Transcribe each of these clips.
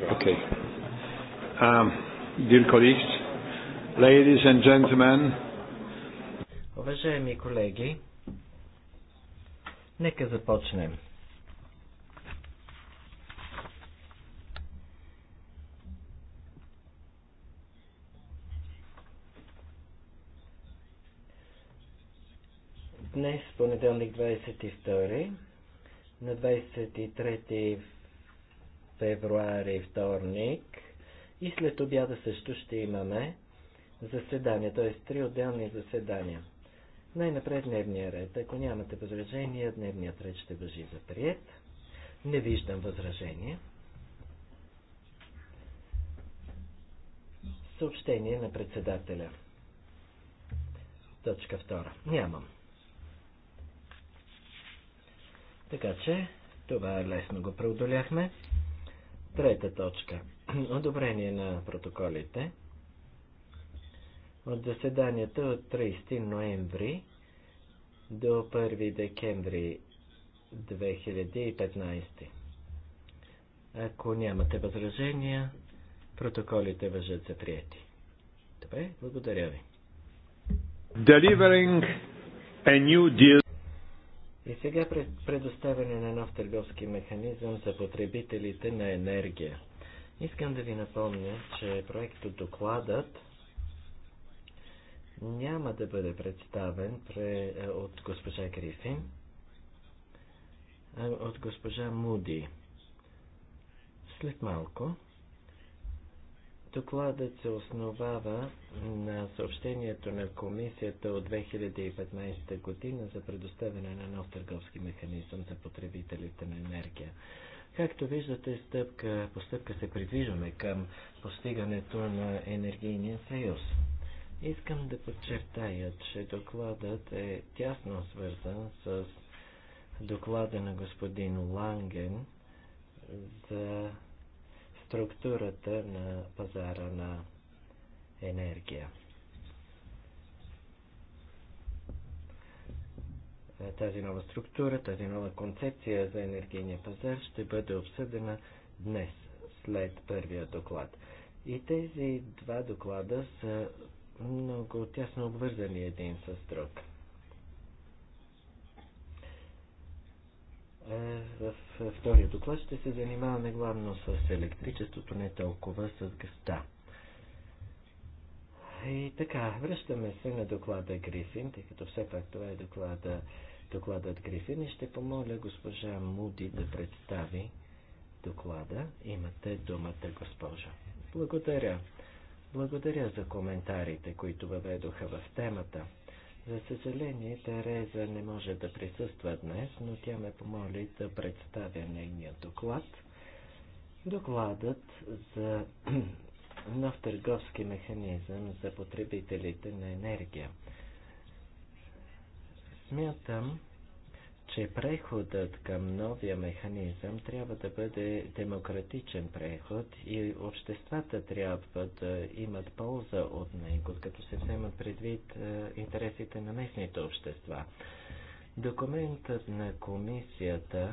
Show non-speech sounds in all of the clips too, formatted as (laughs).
Okay. Um, dear colleagues, ladies and gentlemen. Уважаеми колеги, нека започнем. Днес, понеделник 22, на 23 февруари, вторник. И след обяда също ще имаме заседания, т.е. три отделни заседания. Най-напред дневния ред. Ако нямате възражения, дневният ред ще бъжи за прият. Не виждам възражения. Съобщение на председателя. Точка втора. Нямам. Така че, това лесно го преодоляхме. Трета точка. (clears throat) Одобрение на протоколите от заседанията от 30 ноември до 1 декември 2015. Ако нямате възражения, протоколите въжат за прияти. Добре, благодаря ви. Delivering a new deal. И сега пред предоставяне на нов търговски механизъм за потребителите на енергия. Искам да ви напомня, че проектът докладът няма да бъде представен е, от госпожа Грифин, а от госпожа Муди. След малко Докладът се основава на съобщението на комисията от 2015 година за предоставяне на нов търговски механизъм за потребителите на енергия. Както виждате, стъпка по стъпка се придвижваме към постигането на енергийния съюз. Искам да подчертая, че докладът е тясно свързан с доклада на господин Ланген за структурата на пазара на енергия. Тази нова структура, тази нова концепция за енергийния пазар ще бъде обсъдена днес, след първия доклад. И тези два доклада са много тясно обвързани един с друг. Е, в втория доклад ще се занимаваме главно с електричеството, не толкова с гъста. И така, връщаме се на доклада Грифин, тъй като все пак това е доклада, докладът Грифин и ще помоля госпожа Муди да представи доклада. Имате думата, госпожа. Благодаря. Благодаря за коментарите, които въведоха в темата. За съжаление, Тереза не може да присъства днес, но тя ме помоли да представя нейния доклад. Докладът за (clears throat) нов търговски механизъм за потребителите на енергия. Смятам, че преходът към новия механизъм трябва да бъде демократичен преход и обществата трябва да имат полза от него, като се вземат предвид е, интересите на местните общества. Документът на комисията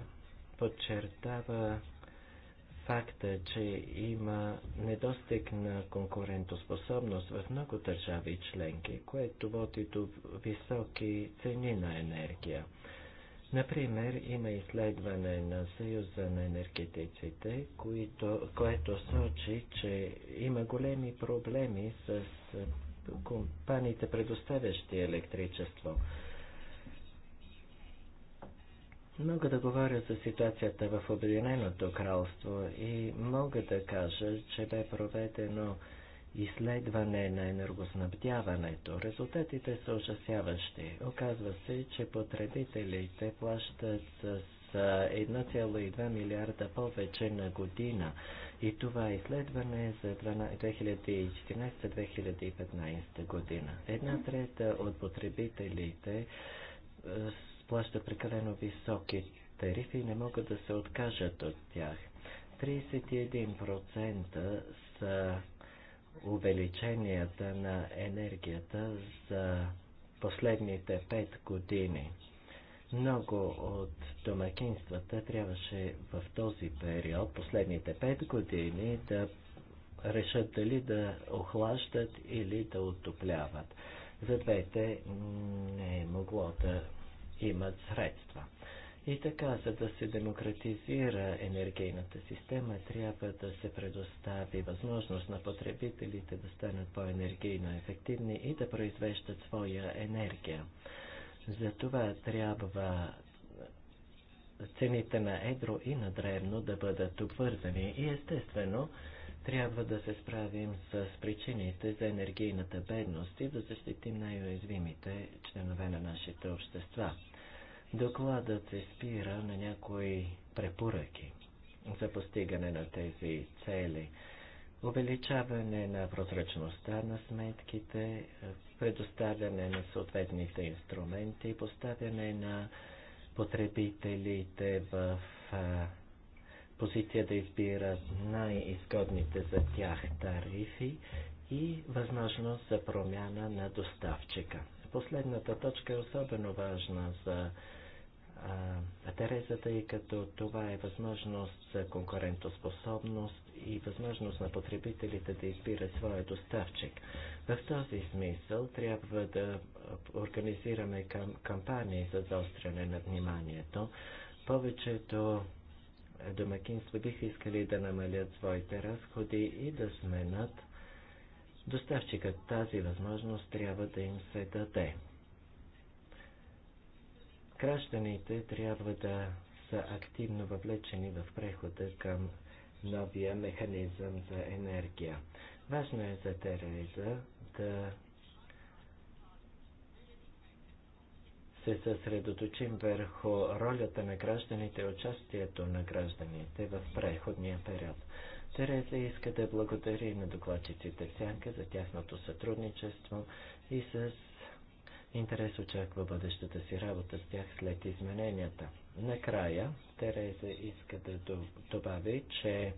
подчертава факта, че има недостиг на конкурентоспособност в много държави членки, което води до високи цени на енергия. Например, има изследване на Съюза на енергетиците, което, което сочи, че има големи проблеми с е, компаниите, предоставящи електричество. Мога да говоря за ситуацията в Обединеното кралство и мога да кажа, че бе проведено изследване на енергоснабдяването. Резултатите са ужасяващи. Оказва се, че потребителите плащат с 1,2 милиарда повече на година. И това е изследване е за 2014-2015 година. Една трета от потребителите е, плащат прекалено високи тарифи и не могат да се откажат от тях. 31% са увеличенията на енергията за последните пет години. Много от домакинствата трябваше в този период, последните пет години, да решат дали да охлаждат или да отопляват. За двете не е могло да имат средства. И така, за да се демократизира енергийната система, трябва да се предостави възможност на потребителите да станат по-енергийно ефективни и да произвеждат своя енергия. За това трябва цените на едро и на древно да бъдат обвързани и естествено трябва да се справим с причините за енергийната бедност и да защитим най-уязвимите членове на нашите общества. Докладът се спира на някои препоръки за постигане на тези цели. Увеличаване на прозрачността на сметките, предоставяне на съответните инструменти, поставяне на потребителите в а, позиция да избират най-изгодните за тях тарифи и възможност за промяна на доставчика последната точка е особено важна за а, Тереза, тъй като това е възможност за конкурентоспособност и възможност на потребителите да избират своя доставчик. В този смисъл трябва да организираме кам кампании за заостряне на вниманието. Повечето домакинства бих искали да намалят своите разходи и да сменят Доставчикът тази възможност трябва да им се даде. Гражданите трябва да са активно въвлечени в прехода към новия механизъм за енергия. Важно е за Тереза да се съсредоточим върху ролята на гражданите и участието на гражданите в преходния период. Тереза иска да благодари на докладчиците Сянка за тяхното сътрудничество и с интерес очаква бъдещата си работа с тях след измененията. Накрая Тереза иска да добави, че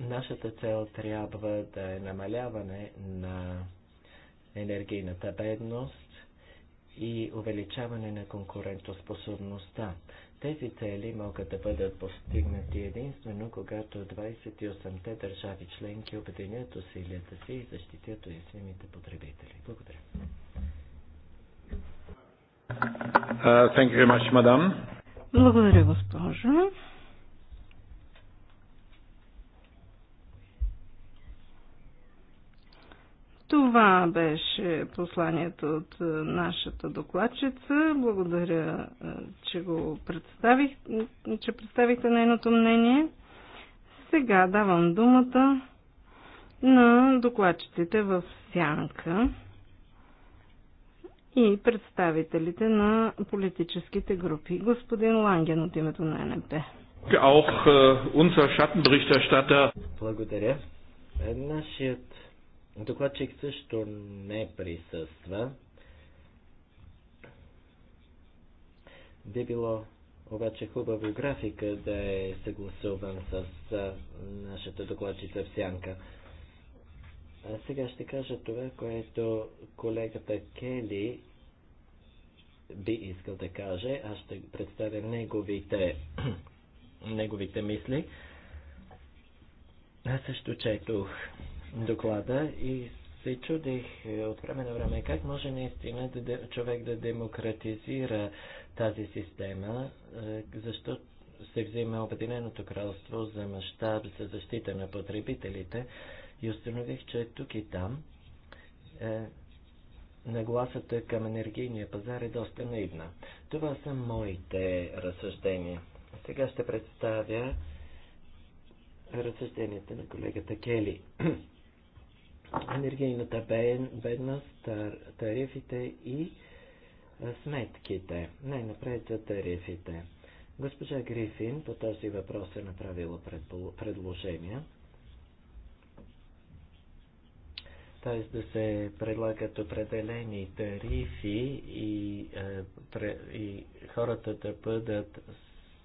нашата цел трябва да е намаляване на енергийната бедност и увеличаване на конкурентоспособността. Тези цели могат да бъдат постигнати единствено, когато 28-те държави членки обединят усилията си и защитят уязвимите потребители. Благодаря. Uh, thank you very much, madam. Благодаря, госпожо. Това беше посланието от е, нашата докладчица. Благодаря, е, че го представих, че представихте нейното мнение. Сега давам думата на докладчиците в Сянка и представителите на политическите групи. Господин Ланген от името на НП. Е, Благодаря. Нашият Докладчик също не присъства. Би било обаче хубаво графика да е съгласуван с нашата докладчица в сянка. А сега ще кажа това, което колегата Кели би искал да каже. Аз ще представя неговите, (clears throat) неговите мисли. Аз също четох доклада и се чудих от време на време как може наистина да, човек да демократизира тази система, е, защо се взима Обединеното кралство за мащаб за защита на потребителите и установих, че тук и там е, нагласата към енергийния пазар е доста наивна. Това са моите разсъждения. Сега ще представя разсъжденията на колегата Кели енергийната бедност, тарифите и сметките. Най-напред за тарифите. Госпожа Грифин по този въпрос е направила предложения. т.е. да се предлагат определени тарифи и, е, и хората да бъдат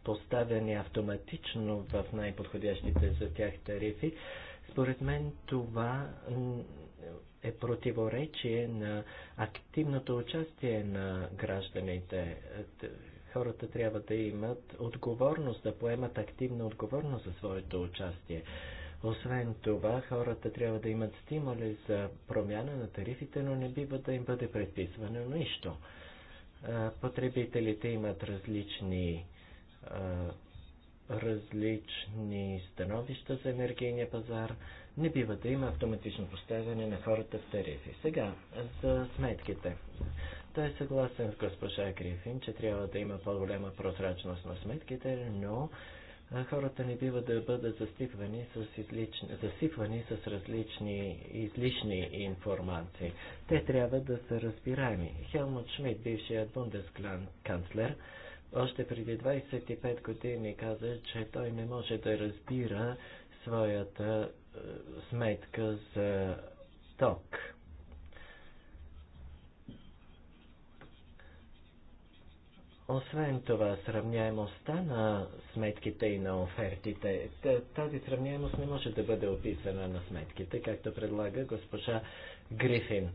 поставени автоматично в най-подходящите за тях тарифи, според мен това е противоречие на активното участие на гражданите. Хората трябва да имат отговорност, да поемат активна отговорност за своето участие. Освен това, хората трябва да имат стимули за промяна на тарифите, но не бива да им бъде предписвано нищо. Потребителите имат различни различни становища за енергийния пазар. Не бива да има автоматично поставяне на хората в тарифи. Сега, за сметките. Той е съгласен с госпожа Грифин, че трябва да има по-голяма прозрачност на сметките, но хората не бива да бъдат засипвани с, излични, засипвани с различни излишни информации. Те трябва да са разбираеми. Хелмут Шмидт, бившият бундесканцлер, още преди 25 години каза, че той не може да разбира своята е, сметка за ток. Освен това, сравняемостта на сметките и на офертите, тази сравняемост не може да бъде описана на сметките, както предлага госпожа Грифин.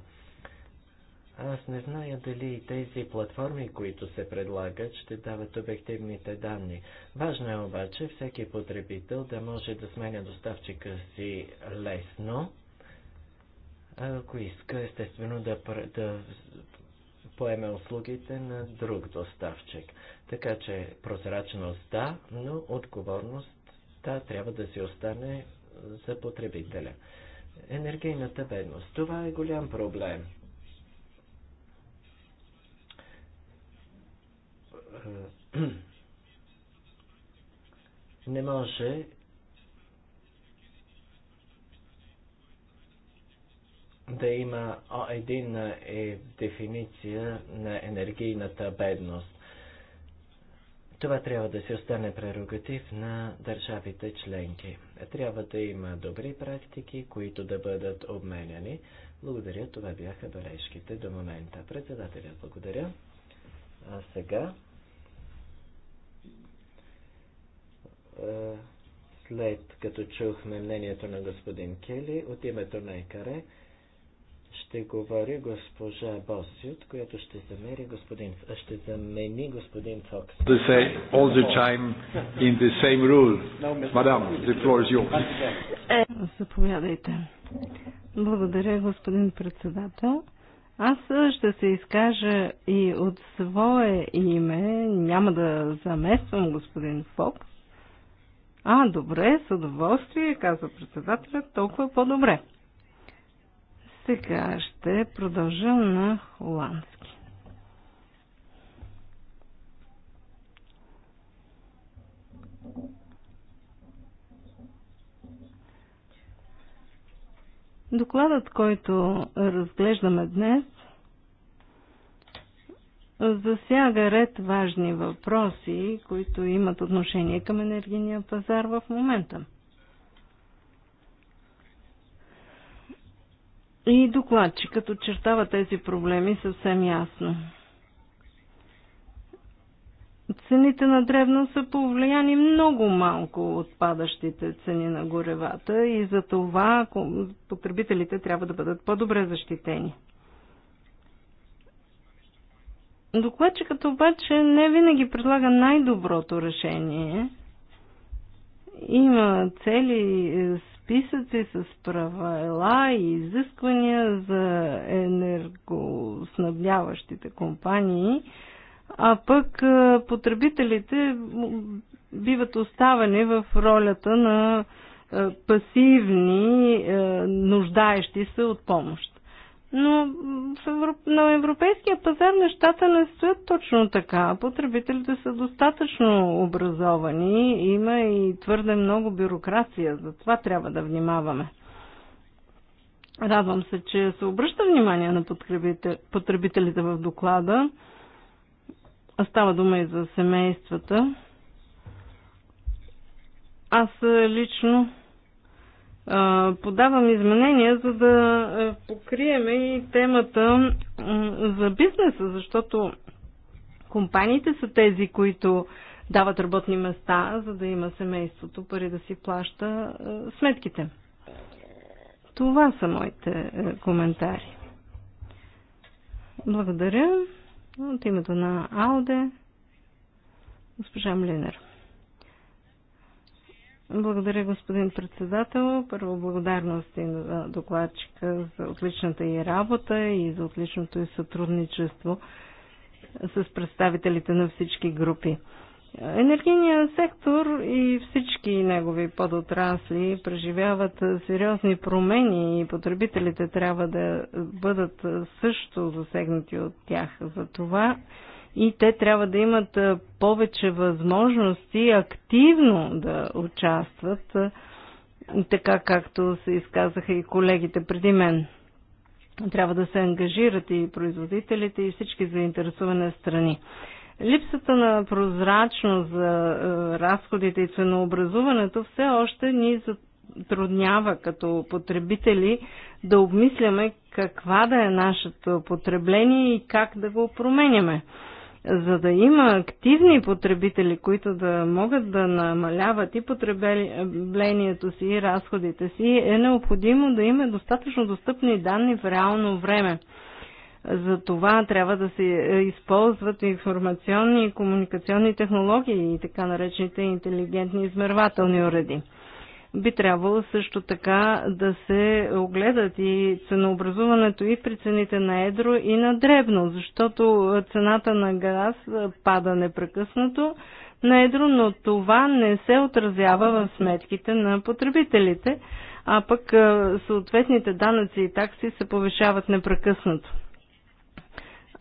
Аз не зная дали тези платформи, които се предлагат, ще дават обективните данни. Важно е обаче всеки потребител да може да сменя доставчика си лесно, ако иска естествено да, да поеме услугите на друг доставчик. Така че прозрачност да, но отговорност да трябва да си остане за потребителя. Енергийната бедност. Това е голям проблем. Е, (clears throat) не може да има единна е дефиниция на енергийната бедност. Това трябва да си остане прерогатив на държавите членки. Трябва да има добри практики, които да бъдат обменяни. Благодаря, това бяха бележките до момента. Председателя, благодаря. А сега Е, след като чухме мнението на господин Кели от името на ЕКАРЕ, ще говори госпожа Босиот, която ще замери господин, ще замени господин Фокс. They say all the time in the same rule. Madam, the floor is yours. Заповядайте. Благодаря, господин председател. Аз ще се изкажа и от свое име, няма да замествам господин Фокс, а, добре, с удоволствие, казва председателя, толкова по-добре. Сега ще продължим на холандски. Докладът, който разглеждаме днес, засяга ред важни въпроси, които имат отношение към енергийния пазар в момента. И докладчикът очертава тези проблеми съвсем ясно. Цените на древно са повлияни много малко от падащите цени на горевата и за това потребителите трябва да бъдат по-добре защитени. Докладчикът обаче не винаги предлага най-доброто решение. Има цели е, списъци с правила и изисквания за енергоснабдяващите компании, а пък е, потребителите биват оставени в ролята на е, пасивни, нуждаещи се от помощ. Но на европейския пазар нещата не стоят точно така. Потребителите са достатъчно образовани, има и твърде много бюрокрация, затова трябва да внимаваме. Радвам се, че се обръща внимание на потребителите в доклада. Става дума и за семействата. Аз лично подавам изменения, за да покриеме и темата за бизнеса, защото компаниите са тези, които дават работни места, за да има семейството пари да си плаща сметките. Това са моите е, коментари. Благодаря. От името на Ауде, госпожа Млинер. Благодаря, господин председател. Първо благодарности на докладчика за отличната и работа и за отличното и сътрудничество с представителите на всички групи. Енергийният сектор и всички негови подотрасли преживяват сериозни промени и потребителите трябва да бъдат също засегнати от тях. За това и те трябва да имат повече възможности активно да участват, така както се изказаха и колегите преди мен. Трябва да се ангажират и производителите и всички заинтересовани страни. Липсата на прозрачност за разходите и ценообразуването все още ни затруднява като потребители да обмисляме каква да е нашето потребление и как да го променяме за да има активни потребители, които да могат да намаляват и потреблението си и разходите си, е необходимо да има достатъчно достъпни данни в реално време. За това трябва да се е, използват информационни и комуникационни технологии и така наречените интелигентни измервателни уреди би трябвало също така да се огледат и ценообразуването и при цените на едро и на дребно, защото цената на газ пада непрекъснато на едро, но това не се отразява в сметките на потребителите, а пък съответните данъци и такси се повишават непрекъснато.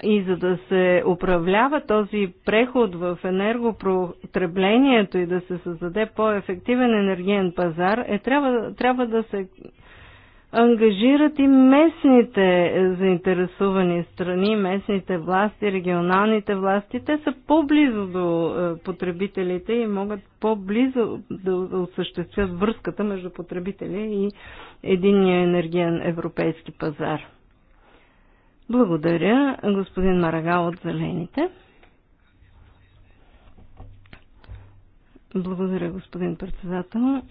И за да се управлява този преход в енергопротреблението и да се създаде по-ефективен енергиен пазар, е, трябва, трябва да се ангажират и местните заинтересувани страни, местните власти, регионалните власти. Те са по-близо до е, потребителите и могат по-близо да осъществят връзката между потребителя и единния енергиен европейски пазар. Благодаря, господин Марагал от Зелените. Благодаря, господин председател.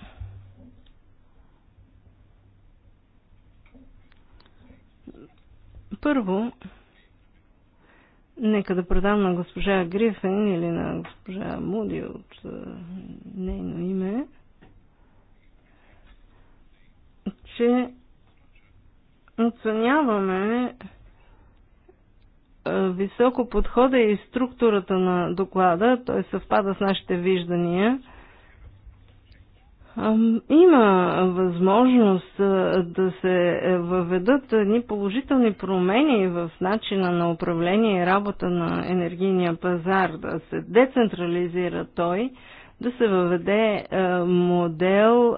Първо, нека да предам на госпожа Грифен или на госпожа Муди от нейно име, че оценяваме е, високо подхода и структурата на доклада, той съвпада с нашите виждания. Има възможност е, да се е, въведат ни положителни промени в начина на управление и работа на енергийния пазар, да се децентрализира той, да се въведе модел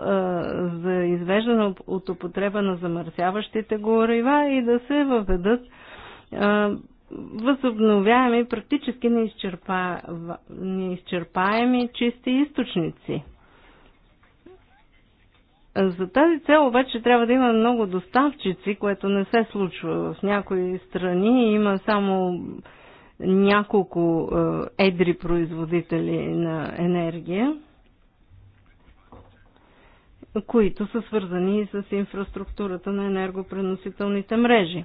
за извеждане от употреба на замърсяващите горива и да се въведат възобновяеми, практически неизчерпа... неизчерпаеми чисти източници. За тази цел обаче трябва да има много доставчици, което не се случва в някои страни. Има само няколко е, едри производители на енергия, които са свързани с инфраструктурата на енергопреносителните мрежи.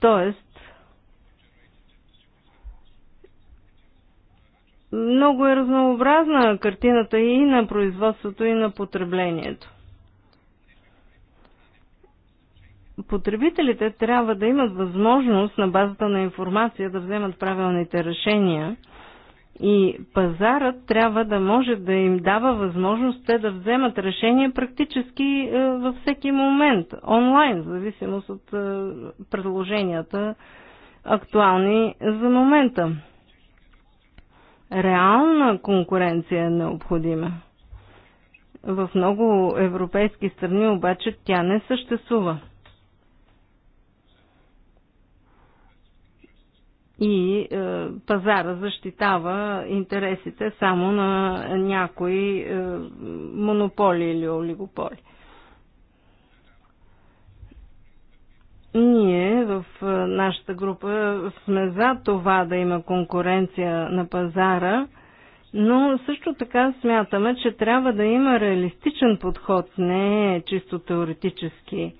Тоест, много е разнообразна картината и на производството, и на потреблението. Потребителите трябва да имат възможност на базата на информация да вземат правилните решения и пазарът трябва да може да им дава възможност те да вземат решение практически е, във всеки момент, онлайн, в зависимост от е, предложенията актуални за момента реална конкуренция е необходима. В много европейски страни обаче тя не съществува. И е, пазара защитава интересите само на някои е, монополи или олигополи. Ние в нашата група сме за това да има конкуренция на пазара, но също така смятаме, че трябва да има реалистичен подход, не чисто теоретически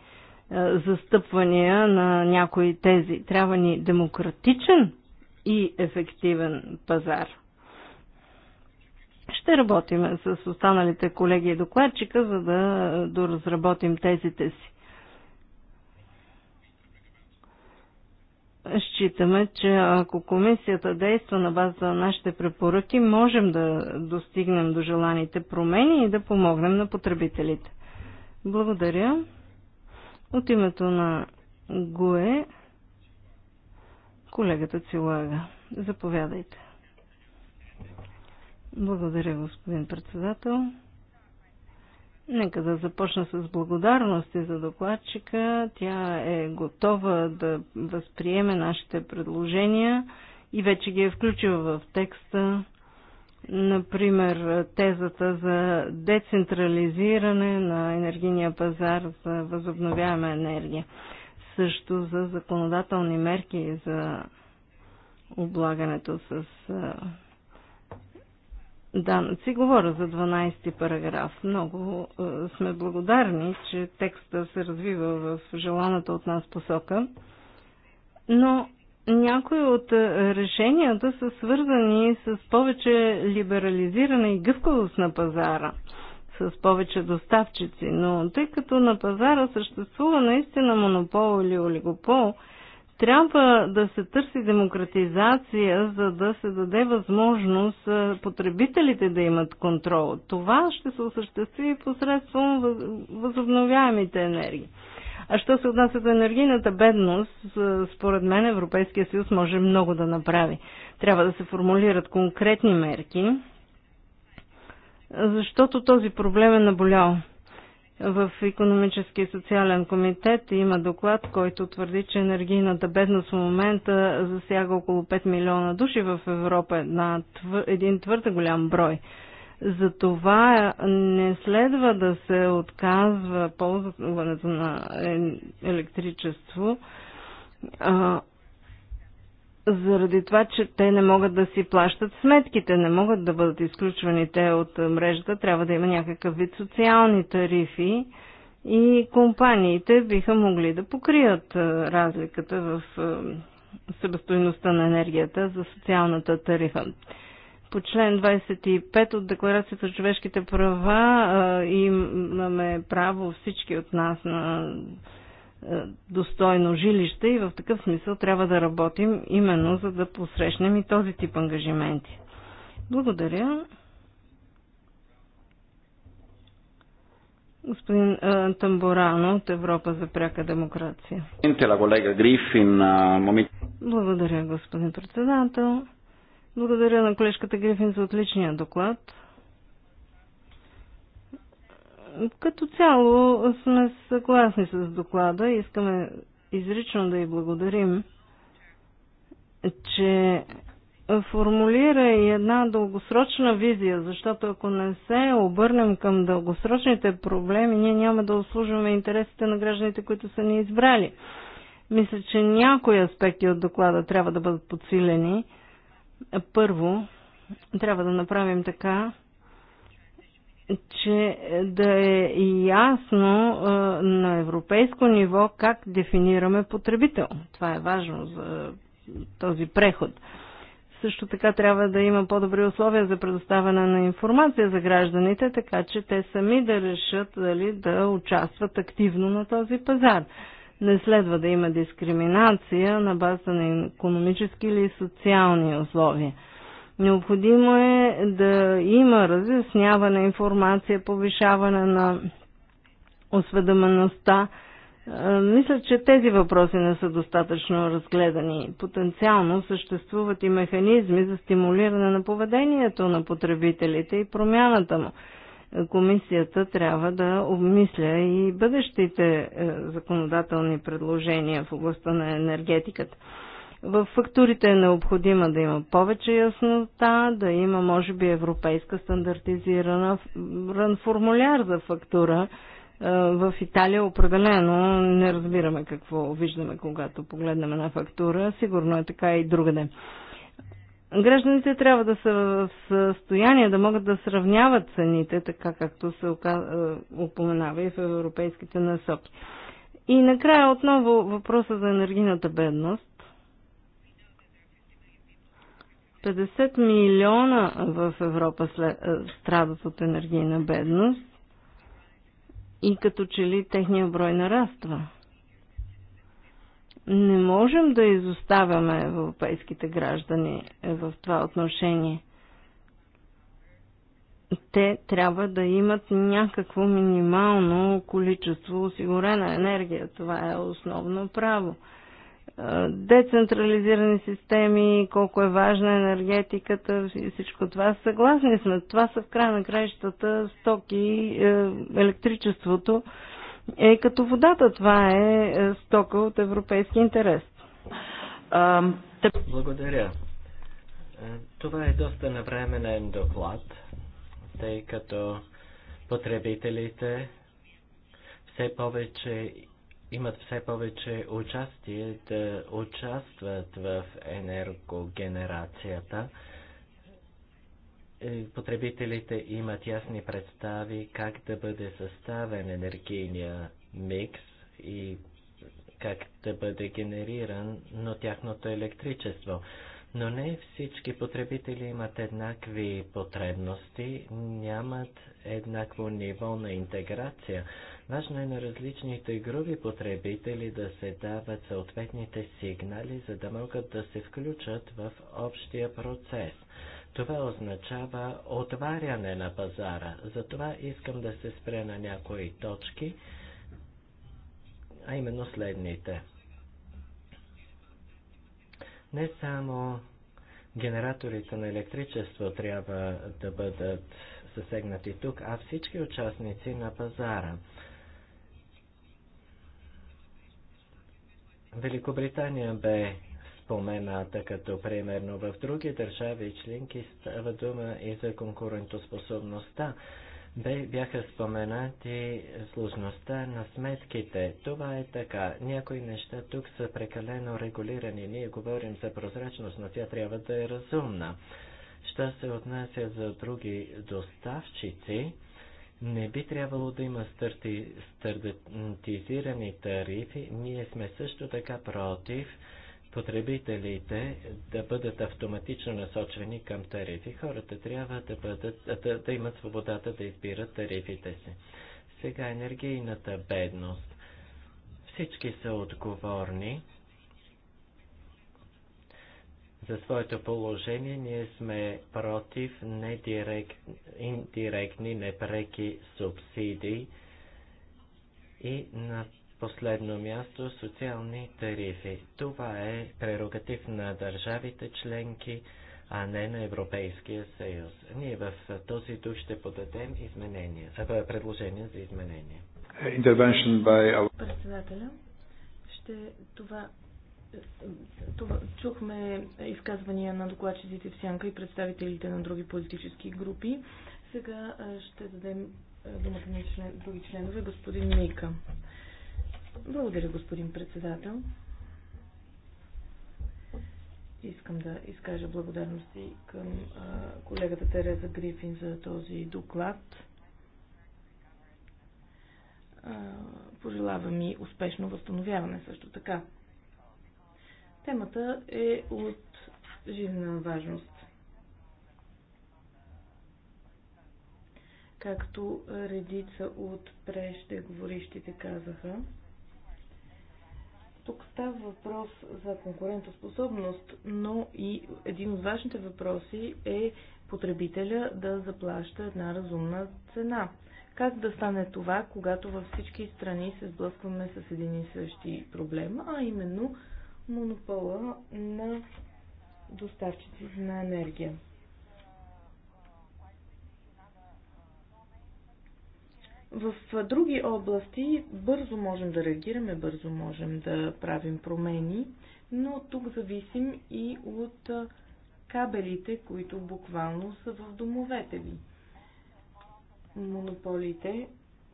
застъпвания на някои тези. Трябва ни демократичен и ефективен пазар. Ще работим с останалите колеги и докладчика, за да доразработим тезите си. Считаме, че ако комисията действа на база на нашите препоръки, можем да достигнем до желаните промени и да помогнем на потребителите. Благодаря. От името на ГУЕ, колегата Цилага. Заповядайте. Благодаря, господин председател. Нека да започна с благодарности за докладчика. Тя е готова да възприеме нашите предложения и вече ги е включила в текста. Например, тезата за децентрализиране на енергийния пазар за възобновяема енергия. Също за законодателни мерки за облагането с данъци. Говоря за 12 ти параграф. Много е, сме благодарни, че текста се развива в желаната от нас посока, но някои от решенията са свързани с повече либерализиране и гъвкавост на пазара, с повече доставчици, но тъй като на пазара съществува наистина монопол или олигопол – трябва да се търси демократизация, за да се даде възможност потребителите да имат контрол. Това ще се осъществи посредством възобновяемите енергии. А що се отнася до енергийната бедност, според мен Европейския съюз може много да направи. Трябва да се формулират конкретни мерки, защото този проблем е наболял. В економически и социален комитет има доклад, който твърди, че енергийната бедност в момента засяга около 5 милиона души в Европа, една, един твърде голям брой. Затова не следва да се отказва ползването на електричество, заради това, че те не могат да си плащат сметките, не могат да бъдат изключвани те от мрежата, трябва да има някакъв вид социални тарифи и компаниите биха могли да покрият разликата в себестойността на енергията за социалната тарифа. По член 25 от Декларацията за човешките права имаме право всички от нас на е, достойно жилище и в такъв смисъл трябва да работим именно за да посрещнем и този тип ангажименти. Благодаря. Господин е, Тамборано от Европа за пряка демокрация. Благодаря, господин председател. Благодаря на колежката Грифин за отличния доклад. Като цяло сме съгласни с доклада. Искаме изрично да й благодарим, че формулира и една дългосрочна визия, защото ако не се обърнем към дългосрочните проблеми, ние няма да обслужваме интересите на гражданите, които са ни избрали. Мисля, че някои аспекти от доклада трябва да бъдат подсилени. Първо, трябва да направим така, че е, да е ясно е, на европейско ниво как дефинираме потребител. Това е важно за този преход. Също така трябва да има по-добри условия за предоставяне на информация за гражданите, така че те сами да решат дали да участват активно на този пазар. Не следва да има дискриминация на база на економически или социални условия. Необходимо е да има разясняване, информация, повишаване на осведомеността. Е, мисля, че тези въпроси не са достатъчно разгледани. Потенциално съществуват и механизми за стимулиране на поведението на потребителите и промяната му. Комисията трябва да обмисля и бъдещите е, законодателни предложения в областта на енергетиката. В фактурите е необходимо да има повече яснота, да има, може би, европейска стандартизирана формуляр за фактура. Е, в Италия определено не разбираме какво виждаме, когато погледнем една фактура. Сигурно е така и другаде. Гражданите трябва да са в състояние да могат да сравняват цените, така както се е, упоменава и в европейските насоки. И накрая отново въпроса за енергийната бедност. 50 милиона в Европа е, страдат от енергийна бедност и като че ли техния брой нараства. Не можем да изоставяме европейските граждани в това отношение. Те трябва да имат някакво минимално количество осигурена енергия. Това е основно право децентрализирани системи, колко е важна енергетиката и всичко това. Съгласни сме. Това са в края на краищата стоки, е, електричеството е като водата. Това е, е стока от европейски интерес. Благодаря. Е, това е доста навременен доклад, тъй като потребителите все повече имат все повече участие да участват в енергогенерацията. Е, потребителите имат ясни представи как да бъде съставен енергийния микс и как да бъде генериран, но тяхното електричество. Но не всички потребители имат еднакви потребности, нямат еднакво ниво на интеграция. Важно е на различните групи потребители да се дават съответните сигнали, за да могат да се включат в общия процес. Това означава отваряне на пазара. Затова искам да се спре на някои точки, а именно следните. Не само генераторите на електричество трябва да бъдат засегнати тук, а всички участници на пазара – Великобритания бе спомената като примерно в други държави членки става дума и за конкурентоспособността. Бе, бяха споменати сложността на сметките. Това е така. Някои неща тук са прекалено регулирани. Ние говорим за прозрачност, но тя трябва да е разумна. Що се отнася за други доставчици, не би трябвало да има стартизирани тарифи. Ние сме също така против потребителите да бъдат автоматично насочвани към тарифи. Хората трябва да, бъдат, да, да имат свободата да избират тарифите си. Сега енергийната бедност. Всички са отговорни за своето положение ние сме против индиректни, непреки субсидии и на последно място социални тарифи. Това е прерогатив на държавите членки, а не на Европейския съюз. Ние в този дух ще подадем изменения, предложения за изменения. Председателя, ще това това, чухме изказвания на докладчиците в Сянка и представителите на други политически групи. Сега ще дадем думата на член, други членове. Господин Мика. Благодаря, господин председател. Искам да изкажа благодарности към колегата Тереза Грифин за този доклад. Пожелавам и успешно възстановяване също така. Темата е от жизнена важност. Както редица от преждеговорищите казаха, тук става въпрос за конкурентоспособност, но и един от важните въпроси е потребителя да заплаща една разумна цена. Как да стане това, когато във всички страни се сблъскваме с един и същи проблем, а именно монопола на доставчиците на енергия. В други области бързо можем да реагираме, бързо можем да правим промени, но тук зависим и от кабелите, които буквално са в домовете ви. Монополите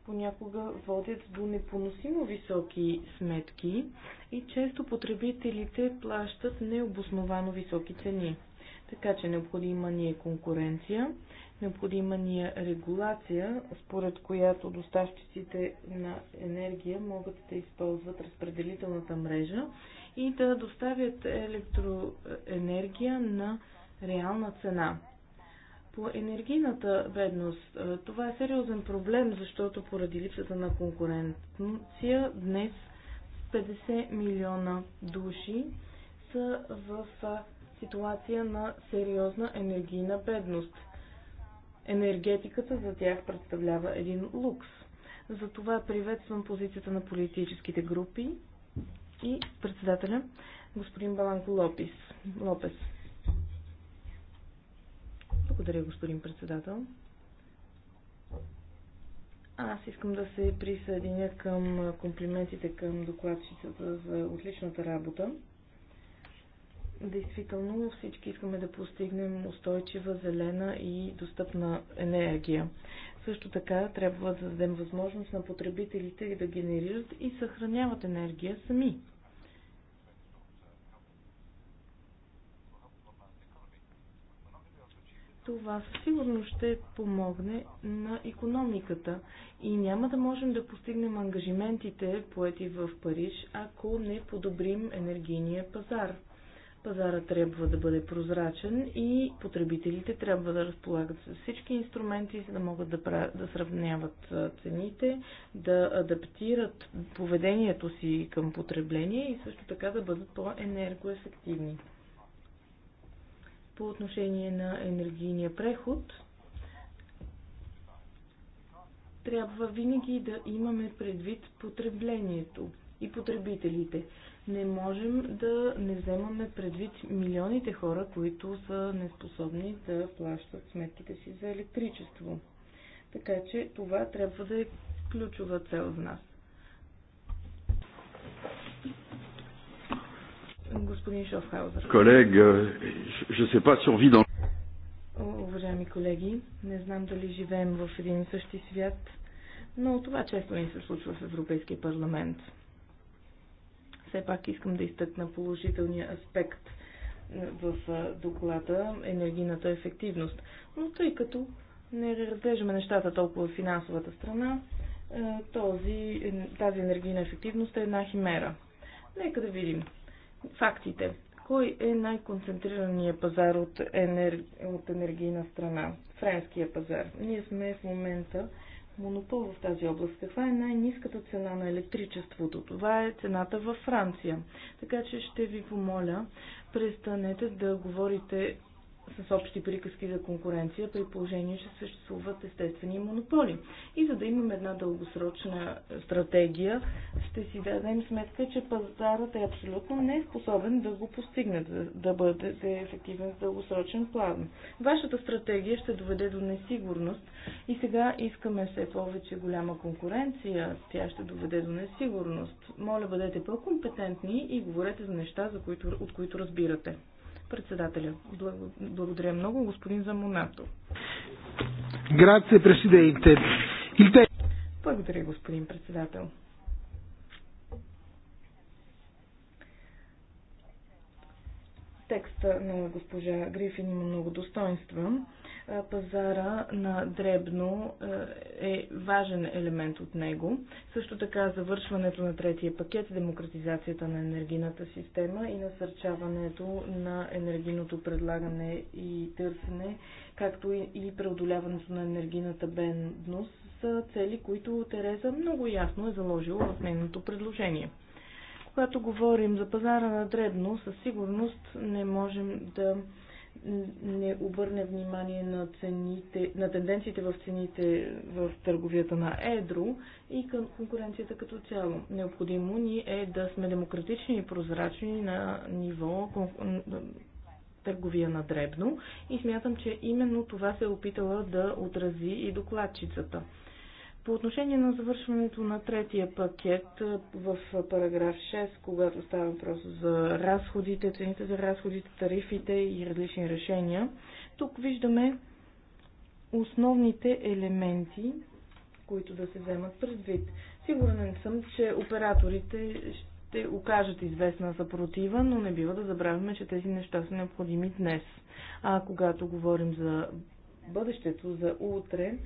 понякога водят до непоносимо високи сметки и често потребителите плащат необосновано високи цени. Така че необходима ни е конкуренция, необходима ни е регулация, според която доставчиците на енергия могат да използват разпределителната мрежа и да доставят електроенергия на реална цена. По енергийната бедност, е, това е сериозен проблем, защото поради липсата на конкуренция днес 50 милиона души са в ситуация на сериозна енергийна бедност. Енергетиката за тях представлява един лукс. Затова приветствам позицията на политическите групи и председателя господин Баланко Лопес. Благодаря, господин председател. Аз искам да се присъединя към комплиментите към докладчицата за отличната работа. Действително всички искаме да постигнем устойчива, зелена и достъпна енергия. Също така трябва да дадем възможност на потребителите да генерират и съхраняват енергия сами. това със сигурност ще помогне на економиката и няма да можем да постигнем ангажиментите, поети в Париж, ако не подобрим енергийния пазар. Пазара трябва да бъде прозрачен и потребителите трябва да разполагат с всички инструменти, за да могат да, правят, да сравняват цените, да адаптират поведението си към потребление и също така да бъдат по-енергоефективни по отношение на енергийния преход, трябва винаги да имаме предвид потреблението и потребителите. Не можем да не вземаме предвид милионите хора, които са неспособни да плащат сметките си за електричество. Така че това трябва да е ключова цел в нас. Господин Шофхаузер. Колег, sais pas si on vit dans... Уважаеми колеги, не знам дали живеем в един и същи свят, но това често ни се случва в Европейския парламент. Все пак искам да изтъкна положителния аспект е, в е, доклада енергийната ефективност. Но тъй като не разглеждаме нещата толкова в финансовата страна, е, този, тази енергийна ефективност е една химера. Нека да видим Фактите. Кой е най-концентрираният пазар от, енер... от енергийна страна? Френския пазар. Ние сме в момента монопол в тази област. Каква е най-низката цена на електричеството? Това е цената във Франция. Така че ще ви помоля, престанете да говорите с общи приказки за конкуренция, при положение, че съществуват естествени монополи. И за да имаме една дългосрочна стратегия, ще си дадем сметка, че пазарът е абсолютно не способен да го постигне, да, да бъде да е ефективен в дългосрочен план. Вашата стратегия ще доведе до несигурност и сега искаме все повече голяма конкуренция. Тя ще доведе до несигурност. Моля, бъдете по-компетентни и говорете за неща, за които, от които разбирате. Председателя. Благодаря много, господин Замонато. Грация, президенте. Благодаря, господин председател. Текста на госпожа Грифин има много достоинства. Е, пазара на дребно е, е важен елемент от него. Също така завършването на третия пакет, демократизацията на енергийната система и насърчаването на енергийното предлагане и търсене, както и преодоляването на енергийната бедност са цели, които Тереза много ясно е заложила в нейното предложение. Когато говорим за пазара на дребно, със сигурност не можем да не обърне внимание на, цените, на тенденциите в цените в търговията на едро и към конкуренцията като цяло. Необходимо ни е да сме демократични и прозрачни на ниво търговия на дребно и смятам, че именно това се е опитала да отрази и докладчицата. По отношение на завършването на третия пакет в параграф 6, когато става въпрос за разходите, цените за разходите, тарифите и различни решения, тук виждаме основните елементи, които да се вземат предвид. Сигурен съм, че операторите ще окажат известна съпротива, но не бива да забравяме, че тези неща са необходими днес. А когато говорим за бъдещето, за утре,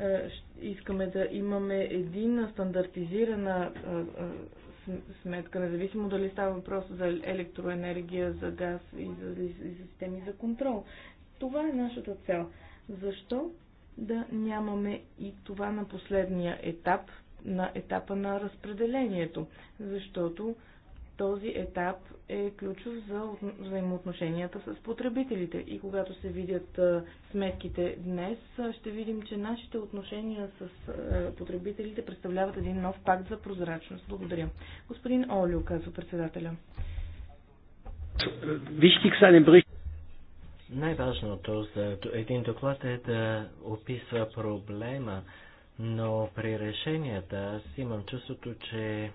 е, искаме да имаме единна стандартизирана е, е, сметка, независимо дали става въпрос за електроенергия, за газ и за, и за системи за контрол. Това е нашата цел. Защо да нямаме и това на последния етап, на етапа на разпределението? Защото този етап е ключов за взаимоотношенията с потребителите. И когато се видят сметките днес, ще видим, че нашите отношения с потребителите представляват един нов пакт за прозрачност. Благодаря. Господин Олио, казва председателя. най-важното за един доклад е да описва проблема, но при решенията аз имам чувството, че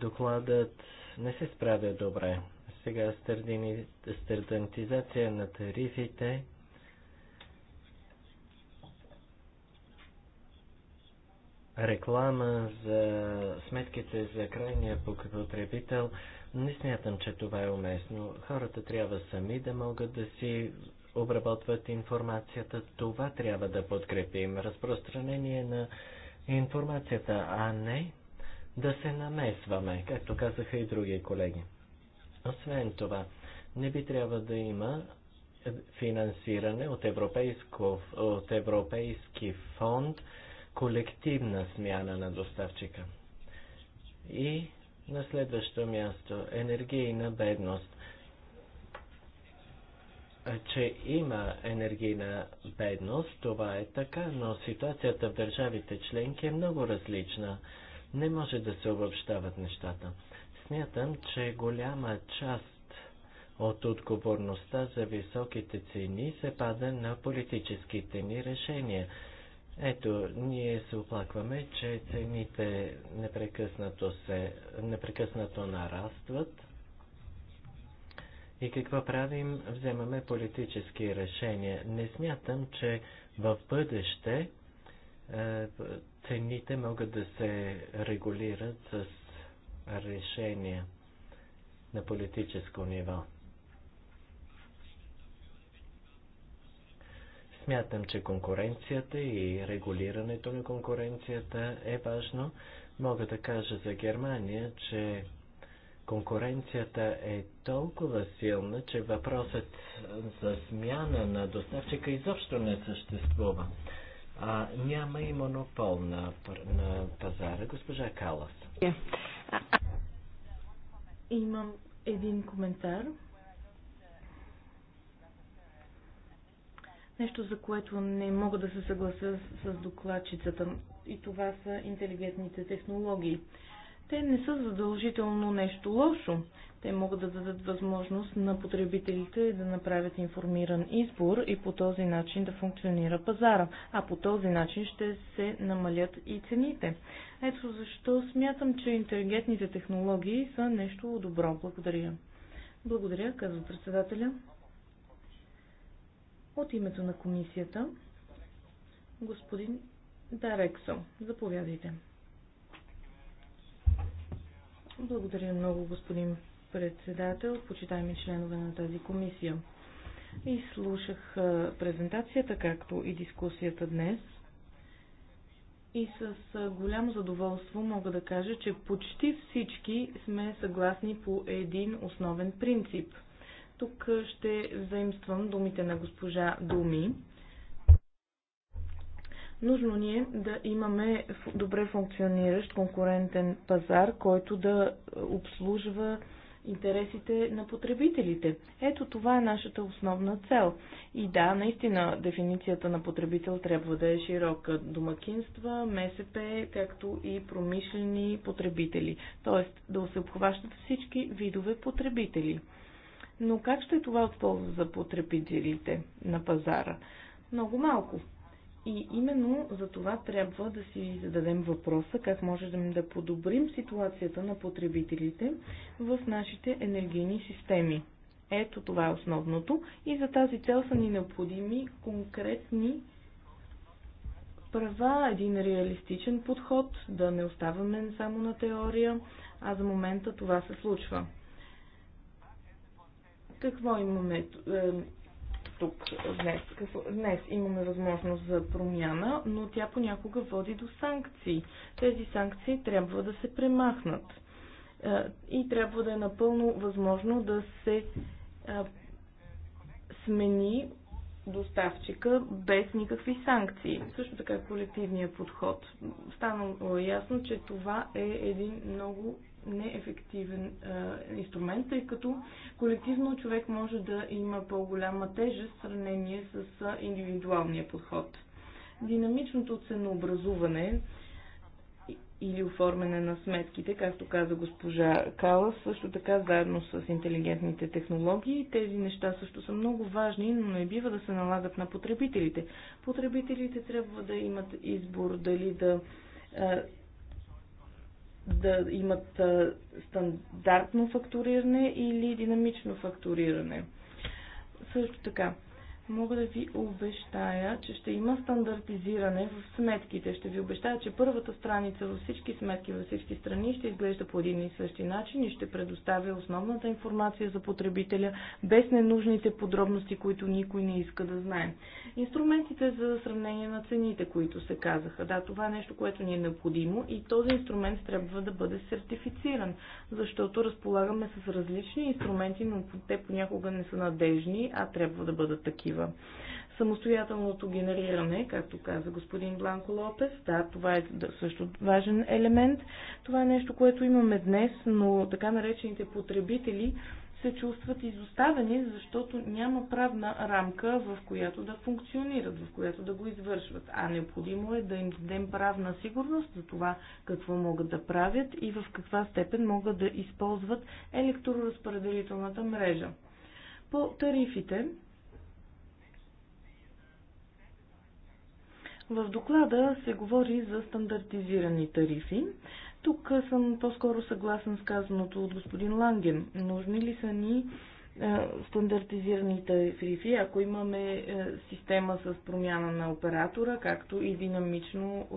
докладът не се справя добре. Сега стандартизация на тарифите реклама за сметките за крайния потребител, не смятам, че това е уместно. Хората трябва сами да могат да си обработват информацията. Това трябва да подкрепим. Разпространение на информацията, а не да се намесваме, както казаха и други колеги. Освен това, не би трябва да има е, финансиране от, европейско, от Европейски фонд колективна смяна на доставчика. И на следващо място енергийна бедност. Че има енергийна бедност, това е така, но ситуацията в държавите членки е много различна. Не може да се обобщават нещата. Смятам, че голяма част от отговорността за високите цени се пада на политическите ни решения. Ето, ние се оплакваме, че цените непрекъснато, се, непрекъснато нарастват. И какво правим? Вземаме политически решения. Не смятам, че в бъдеще е, цените могат да се регулират с решения на политическо ниво. Смятам, че конкуренцията и регулирането на конкуренцията е важно. Мога да кажа за Германия, че конкуренцията е толкова силна, че въпросът за смяна на доставчика изобщо не съществува а, няма и монопол на, на пазара. Госпожа Калас. Имам един коментар. Нещо, за което не мога да се съглася с докладчицата. И това са интелигентните технологии. Те не са задължително нещо лошо. Те могат да дадат възможност на потребителите да направят информиран избор и по този начин да функционира пазара, а по този начин ще се намалят и цените. Ето защо смятам, че интелигентните технологии са нещо добро. Благодаря. Благодаря, казва председателя. От името на комисията, господин Дарексо, заповядайте. Благодаря много, господин председател, почитаеми членове на тази комисия. И слушах презентацията, както и дискусията днес. И с голямо задоволство мога да кажа, че почти всички сме съгласни по един основен принцип. Тук ще заимствам думите на госпожа Думи. Нужно ни е да имаме добре функциониращ конкурентен пазар, който да обслужва интересите на потребителите. Ето това е нашата основна цел. И да, наистина дефиницията на потребител трябва да е широка. Домакинства, МСП, както и промишлени потребители. Тоест да се обхващат всички видове потребители. Но как ще е това от полза за потребителите на пазара? Много малко. И именно за това трябва да си зададем въпроса как можем да подобрим ситуацията на потребителите в нашите енергийни системи. Ето това е основното и за тази цел са ни необходими конкретни права, един реалистичен подход, да не оставаме само на теория, а за момента това се случва. Какво имаме е, тук днес. Днес имаме възможност за промяна, но тя понякога води до санкции. Тези санкции трябва да се премахнат. Е, и трябва да е напълно възможно да се е, смени доставчика без никакви санкции. Също така колективният подход. Станало е ясно, че това е един много неефективен а, инструмент, тъй като колективно човек може да има по-голяма тежест в сравнение с индивидуалния подход. Динамичното ценообразуване или оформяне на сметките, както каза госпожа Кала, също така заедно с интелигентните технологии. Тези неща също са много важни, но не бива да се налагат на потребителите. Потребителите трябва да имат избор дали да да имат стандартно фактуриране или динамично фактуриране. Също така, мога да ви обещая, че ще има стандартизиране в сметките. Ще ви обещая, че първата страница във всички сметки, във всички страни ще изглежда по един и същи начин и ще предоставя основната информация за потребителя без ненужните подробности, които никой не иска да знае. Инструментите за сравнение на цените, които се казаха. Да, това е нещо, което ни е необходимо и този инструмент трябва да бъде сертифициран, защото разполагаме с различни инструменти, но те понякога не са надежни, а трябва да бъдат такива такива. Самостоятелното генериране, както каза господин Бланко Лопес, да, това е също важен елемент. Това е нещо, което имаме днес, но така наречените потребители се чувстват изоставени, защото няма правна рамка, в която да функционират, в която да го извършват. А необходимо е да им дадем правна сигурност за това какво могат да правят и в каква степен могат да използват електроразпределителната мрежа. По тарифите, В доклада се говори за стандартизирани тарифи. Тук съм по-скоро съгласен с казаното от господин Ланген. Нужни ли са ни е, стандартизирани тарифи, ако имаме е, система с промяна на оператора, както и динамично е,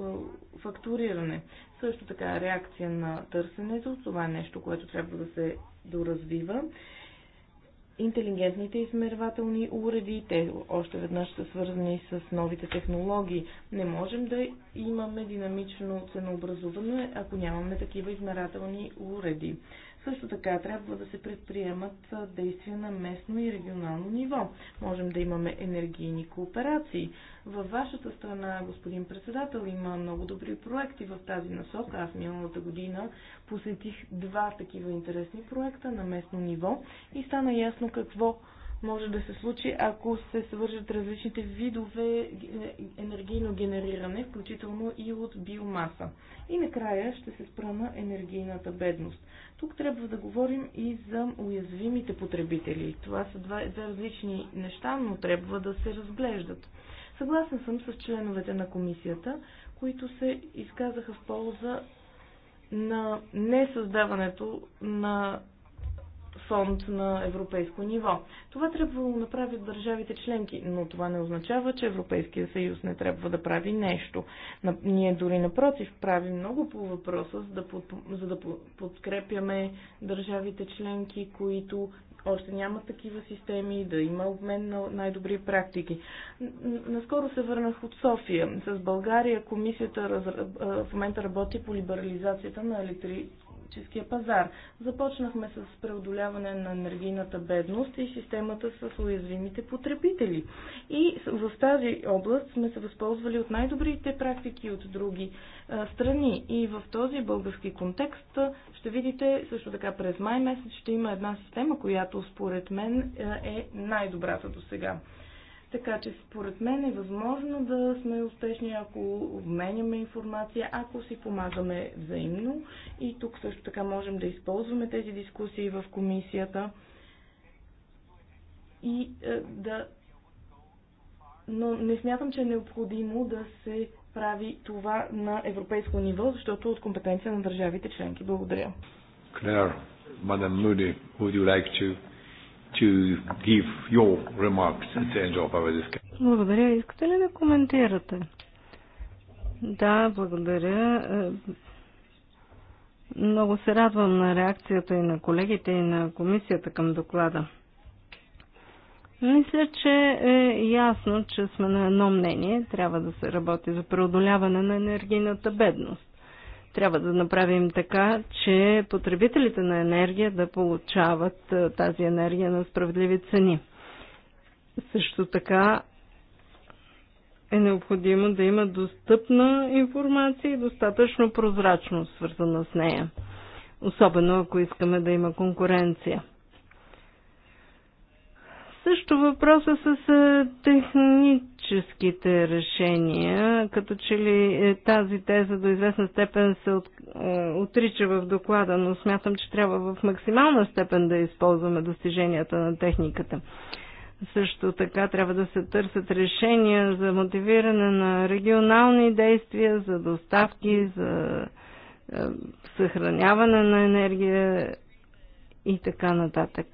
фактуриране. Също така реакция на търсенето, това е нещо, което трябва да се доразвива интелигентните измервателни уреди, те още веднъж са свързани с новите технологии. Не можем да имаме динамично ценообразуване, ако нямаме такива измерателни уреди. Също така трябва да се предприемат действия на местно и регионално ниво. Можем да имаме енергийни кооперации. Във вашата страна, господин председател, има много добри проекти в тази насока. Аз миналата година посетих два такива интересни проекта на местно ниво и стана ясно какво може да се случи, ако се свържат различните видове енергийно генериране, включително и от биомаса. И накрая ще се спра на енергийната бедност. Тук трябва да говорим и за уязвимите потребители. Това са две, две различни неща, но трябва да се разглеждат. Съгласен съм с членовете на комисията, които се изказаха в полза на несъздаването на фонд на европейско ниво. Това трябва да направят държавите членки, но това не означава, че Европейския съюз не трябва да прави нещо. Ние дори напротив правим много по въпроса, за да подкрепяме държавите членки, които още няма такива системи, да има обмен на най-добри практики. Наскоро се върнах от София. С България комисията в момента работи по либерализацията на електри електрическия пазар. Започнахме с преодоляване на енергийната бедност и системата с уязвимите потребители. И в тази област сме се възползвали от най-добрите практики от други а, страни. И в този български контекст ще видите също така през май месец ще има една система, която според мен е най-добрата до сега. Така че според мен е възможно да сме успешни, ако обменяме информация, ако си помагаме взаимно. И тук също така можем да използваме тези дискусии в комисията и е, да. Но не смятам, че е необходимо да се прави това на европейско ниво, защото от компетенция на държавите членки. Благодаря. Клер, мадам Муди, would you like to to give your remarks at the end of our discussion. Благодаря. Искате ли да коментирате? Да, благодаря. Е, много се радвам на реакцията и на колегите и на комисията към доклада. Мисля, че е ясно, че сме на едно мнение. Трябва да се работи за преодоляване на енергийната бедност. Трябва да направим така, че потребителите на енергия да получават е, тази енергия на справедливи цени. Също така е необходимо да има достъпна информация и достатъчно прозрачност, свързана с нея. Особено ако искаме да има конкуренция. Също въпроса с техническите решения, като че ли е, тази теза до известна степен се от, е, отрича в доклада, но смятам, че трябва в максимална степен да използваме достиженията на техниката. Също така трябва да се търсят решения за мотивиране на регионални действия, за доставки, за е, съхраняване на енергия и така нататък.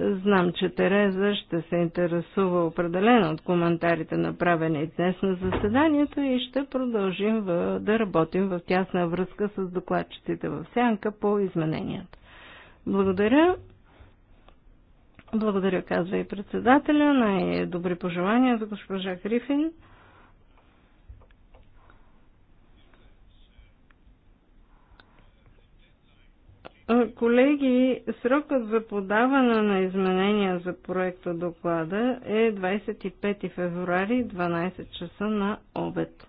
Знам, че Тереза ще се интересува определено от коментарите направени днес на заседанието и ще продължим в, да работим в тясна връзка с докладчиците в сянка по измененията. Благодаря. Благодаря, казва и председателя. Най-добри пожелания за госпожа Грифин. Колеги, срокът за подаване на изменения за проекта доклада е 25 февруари 12 часа на обед.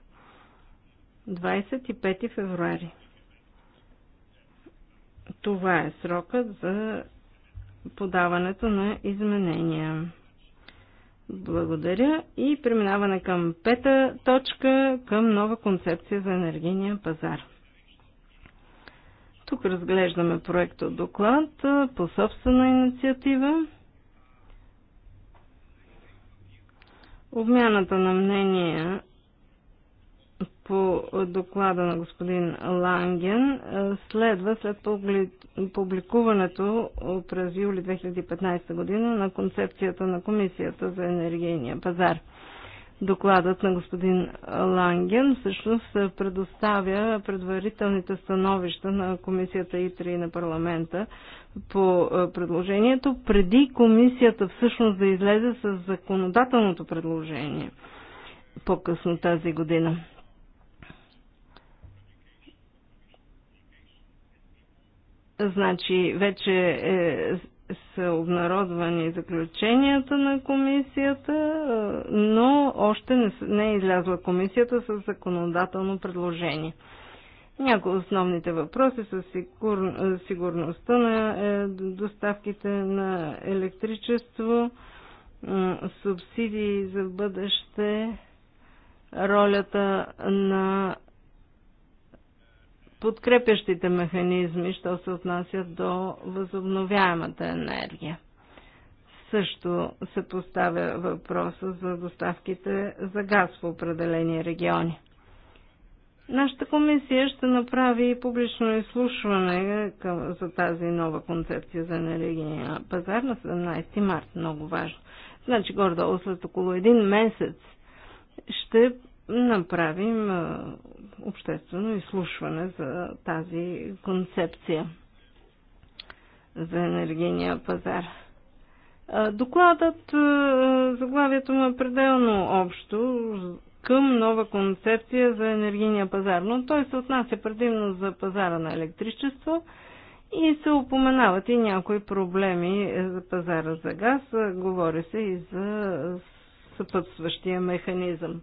25 февруари. Това е срокът за подаването на изменения. Благодаря и преминаване към пета точка, към нова концепция за енергийния пазар. Тук разглеждаме проекта доклад по собствена инициатива. Обмяната на мнения по доклада на господин Ланген следва след публикуването през юли 2015 година на концепцията на Комисията за енергийния пазар – Докладът на господин Ланген всъщност предоставя предварителните становища на комисията ИТРИ и на парламента по е, предложението, преди комисията всъщност да излезе с законодателното предложение по-късно тази година. Значи вече е, са обнародвани заключенията на комисията, но още не, не е излязла комисията с законодателно предложение. Някои основните въпроси са сигур, сигурността на е, доставките на електричество, субсидии за бъдеще, ролята на подкрепящите механизми, що се отнасят до възобновяемата енергия. Също се поставя въпроса за доставките за газ в определени региони. Нашата комисия ще направи публично изслушване за тази нова концепция за енергийния пазар на 17 март. Много важно. Значи, гордо след около един месец ще направим обществено изслушване за тази концепция за енергийния пазар. Докладът, заглавието му е пределно общо към нова концепция за енергийния пазар, но той се отнася предимно за пазара на електричество и се упоменават и някои проблеми е, за пазара за газ. Говори се и за съпътстващия механизъм.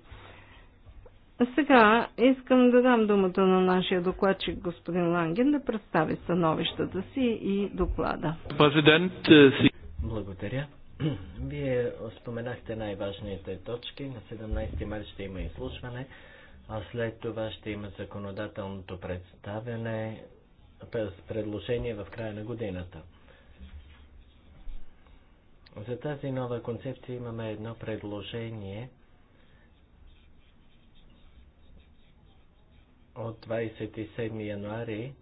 Сега искам да дам думата на нашия докладчик господин Ланген да представи становищата си и доклада. Е, Благодаря. (clears throat) Вие споменахте най-важните точки. На 17 марта ще има изслушване, а след това ще има законодателното представяне с предложение в края на годината. За тази нова концепция имаме едно предложение – От 27 януари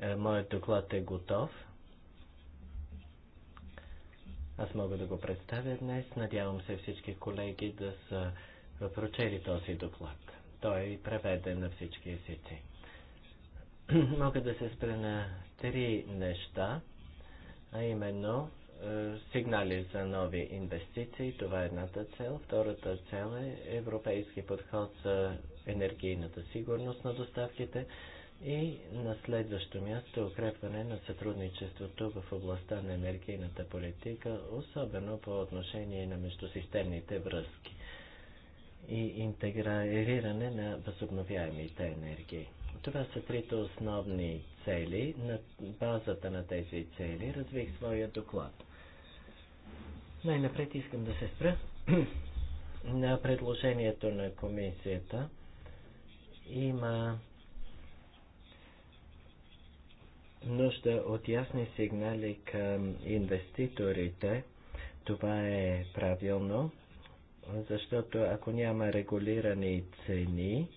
е, моят доклад е готов. Аз мога да го представя днес. Надявам се всички колеги да са прочели този доклад. Той е преведен на всички езици. (clears throat) мога да се спра на три неща, а именно е, сигнали за нови инвестиции. Това е едната цел. Втората цел е европейски подход за енергийната сигурност на доставките и на следващо място е укрепване на сътрудничеството в областта на енергийната политика, особено по отношение на междусистемните връзки и интегриране на възобновяемите енергии. Това са трите основни цели. На базата на тези цели развих своя доклад. Най-напред искам да се спра (clears throat) на предложението на комисията – има нужда от ясни сигнали към инвеститорите. Това е правилно, защото ако няма регулирани цени,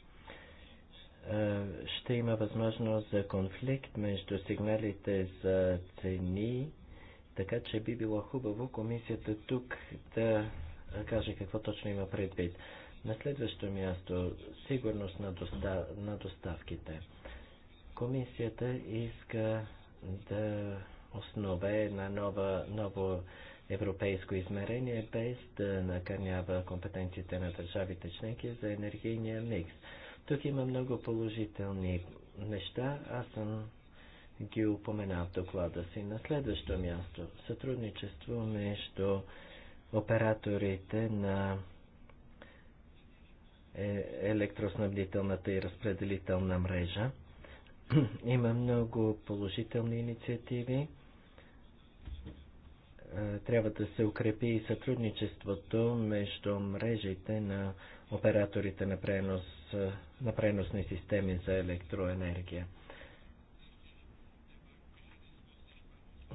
ще има възможност за конфликт между сигналите за цени, така че би било хубаво комисията тук да каже какво точно има предвид. На следващо място сигурност на, доста, на доставките. Комисията иска да основе на нова, ново европейско измерение, без да накърнява компетенциите на държавите членки за енергийния микс. Тук има много положителни неща. Аз съм ги упомена в доклада си. На следващо място сътрудничество между операторите на е електроснабдителната и разпределителна мрежа. (clears throat) Има много положителни инициативи. Е, трябва да се укрепи и сътрудничеството между мрежите на операторите на, пренос, е, на преносни системи за електроенергия.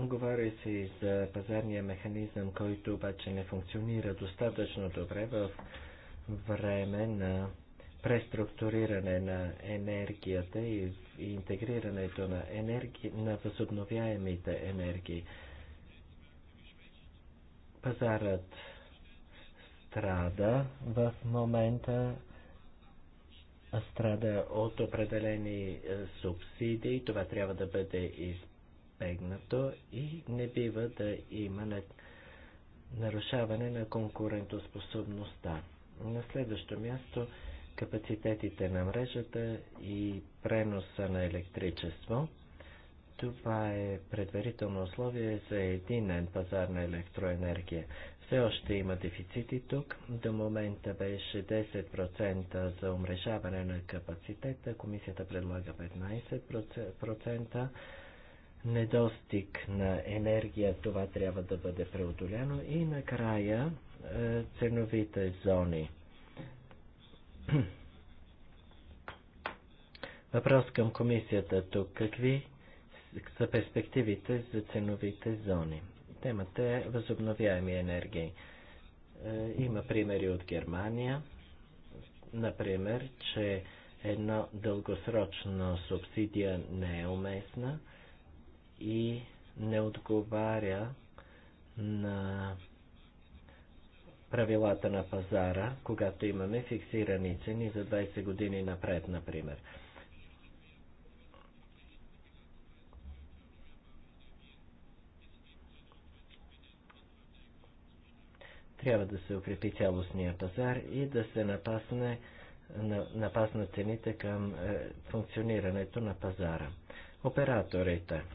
Говори се и за пазарния механизъм, който обаче не функционира достатъчно добре в време на преструктуриране на енергията и, и интегрирането на, енерги, на възобновяемите енергии. Пазарът страда в момента, страда от определени е, субсидии. Това трябва да бъде избегнато и не бива да има нарушаване на конкурентоспособността. На следващо място капацитетите на мрежата и преноса на електричество. Това е предварително условие за единен пазар на електроенергия. Все още има дефицити тук. До момента беше 10% за умрежаване на капацитета. Комисията предлага 15% недостиг на енергия. Това трябва да бъде преодоляно. И накрая е, ценовите зони. Въпрос към комисията тук. Какви са перспективите за ценовите зони? Темата е възобновяеми енергии. Е, има примери от Германия, например, че едно дългосрочно субсидия не е уместна и не отговаря на правилата на пазара, когато имаме фиксирани цени за 20 години напред, например. Трябва да се укрепи цялостния пазар и да се напасне на, напасна цените към е, функционирането на пазара. Операторите –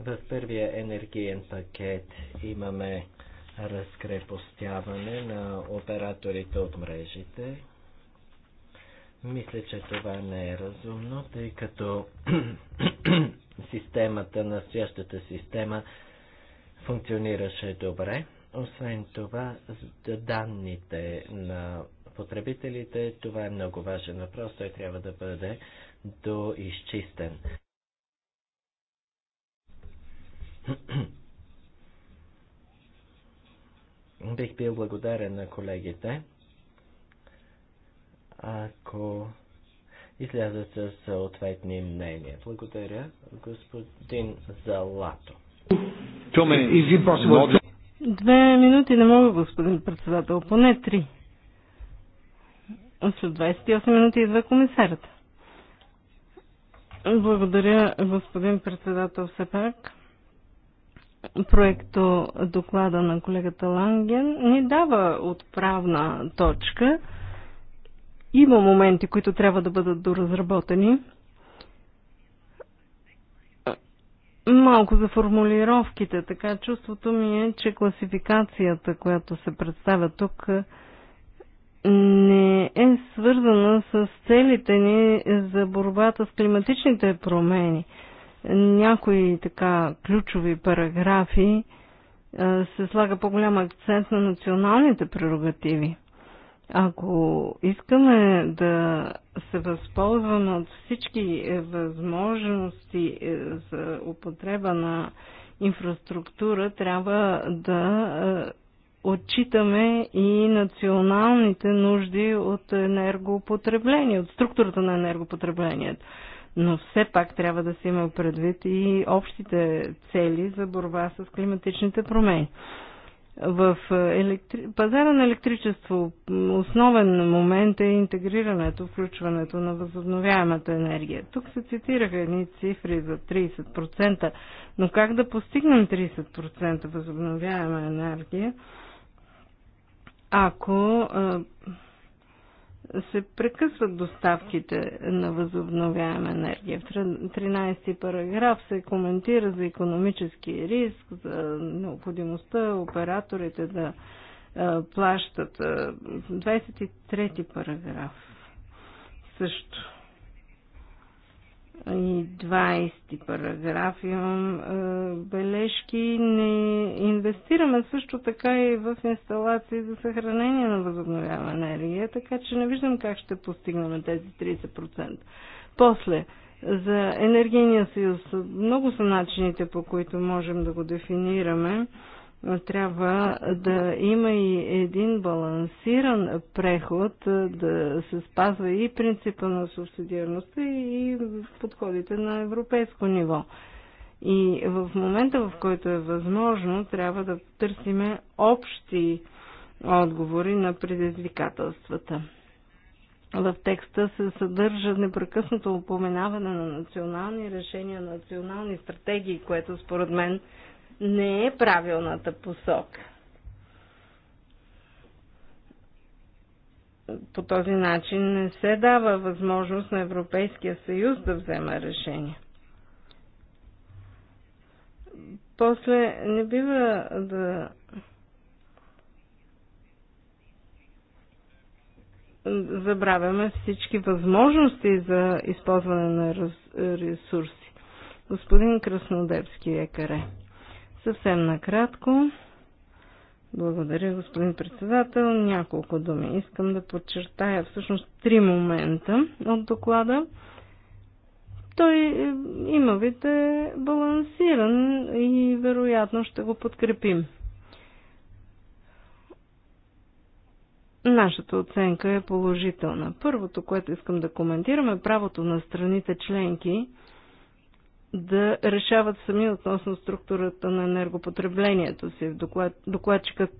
в първия енергиен пакет имаме разкрепостяване на операторите от мрежите. Мисля, че това не е разумно, тъй като (clears throat) системата, настоящата система функционираше добре. Освен това, данните на потребителите, това е много важен въпрос, той трябва да бъде доизчистен. (coughs) Бих бил благодарен на колегите, ако излязат със съответни мнения. Благодаря, господин Залато. Две минути не мога, господин председател, поне три. След 28 минути идва комисарът. Благодаря, господин председател, все пак проекто доклада на колегата Ланген ни дава отправна точка. Има моменти, които трябва да бъдат доразработени. Малко за формулировките, така чувството ми е, че класификацията, която се представя тук, не е свързана с целите ни за борбата с климатичните промени – някои така ключови параграфи се слага по-голям акцент на националните прерогативи. Ако искаме да се възползваме от всички възможности е, за употреба на инфраструктура, трябва да е, отчитаме и националните нужди от енергопотребление, от структурата на енергопотреблението но все пак трябва да се има предвид и общите цели за борба с климатичните промени. В е, електри... пазара на електричество основен момент е интегрирането, включването на възобновяемата енергия. Тук се цитираха едни цифри за 30%, но как да постигнем 30% възобновяема енергия, ако е, се прекъсват доставките на възобновяема енергия. В 13 параграф се коментира за економически риск, за необходимостта операторите да плащат. 23 параграф също и 20 параграф имам е, бележки. Не инвестираме също така и в инсталации за съхранение на възобновяема енергия, така че не виждам как ще постигнем тези 30%. После, за енергийния съюз, много са начините по които можем да го дефинираме. Е, трябва да има и един балансиран преход, да се спазва и принципа на субсидиарността и подходите на европейско ниво. И в момента, в който е възможно, трябва да търсиме общи отговори на предизвикателствата. В текста се съдържа непрекъснато упоменаване на национални решения, национални стратегии, което според мен не е правилната посока. По този начин не се дава възможност на Европейския съюз да взема решение. После не бива да забравяме всички възможности за използване на ресурси. Господин Краснодевски е каре. Съвсем накратко. Благодаря, господин председател. Няколко думи. Искам да подчертая всъщност три момента от доклада. Той има вид е балансиран и вероятно ще го подкрепим. Нашата оценка е положителна. Първото, което искам да коментираме е правото на страните членки – да решават сами относно структурата на енергопотреблението си. Доклад, докладчикът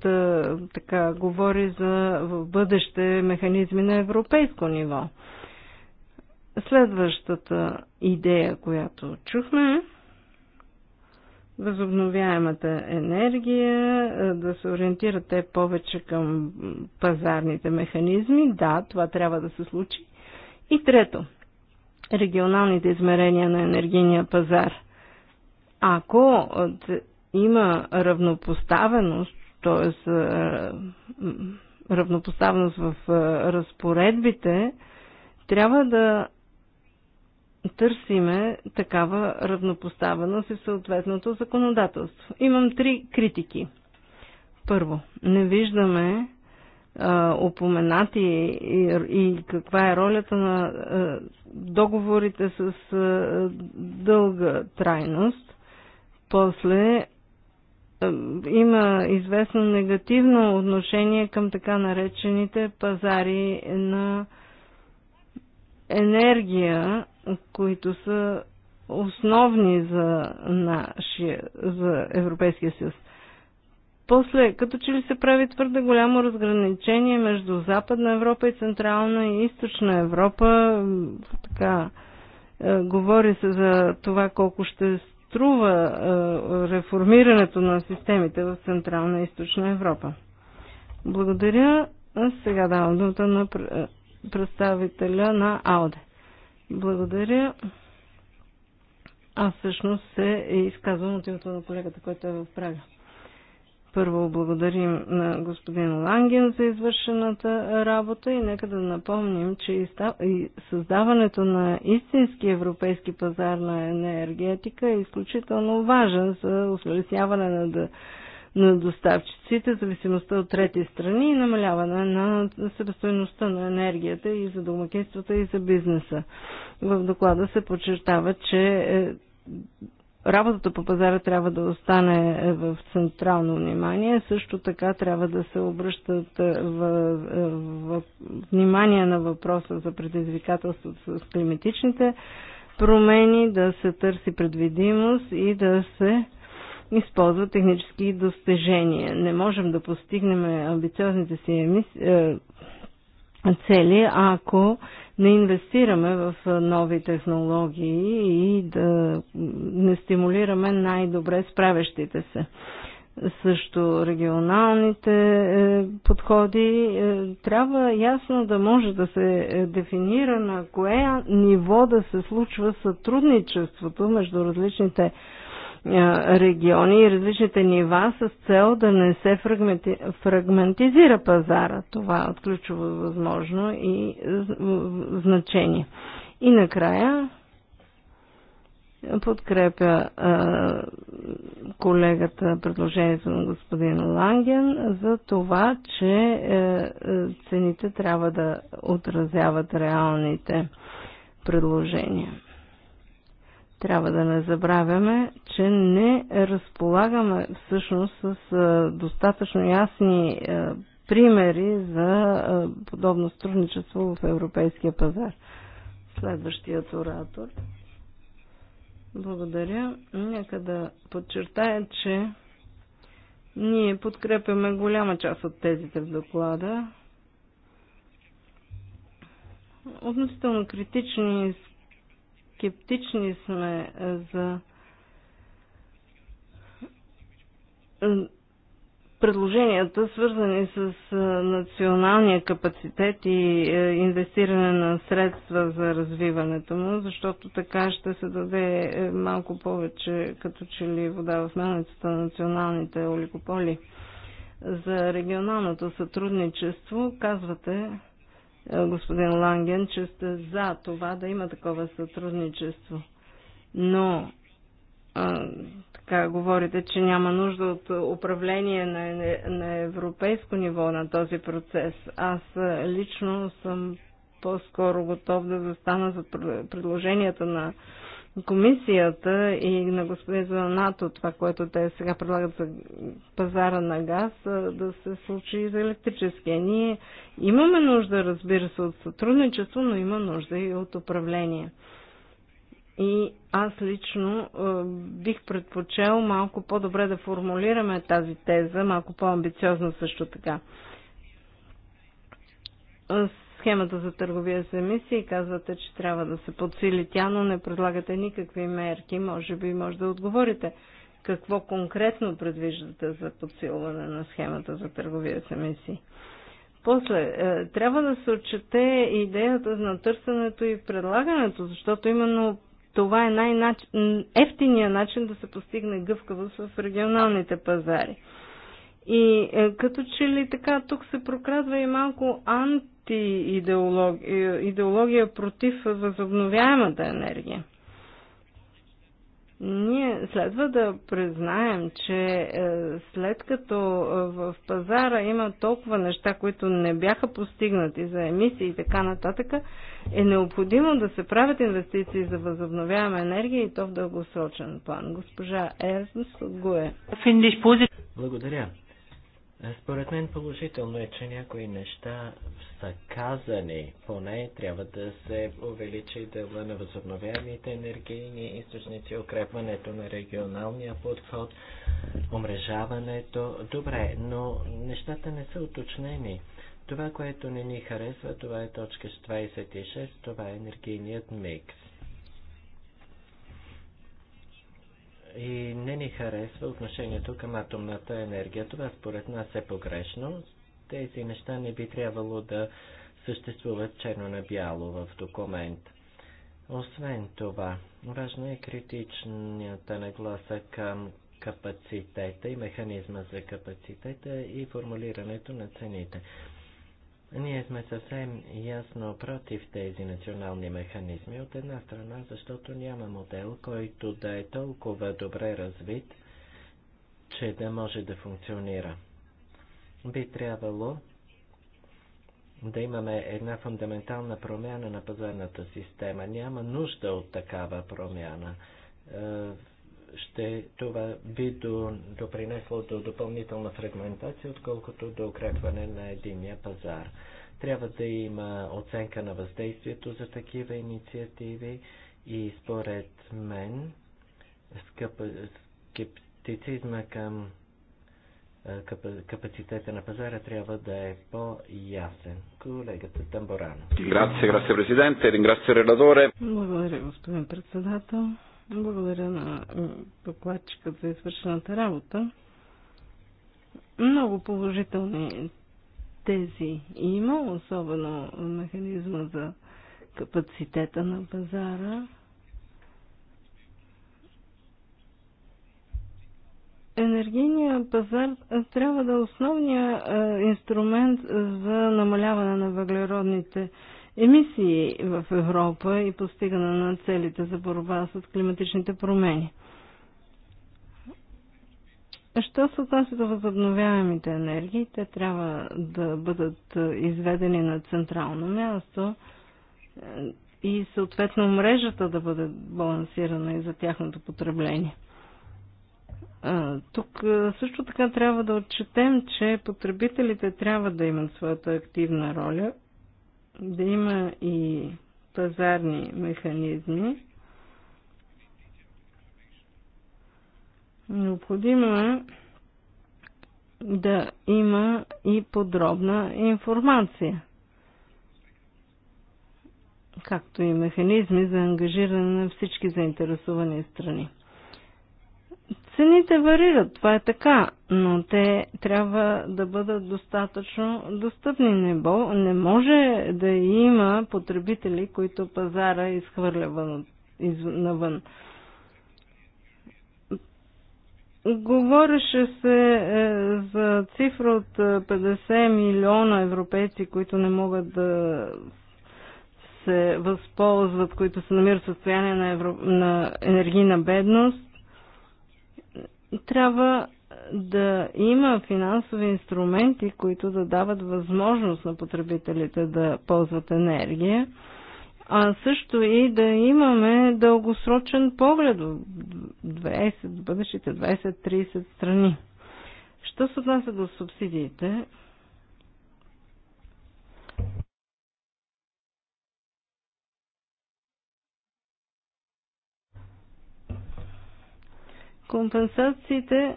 така говори за в бъдеще механизми на европейско ниво. Следващата идея, която чухме е възобновяемата енергия, да се ориентират те повече към пазарните механизми. Да, това трябва да се случи. И трето, регионалните измерения на енергийния пазар. Ако има равнопоставеност, т.е. равнопоставеност в разпоредбите, трябва да търсиме такава равнопоставеност и съответното законодателство. Имам три критики. Първо, не виждаме упоменати и, и каква е ролята на договорите с дълга трайност. После има известно негативно отношение към така наречените пазари на енергия, които са основни за, нашия, за Европейския съюз. После, като че ли се прави твърде голямо разграничение между Западна Европа и Централна и Източна Европа, така, е, говори се за това колко ще струва е, реформирането на системите в Централна и Източна Европа. Благодаря. А сега давам думата на е, представителя на АОДЕ. Благодаря. Аз всъщност се е изказвам от името на колегата, който е в правя. Първо благодарим на господин Ланген за извършената работа и нека да напомним, че създаването на истински европейски пазар на енергетика е изключително важен за осъществяване на, на доставчиците, зависимостта от трети страни и намаляване на себестоеността на енергията и за домакинствата и за бизнеса. В доклада се подчертава, че е, работата по пазара трябва да остане в централно внимание. Също така трябва да се обръщат е, в, е, в, внимание на въпроса за предизвикателството с климатичните промени, да се търси предвидимост и да се използват технически достижения. Не можем да постигнем амбициозните си емис... Е, цели, ако не инвестираме в нови технологии и да не стимулираме най-добре справящите се. Също регионалните е, подходи е, трябва ясно да може да се е, дефинира на кое ниво да се случва сътрудничеството между различните региони и различните нива с цел да не се фрагменти... фрагментизира пазара. Това е от ключово възможно и значение. И накрая подкрепя а, колегата предложението на господин Ланген за това, че е, цените трябва да отразяват реалните предложения. Трябва да не забравяме, че не разполагаме всъщност с достатъчно ясни примери за подобно сътрудничество в европейския пазар. Следващият оратор. Благодаря. Нека да подчертая, че ние подкрепяме голяма част от тезите в доклада. Относително критични скептични сме е, за е, предложенията, свързани с е, националния капацитет и инвестиране на средства за развиването му, защото така ще се даде малко повече като че ли вода в мелницата на националните олигополи. За регионалното сътрудничество казвате, е, господин Ланген, че сте за това да има такова сътрудничество. Но а, е, така говорите, че няма нужда от управление на, на европейско ниво на този процес. Аз е, лично съм по-скоро готов да застана за предложенията на комисията и на господин НАТО, това, което те сега предлагат за пазара на газ, да се случи и за електрическия. Ние имаме нужда, разбира се, от сътрудничество, но има нужда и от управление. И аз лично бих предпочел малко по-добре да формулираме тази теза, малко по-амбициозно също така схемата за търговия с емисии. Казвате, че трябва да се подсили тя, но не предлагате никакви мерки. Може би може да отговорите. Какво конкретно предвиждате за подсилване на схемата за търговия с емисии? После, е, трябва да се отчете идеята на търсенето и предлагането, защото именно това е най-ефтиният начин да се постигне гъвкавост в регионалните пазари. И е, като че ли така тук се прокрадва и малко антиидеология идеология против възобновяемата енергия. Ние следва да признаем, че е, след като е, в пазара има толкова неща, които не бяха постигнати за емисии и така нататък, е необходимо да се правят инвестиции за възобновяема енергия и то в дългосрочен план. Госпожа Ернст го ГУЕ. Благодаря. Е, според мен положително е, че някои неща са казани, поне трябва да се увеличи дела на възобновяемите енергийни източници, укрепването на регионалния подход, омрежаването. Добре, но нещата не са уточнени. Това, което не ни харесва, това е точка 26, това е енергийният микс. и не ни харесва отношението към атомната енергия. Това според нас е погрешно. Тези неща не би трябвало да съществуват черно на бяло в документ. Освен това, важно е критичната нагласа към капацитета и механизма за капацитета и формулирането на цените. Ние сме съвсем ясно против тези национални механизми от една страна, защото няма модел, който да е толкова добре развит, че да може да функционира. Би трябвало да имаме една фундаментална промяна на пазарната система. Няма нужда от такава промяна. Е, ще това би до, допринесло до допълнителна фрагментация, отколкото до укрепване на единия пазар. Трябва да има оценка на въздействието за такива инициативи и според мен скъп, скептицизма към капацитета на пазара трябва да е по-ясен. Колегата Тамборано. Благодаря, господин председател. Благодаря на докладчика за извършената работа. Много положителни тези има, особено механизма за капацитета на пазара. Енергийният пазар трябва да е основният е, инструмент за намаляване на въглеродните емисии в Европа и постигане на целите за борба с климатичните промени. Що се отнася до възобновяемите енергии, те трябва да бъдат е, изведени на централно място е, и съответно мрежата да бъде балансирана и за тяхното потребление. Е, тук също така трябва да отчетем, че потребителите трябва да имат своята активна роля да има и пазарни механизми. Необходимо е да има и подробна информация, както и механизми за ангажиране на всички заинтересовани страни. Цените варират, това е така, но те трябва да бъдат достатъчно достъпни. Не може да има потребители, които пазара изхвърля навън. Говореше се е, за цифра от 50 е, милиона европейци, които не могат да се възползват, които се намират в състояние на, евро... на енергийна бедност трябва да има финансови инструменти, които да дават възможност на потребителите да ползват енергия, а също и да имаме дългосрочен поглед в 20, бъдещите 20-30 страни. Що се отнася до субсидиите, Компенсациите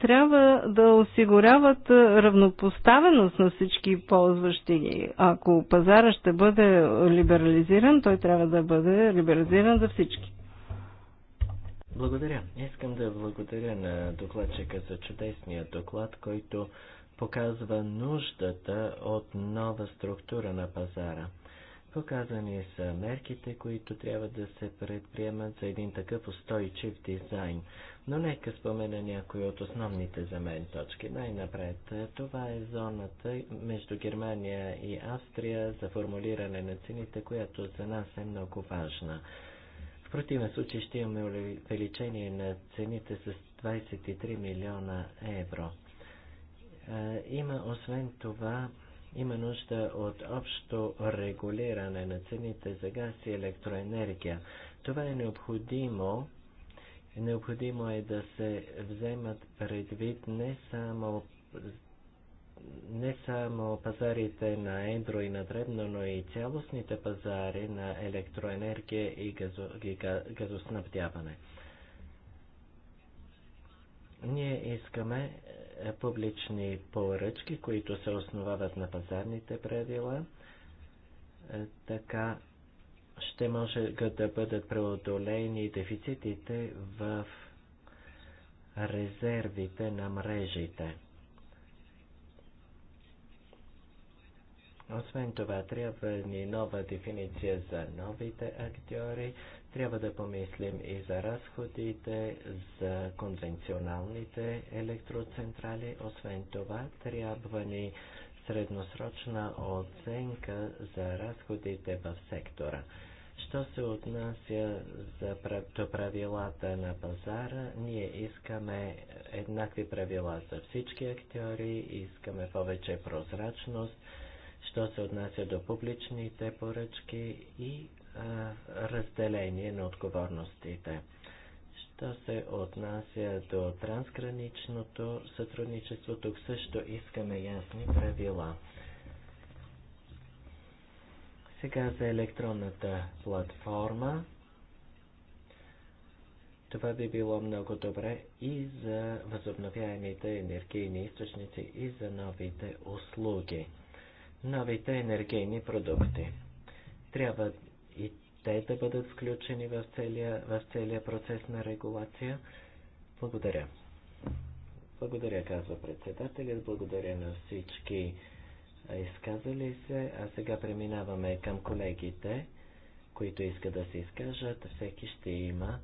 трябва да осигуряват равнопоставеност на всички ползващи ги. Ако пазара ще бъде либерализиран, той трябва да бъде либерализиран за всички. Благодаря. Искам да благодаря на докладчика за чудесния доклад, който показва нуждата от нова структура на пазара. Показани са мерките, които трябва да се предприемат за един такъв устойчив дизайн. Но нека спомена някои от основните за мен точки. Най-напред, е, това е зоната между Германия и Австрия за формулиране на цените, която за нас е много важна. В противен случай ще имаме увеличение на цените с 23 милиона евро. Е, има освен това има нужда от общо регулиране на цените за газ и електроенергия. Това е необходимо, Необходимо е да се вземат предвид не само не само пазарите на едро и на дребно, но и цялостните пазари на електроенергия и, газо, и газоснабдяване. Ние искаме е, публични поръчки, които се основават на пазарните правила, е, така ще може да бъдат преодолени дефицитите в резервите на мрежите. Освен това, трябва ни нова дефиниция за новите актьори. Трябва да помислим и за разходите, за конвенционалните електроцентрали. Освен това, трябва ни средносрочна оценка за разходите в сектора. Що се отнася за, до правилата на пазара, ние искаме еднакви правила за всички актьори, искаме повече прозрачност, що се отнася до публичните поръчки и а, разделение на отговорностите. То се отнася до трансграничното сътрудничество. Тук също искаме ясни правила. Сега за електронната платформа. Това би било много добре и за възобновяемите енергийни източници и за новите услуги. Новите енергийни продукти. Трябва и те да бъдат включени в целия, в целия процес на регулация. Благодаря. Благодаря, казва председателят. Благодаря на всички изказали се. А сега преминаваме към колегите, които искат да се изкажат. Всеки ще има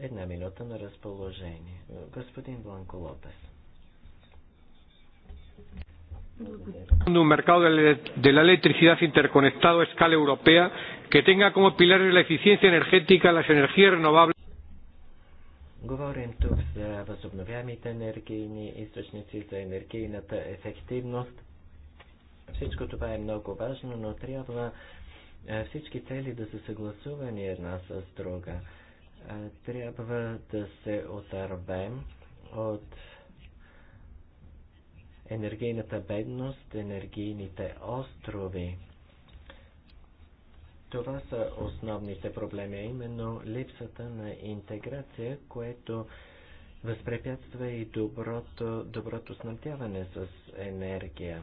една минута на разположение. Господин Бланко Лопес. Un mercado de la electricidad interconectado a escala europea que tenga como pilares la eficiencia energética, las energías renovables. Говорим тук за възобновяемите енергийни източници, за енергийната ефективност. Всичко това е много важно, но трябва е, всички цели да са съгласувани една с друга. Е, трябва да се отървем от енергийната бедност, енергийните острови. Това са основните проблеми, а именно липсата на интеграция, което възпрепятства и доброто, доброто снабдяване с енергия.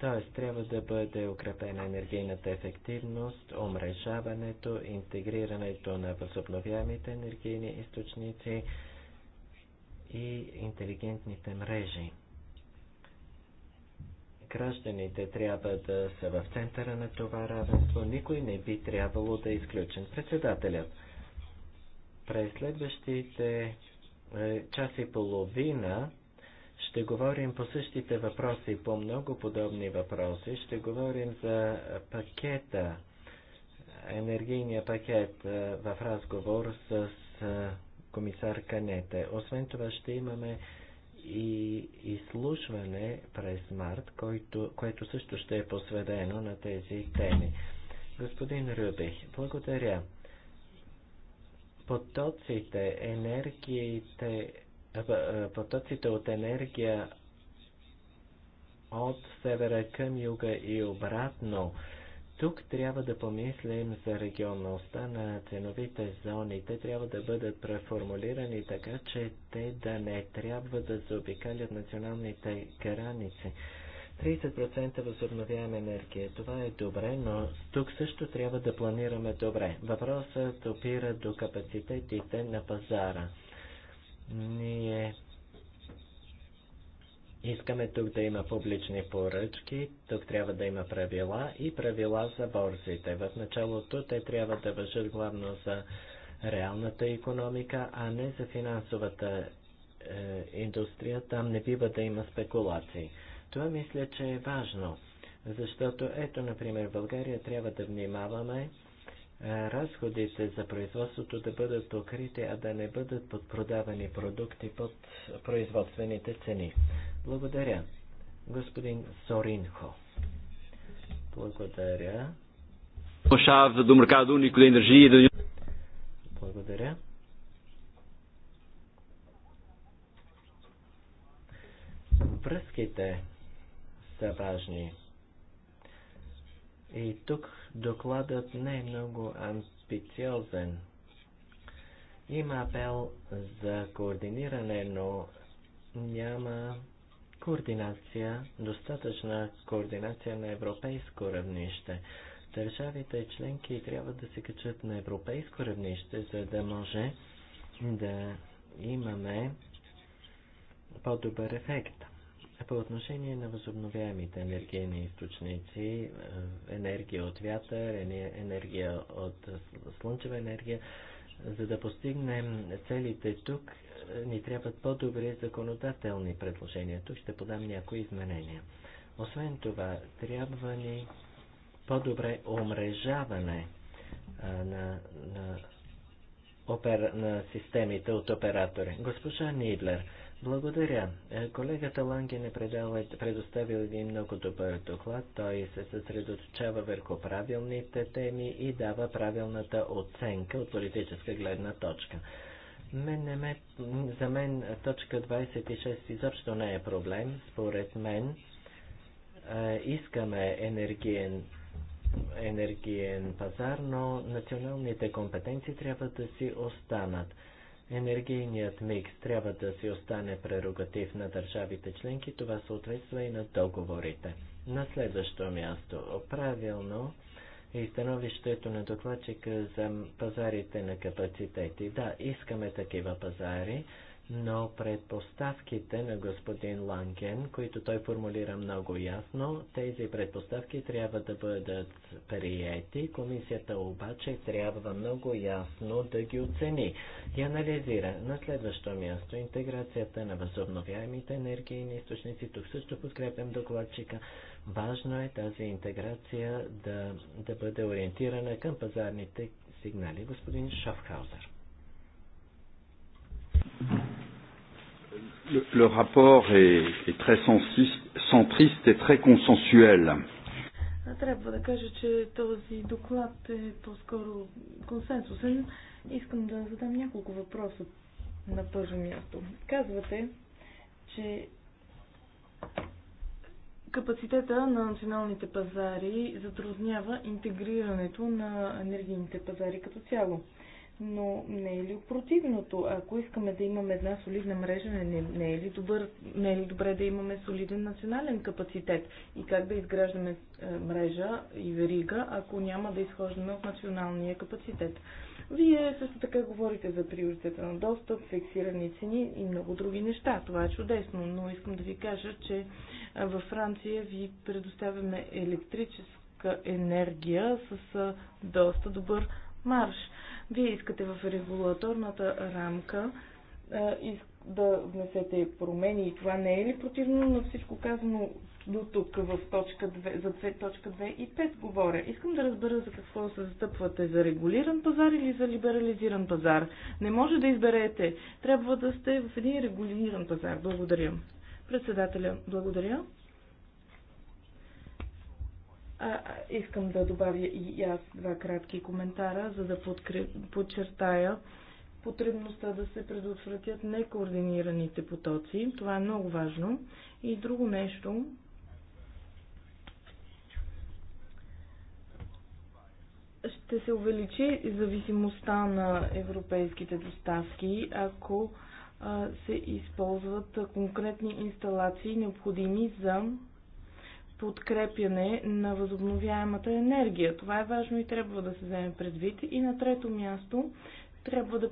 Т.е. трябва да бъде укрепена енергийната ефективност, омрежаването, интегрирането на възобновяемите енергийни източници и интелигентните мрежи. Гражданите трябва да са в центъра на това равенство. Никой не би трябвало да е изключен. Председателят, през следващите е, час и половина ще говорим по същите въпроси, по много подобни въпроси. Ще говорим за пакета, енергийния пакет е, в разговор с е, комисар Канете. Освен това ще имаме и изслушване през март, който, което също ще е посведено на тези теми. Господин Рюбих, благодаря. Потоците, енергиите, потоците от енергия от севера към юга и обратно тук трябва да помислим за регионалността на ценовите зони. Те трябва да бъдат преформулирани така, че те да не трябва да заобикалят националните граници. 30% възобновяема енергия. Това е добре, но тук също трябва да планираме добре. Въпросът опира до капацитетите на пазара. Ние Искаме тук да има публични поръчки, тук трябва да има правила и правила за борсите. В началото те трябва да въжат главно за реалната економика, а не за финансовата е, индустрия. Там не бива да има спекулации. Това мисля, че е важно, защото ето, например, в България трябва да внимаваме разходите за производството да бъдат покрити, а да не бъдат подпродавани продукти под производствените цени. Благодаря. Господин Соринхо. Благодаря. Благодаря. Връзките са важни. И тук Докладът не е много амбициозен. Има апел за координиране, но няма координация, достатъчна координация на европейско равнище. Държавите и членки трябва да се качат на европейско равнище, за да може да имаме по-добър ефект. По отношение на възобновяемите енергийни източници, е, енергия от вятър, енергия от слънчева енергия, за да постигнем целите тук, е, ни трябват по-добри законодателни предложения. Тук ще подам някои изменения. Освен това, трябва ни по-добре омрежаване е, на, на, опер, на системите от оператори. Госпожа Нидлер, благодаря. Е, колегата Ланген е предоставил един много добър доклад. Той се съсредоточава върху правилните теми и дава правилната оценка от политическа гледна точка. Мен не ме, за мен точка 26 изобщо не е проблем. Според мен е, искаме енергиен енергиен пазар, но националните компетенции трябва да си останат. Енергийният микс трябва да си остане прерогатив на държавите членки, това съответства и на договорите. На следващо място, правилно е и становището на докладчика за пазарите на капацитети. Да, искаме такива пазари, но предпоставките на господин Ланген, които той формулира много ясно, тези предпоставки трябва да бъдат приети. Комисията обаче трябва много ясно да ги оцени и анализира. На следващо място интеграцията на възобновяемите енергийни източници. Тук също подкрепям докладчика. Важно е тази интеграция да, да бъде ориентирана към пазарните сигнали. Господин Шафхаузер. Le, le rapport est, est très centriste et très consensuel. Трябва да кажа, че този доклад е по-скоро консенсусен. Искам да задам няколко въпроса на първо място. Казвате, че Капацитета на националните пазари затруднява интегрирането на енергийните пазари като цяло но не е ли противното? Ако искаме да имаме една солидна мрежа, не, не, е ли добър, не е ли добре да имаме солиден национален капацитет? И как да изграждаме е, мрежа и верига, ако няма да изхождаме от националния капацитет? Вие също така говорите за приоритета на достъп, фиксирани цени и много други неща. Това е чудесно, но искам да ви кажа, че е, във Франция ви предоставяме електрическа енергия с е, доста добър марш. Вие искате в регулаторната рамка да внесете промени и това не е ли противно на всичко казано до тук в точка 2, за 2, точка 2 и 5 говоря. Искам да разбера за какво се застъпвате, за регулиран пазар или за либерализиран пазар. Не може да изберете. Трябва да сте в един регулиран пазар. Благодаря. Председателя, благодаря. А, искам да добавя и аз два кратки коментара, за да подчертая потребността да се предотвратят некоординираните потоци. Това е много важно. И друго нещо, ще се увеличи зависимостта на европейските доставки, ако се използват конкретни инсталации, необходими за подкрепяне на възобновяемата енергия. Това е важно и трябва да се вземе предвид. И на трето място трябва да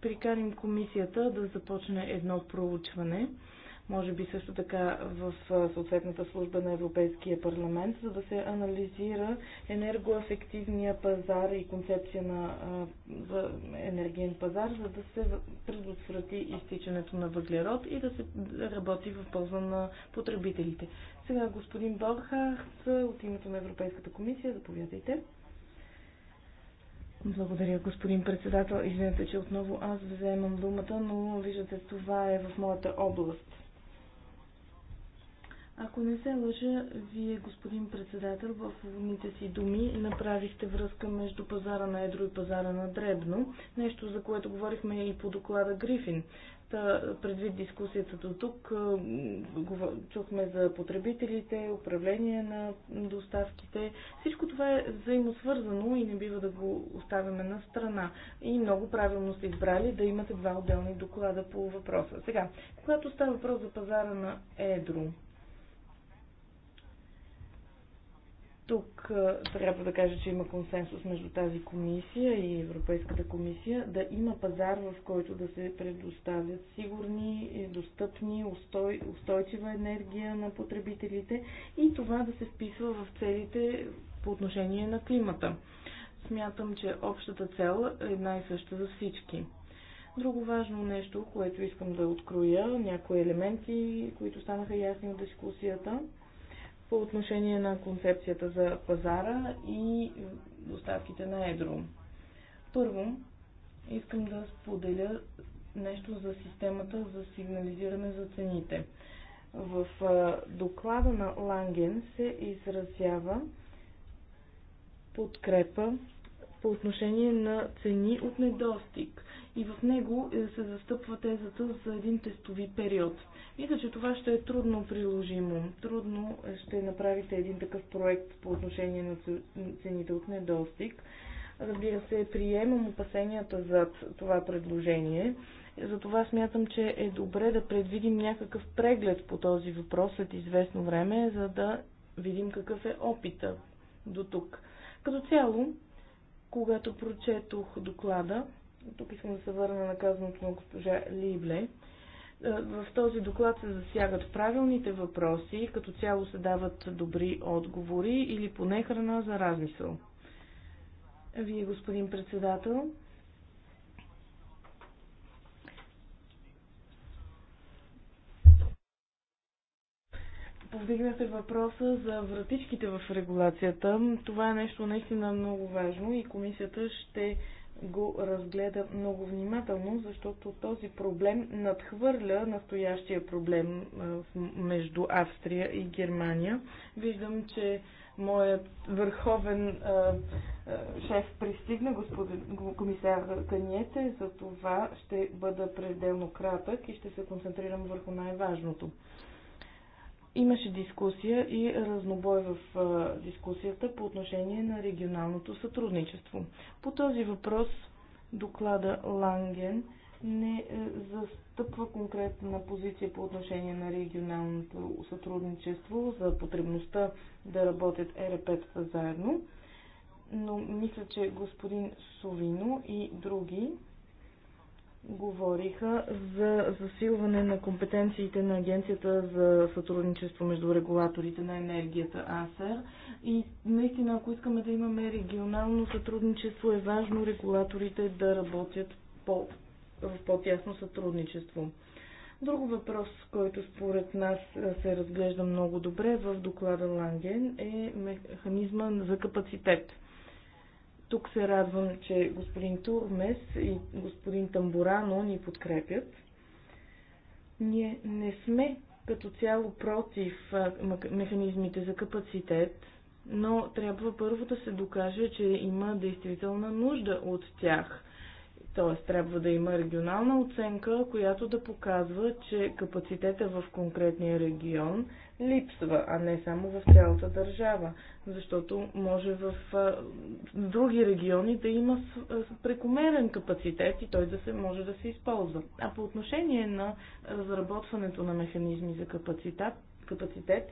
приканим комисията да започне едно проучване може би също така в съответната служба на Европейския парламент, за да се анализира енергоефективния пазар и концепция на енергиен пазар, за да се предотврати изтичането на въглерод и да се работи в полза на потребителите. Сега господин Борхарт от името на Европейската комисия, заповядайте. Благодаря, господин председател. Извинете, че отново аз вземам думата, но виждате, това е в моята област. Ако не се лъжа, вие, господин председател, в умните си думи направихте връзка между пазара на едро и пазара на дребно, нещо за което говорихме и по доклада Грифин. Та, предвид дискусията до тук, чухме за потребителите, управление на доставките. Всичко това е взаимосвързано и не бива да го оставяме на страна. И много правилно сте избрали да имате два отделни доклада по въпроса. Сега, когато става въпрос за пазара на едро, Тук трябва да кажа, че има консенсус между тази комисия и Европейската комисия да има пазар, в който да се предоставят сигурни, и достъпни, устой, устойчива енергия на потребителите и това да се вписва в целите по отношение на климата. Смятам, че общата цел е една и съща за всички. Друго важно нещо, което искам да откроя, някои елементи, които станаха ясни от дискусията – по отношение на концепцията за пазара и доставките на едро. Първо, искам да споделя нещо за системата за сигнализиране за цените. В доклада на Ланген се изразява подкрепа по отношение на цени от недостиг и в него е, се застъпва тезата за един тестови период. Мисля, че това ще е трудно приложимо. Трудно е, ще направите един такъв проект по отношение на цените от недостиг. Разбира се, приемам опасенията за това предложение. Затова смятам, че е добре да предвидим някакъв преглед по този въпрос след известно време, за да видим какъв е опита до тук. Като цяло, когато прочетох доклада, тук искам да се върна на казаното на госпожа Либле. Е, в този доклад се засягат правилните въпроси, като цяло се дават добри отговори или поне храна за размисъл. Вие, господин председател, повдигнахте въпроса за вратичките в регулацията. Това е нещо наистина много важно и комисията ще го разгледа много внимателно, защото този проблем надхвърля настоящия проблем между Австрия и Германия. Виждам, че моят върховен шеф пристигна, господин комисар Каниете, за това ще бъда пределно кратък и ще се концентрирам върху най-важното. Имаше дискусия и разнобой в дискусията по отношение на регионалното сътрудничество. По този въпрос доклада Ланген не е, застъпва конкретна позиция по отношение на регионалното сътрудничество за потребността да работят ЕРП-тата заедно, но мисля, че господин Совино и други говориха за засилване на компетенциите на Агенцията за сътрудничество между регулаторите на енергията АСЕР. И наистина, ако искаме да имаме регионално сътрудничество, е важно регулаторите да работят по, в по-тясно сътрудничество. Друг въпрос, който според нас се разглежда много добре в доклада Ланген е механизма за капацитет – тук се радвам, че господин Турмес и господин Тамбурано ни подкрепят. Ние не сме като цяло против механизмите за капацитет, но трябва първо да се докаже, че има действителна нужда от тях. Т.е. трябва да има регионална оценка, която да показва, че капацитета в конкретния регион липсва, а не само в цялата държава, защото може в други региони да има прекомерен капацитет и той да се може да се използва. А по отношение на разработването на механизми за капацитет, капацитет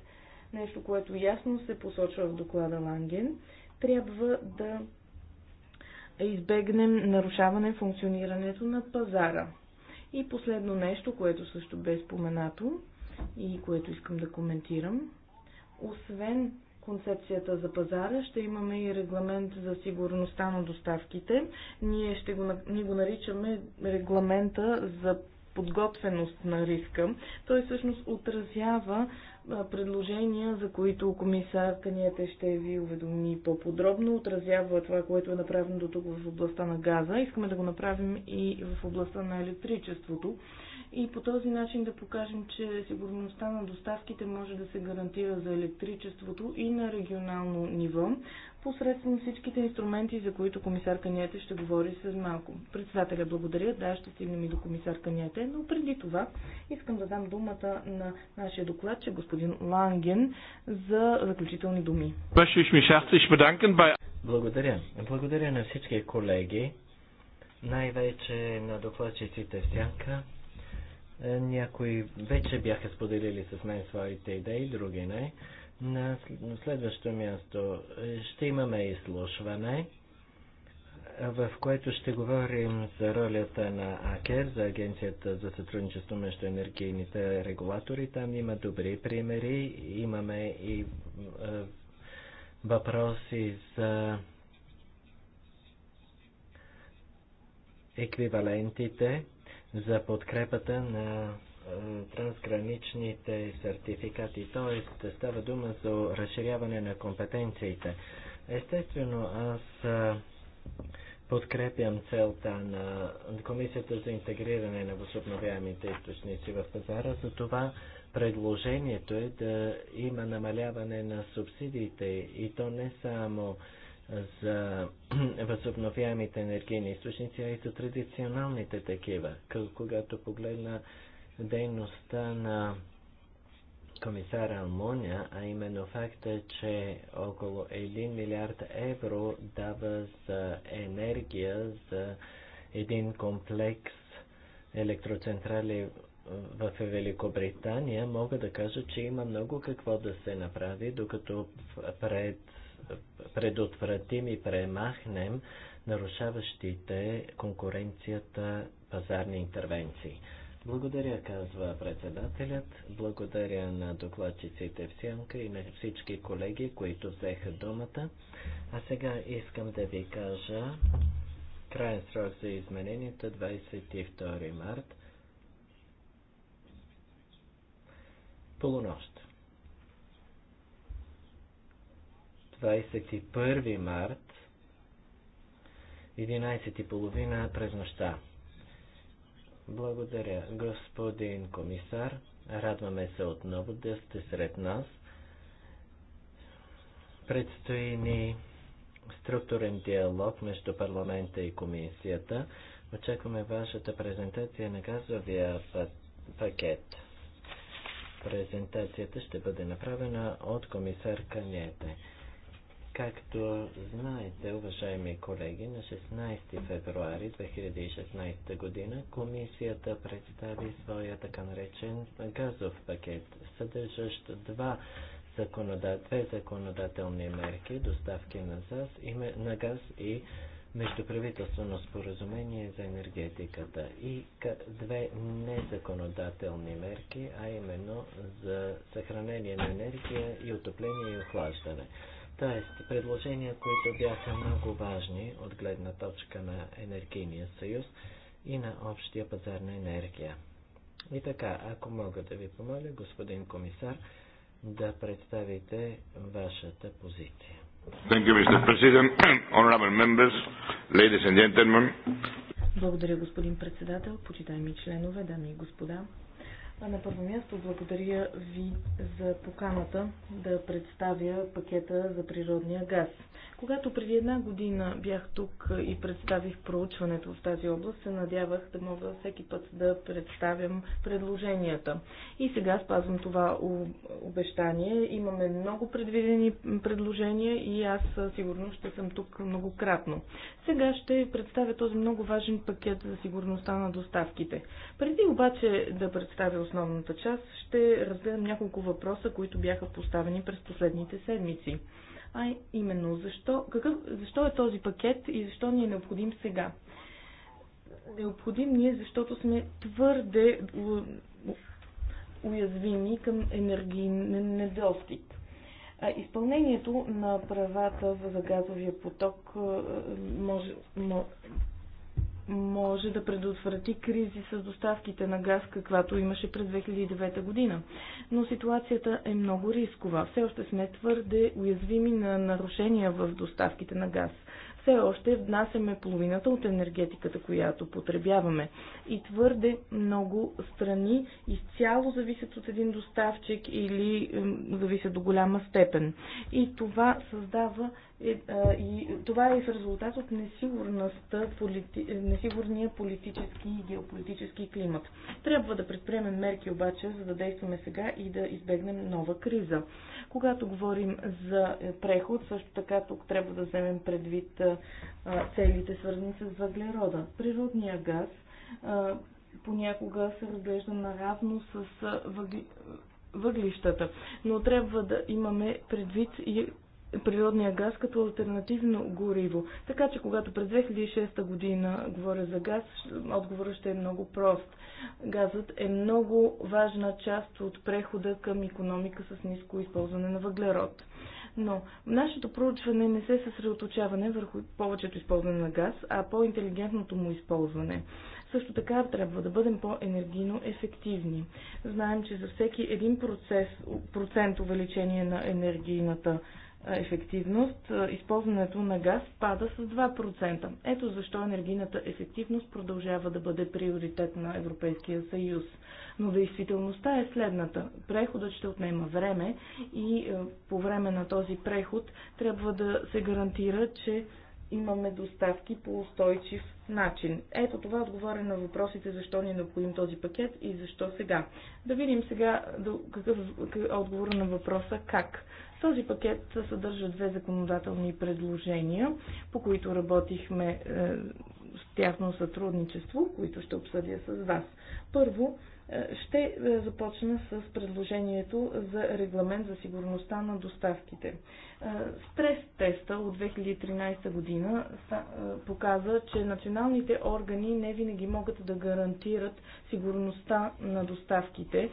нещо, което ясно се посочва в доклада Ланген, трябва да е избегнем нарушаване функционирането на пазара. И последно нещо, което също бе споменато и което искам да коментирам. Освен концепцията за пазара, ще имаме и регламент за сигурността на доставките. Ние ще го, ние го наричаме регламента за подготвеност на риска. Той всъщност отразява предложения, за които комисар Канията ще ви уведоми по-подробно, отразява това, което е направено до тук в областта на газа. Искаме да го направим и в областта на електричеството. И по този начин да покажем, че сигурността на доставките може да се гарантира за електричеството и на регионално ниво, посредством всичките инструменти, за които комисар Каниете ще говори с малко. Председателя благодаря, да, ще стигнем и до комисар Каниете, но преди това искам да дам думата на нашия докладчик, господин Ланген, за заключителни думи. Благодаря. Благодаря на всички колеги, най-вече на докладчиците Сянка. Е, някои вече бяха споделили с мен своите идеи, други не. На следващо място е, ще имаме изслушване, в което ще говорим за ролята на АКЕР, за Агенцията за сътрудничество между енергийните регулатори. Там има добри примери. Имаме и е, въпроси за еквивалентите, за подкрепата на трансграничните сертификати, т.е. става дума за разширяване на компетенциите. Естествено, аз подкрепям целта на Комисията за интегриране на възобновяемите източници в пазара, за това предложението е да има намаляване на субсидиите и то не само за (clears throat) възобновяемите енергийни източници, а и за традиционалните такива. Когато погледна дейността на комисара Алмоня, а именно факта, че около 1 милиард евро дава за енергия за един комплекс електроцентрали в Великобритания, мога да кажа, че има много какво да се направи, докато пред, предотвратим и премахнем нарушаващите конкуренцията пазарни интервенции. Благодаря, казва председателят. Благодаря на докладчиците в Сянка и на всички колеги, които взеха думата. А сега искам да ви кажа крайен срок за измененията 22 март. Полунощ. 21 март 11.30 през нощта. Благодаря, господин комисар. Радваме се отново да сте сред нас. Предстои ни структурен диалог между парламента и комисията. Очакваме вашата презентация на газовия пакет. Презентацията ще бъде направена от комисар Канете. Както знаете, уважаеми колеги, на 16 февруари 2016 година комисията представи своя така наречен газов пакет, съдържащ два законодат, две законодателни мерки, доставки на, ЗАС на газ и междуправителствено споразумение за енергетиката и две незаконодателни мерки, а именно за съхранение на енергия и отопление и охлаждане. Тоест, предложения, които бяха много важни от гледна точка на енергийния съюз и на общия пазар на енергия. И така, ако мога да ви помоля, господин комисар, да представите вашата позиция. Благодаря, господин председател, почитаеми членове, дами и господа. На първо място благодаря ви за поканата да представя пакета за природния газ. Когато преди една година бях тук и представих проучването в тази област, се надявах да мога всеки път да представям предложенията. И сега спазвам това обещание. Имаме много предвидени предложения и аз сигурно ще съм тук многократно. Сега ще представя този много важен пакет за сигурността на доставките. Преди обаче да представя основната част, ще разгледам няколко въпроса, които бяха поставени през последните седмици. А именно, защо, какъв, защо е този пакет и защо ни е необходим сега? Необходим ни е, защото сме твърде уязвими към енергиен недостиг. Изпълнението на правата за газовия поток може, може да предотврати кризи с доставките на газ, каквато имаше през 2009 година. Но ситуацията е много рискова. Все още сме твърде уязвими на нарушения в доставките на газ. Все още внасяме половината от енергетиката, която потребяваме. И твърде много страни изцяло зависят от един доставчик или зависят до голяма степен. И това създава и, е, а, и това е и в резултат от несигурността, полити, несигурния политически и геополитически климат. Трябва да предприемем мерки обаче, за да действаме сега и да избегнем нова криза. Когато говорим за е, преход, също така тук трябва да вземем предвид е, а, целите, свързани с въглерода. Природния газ а, понякога се разглежда наравно с въгли, въглищата, но трябва да имаме предвид и природния газ като альтернативно гориво. Така че когато през 2006 година говоря за газ, отговорът ще е много прост. Газът е много важна част от прехода към економика с ниско използване на въглерод. Но нашето проучване не се съсредоточаване върху повечето използване на газ, а по-интелигентното му използване. Също така трябва да бъдем по-енергийно ефективни. Знаем, че за всеки процес, процент увеличение на енергийната ефективност, използването на газ пада с 2%. Ето защо енергийната ефективност продължава да бъде приоритет на Европейския съюз. Но действителността е следната. Преходът ще отнема време и по време на този преход трябва да се гарантира, че имаме доставки по устойчив начин. Ето това отговаря на въпросите защо ни е необходим този пакет и защо сега. Да видим сега какъв е отговор на въпроса как. Този пакет съдържа две законодателни предложения, по които работихме с е, тяхно сътрудничество, които ще обсъдя с вас. Първо, е, ще е, започна с предложението за регламент за сигурността на доставките. Стрес теста от 2013 година показа, че националните органи не винаги могат да гарантират сигурността на доставките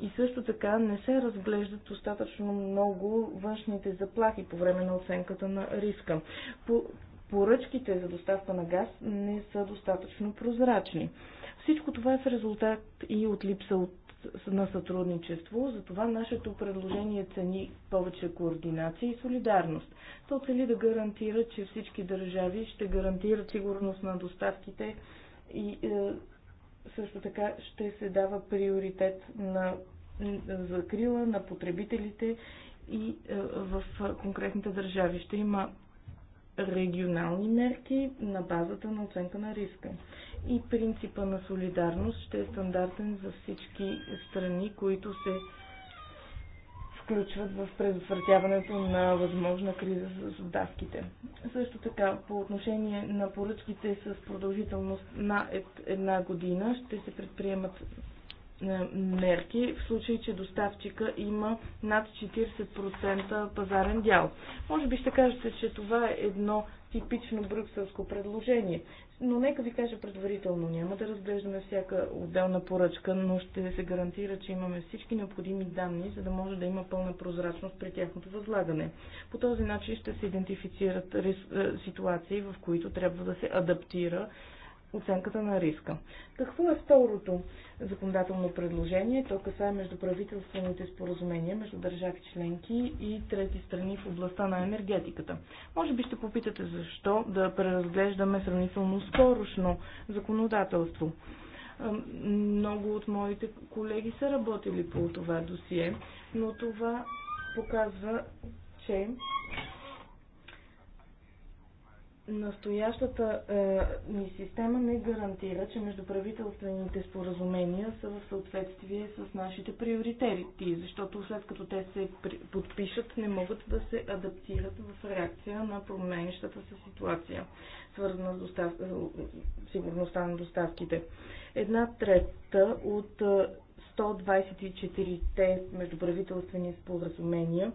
и също така не се разглеждат достатъчно много външните заплахи по време на оценката на риска. По поръчките за доставка на газ не са достатъчно прозрачни. Всичко това е в резултат и от липса от на сътрудничество, затова нашето предложение цени повече координация и солидарност. То цели да гарантира, че всички държави ще гарантират сигурност на доставките и е, също така ще се дава приоритет на закрила на потребителите и е, в конкретните държави. Ще има регионални мерки на базата на оценка на риска. И принципа на солидарност ще е стандартен за всички страни, които се включват в предотвратяването на възможна криза с доставките. Също така, по отношение на поръчките с продължителност на една година ще се предприемат е, мерки в случай, че доставчика има над 40% пазарен дял. Може би ще кажете, че това е едно типично брюкселско предложение. Но нека ви кажа предварително, няма да разглеждаме всяка отделна поръчка, но ще се гарантира, че имаме всички необходими данни, за да може да има пълна прозрачност при тяхното възлагане. По този начин ще се идентифицират е, ситуации, в които трябва да се адаптира оценката на риска. Какво е второто законодателно предложение? То касае между правителствените споразумения между държави членки и трети страни в областта на енергетиката. Може би ще попитате защо да преразглеждаме сравнително скорошно законодателство. Много от моите колеги са работили по това досие, но това показва, че Настоящата е, ни система не гарантира, че междуправителствените споразумения са в съответствие с нашите приоритети, защото след като те се подпишат, не могат да се адаптират в реакция на променещата се ситуация, свързана с достав... Е, сигурността на доставките. Една трета от 124-те е, междуправителствени споразумения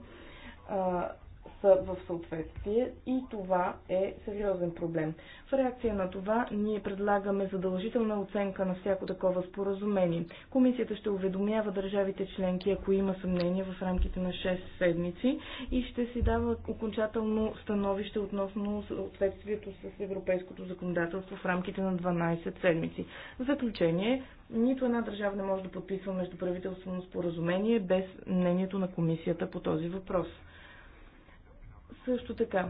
са в съответствие и това е сериозен проблем. В реакция на това ние предлагаме задължителна оценка на всяко такова споразумение. Комисията ще уведомява държавите членки, ако има съмнение в рамките на 6 седмици и ще си дава окончателно становище относно съответствието с европейското законодателство в рамките на 12 седмици. В заключение, нито една държава не може да подписва междуправителствено споразумение без мнението на комисията по този въпрос. Също така,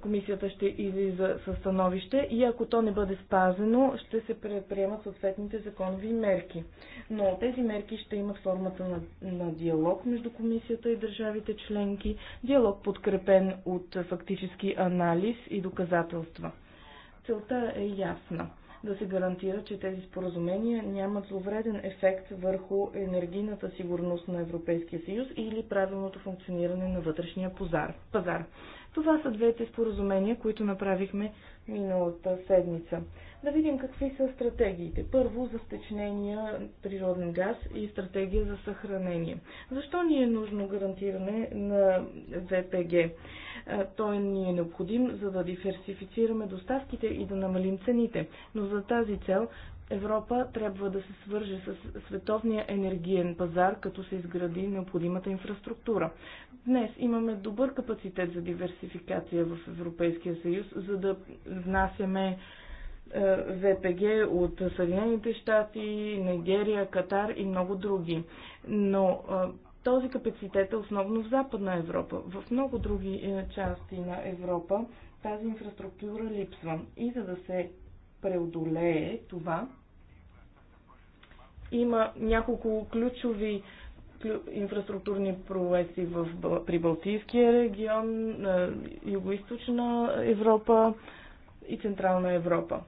комисията ще излиза със становище и ако то не бъде спазено, ще се предприемат съответните законови мерки. Но тези мерки ще имат формата на, на диалог между комисията и държавите членки, диалог подкрепен от фактически анализ и доказателства. Целта е ясна да се гарантира, че тези споразумения нямат зловреден ефект върху енергийната сигурност на Европейския съюз или правилното функциониране на вътрешния пазар. Това са двете споразумения, които направихме миналата седмица. Да видим какви са стратегиите. Първо за стечнения природен газ и стратегия за съхранение. Защо ни е нужно гарантиране на ВПГ? Е, той ни е необходим, за да диверсифицираме доставките и да намалим цените. Но за тази цел Европа трябва да се свърже с световния енергиен пазар, като се изгради необходимата инфраструктура. Днес имаме добър капацитет за диверсификация в Европейския съюз, за да внасяме е, ВПГ от Съединените щати, Нигерия, Катар и много други. Но е, този капацитет е основно в Западна Европа. В много други е, части на Европа тази инфраструктура липсва. И за да се преодолее това, има няколко ключови инфраструктурни проекти в, при Балтийския регион, е, Юго-Источна Европа и Централна Европа.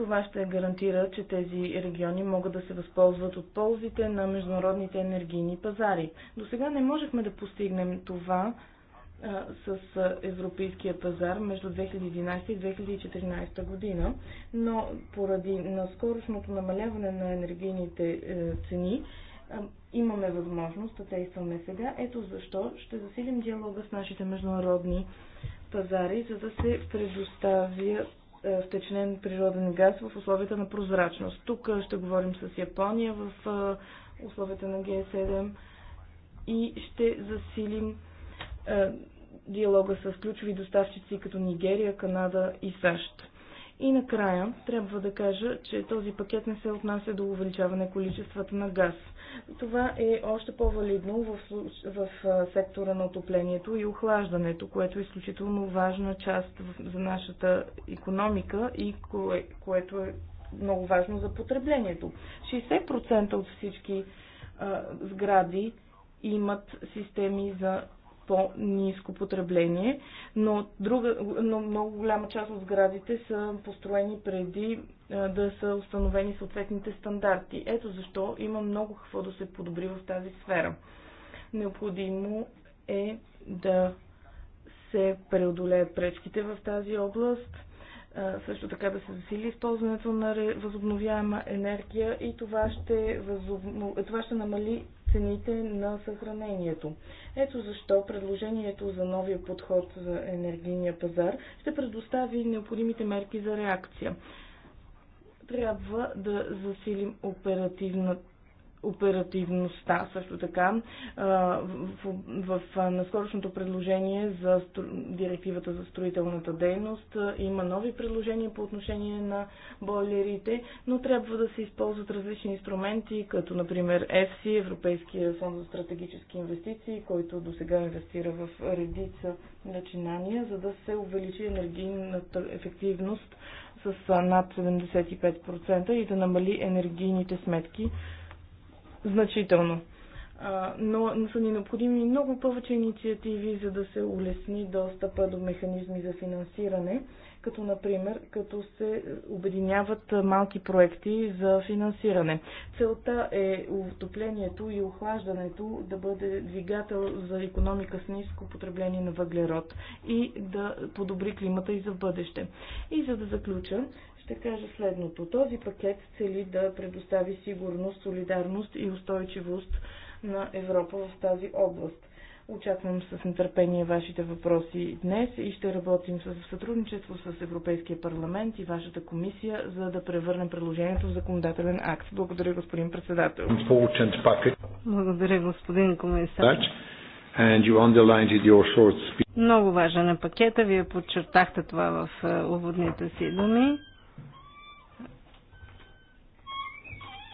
Това ще гарантира, че тези региони могат да се възползват от ползите на международните енергийни пазари. До сега не можехме да постигнем това а, с европейския пазар между 2011 и 2014 година, но поради наскорошното намаляване на енергийните е, цени, е, имаме възможност да действаме сега. Ето защо ще засилим диалога с нашите международни пазари, за да се предоставят е, втечнен природен газ в условията на прозрачност. Тук е, ще говорим с Япония в е, условията на Г7 и ще засилим диалога с ключови доставчици като Нигерия, Канада и САЩ. И накрая трябва да кажа, че този пакет не се отнася до увеличаване количествата на газ. Това е още по-валидно в, в сектора на отоплението и охлаждането, което е изключително важна част за нашата економика и кое, което е много важно за потреблението. 60% от всички а, сгради имат системи за по-низко потребление, но, друга, но много голяма част от сградите са построени преди е, да са установени съответните стандарти. Ето защо има много какво да се подобри в тази сфера. Необходимо е да се преодолеят пречките в тази област, е, също така да се засили използването на възобновяема енергия и това ще, възобно... това ще намали цените на съхранението. Ето защо предложението за новия подход за енергийния пазар ще предостави необходимите мерки за реакция. Трябва да засилим оперативната оперативността също така в, наскорошното предложение за директивата за строителната дейност има нови предложения по отношение на бойлерите, но трябва да се използват различни инструменти, като например EFSI, Европейския фонд за стратегически инвестиции, който до сега инвестира в редица начинания, за да се увеличи енергийната ефективност с над 75% и да намали енергийните сметки значително. Но, но са ни необходими много повече инициативи, за да се улесни достъпа до механизми за финансиране, като например, като се обединяват малки проекти за финансиране. Целта е отоплението и охлаждането да бъде двигател за економика с ниско потребление на въглерод и да подобри климата и за бъдеще. И за да заключа, ще кажа следното. Този пакет цели да предостави сигурност, солидарност и устойчивост на Европа в тази област. Очаквам с нетърпение вашите въпроси днес и ще работим с сътрудничество с Европейския парламент и вашата комисия, за да превърнем предложението в законодателен акт. Благодаря, господин председател. Благодаря, господин комисар. Много важен е пакета. Вие подчертахте това в е, уводните си думи.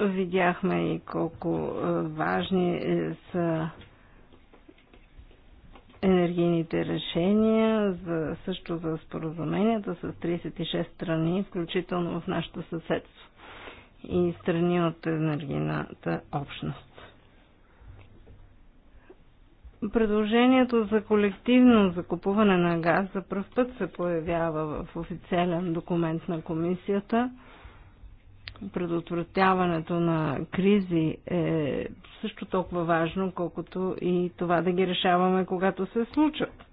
Видяхме и колко е, важни е, са енергийните решения, за, също за споразуменията с 36 страни, включително в нашето съседство и страни от енергийната общност. Предложението за колективно закупуване на газ за първ път се появява в официален документ на комисията – предотвратяването на кризи е също толкова важно, колкото и това да ги решаваме, когато се случат.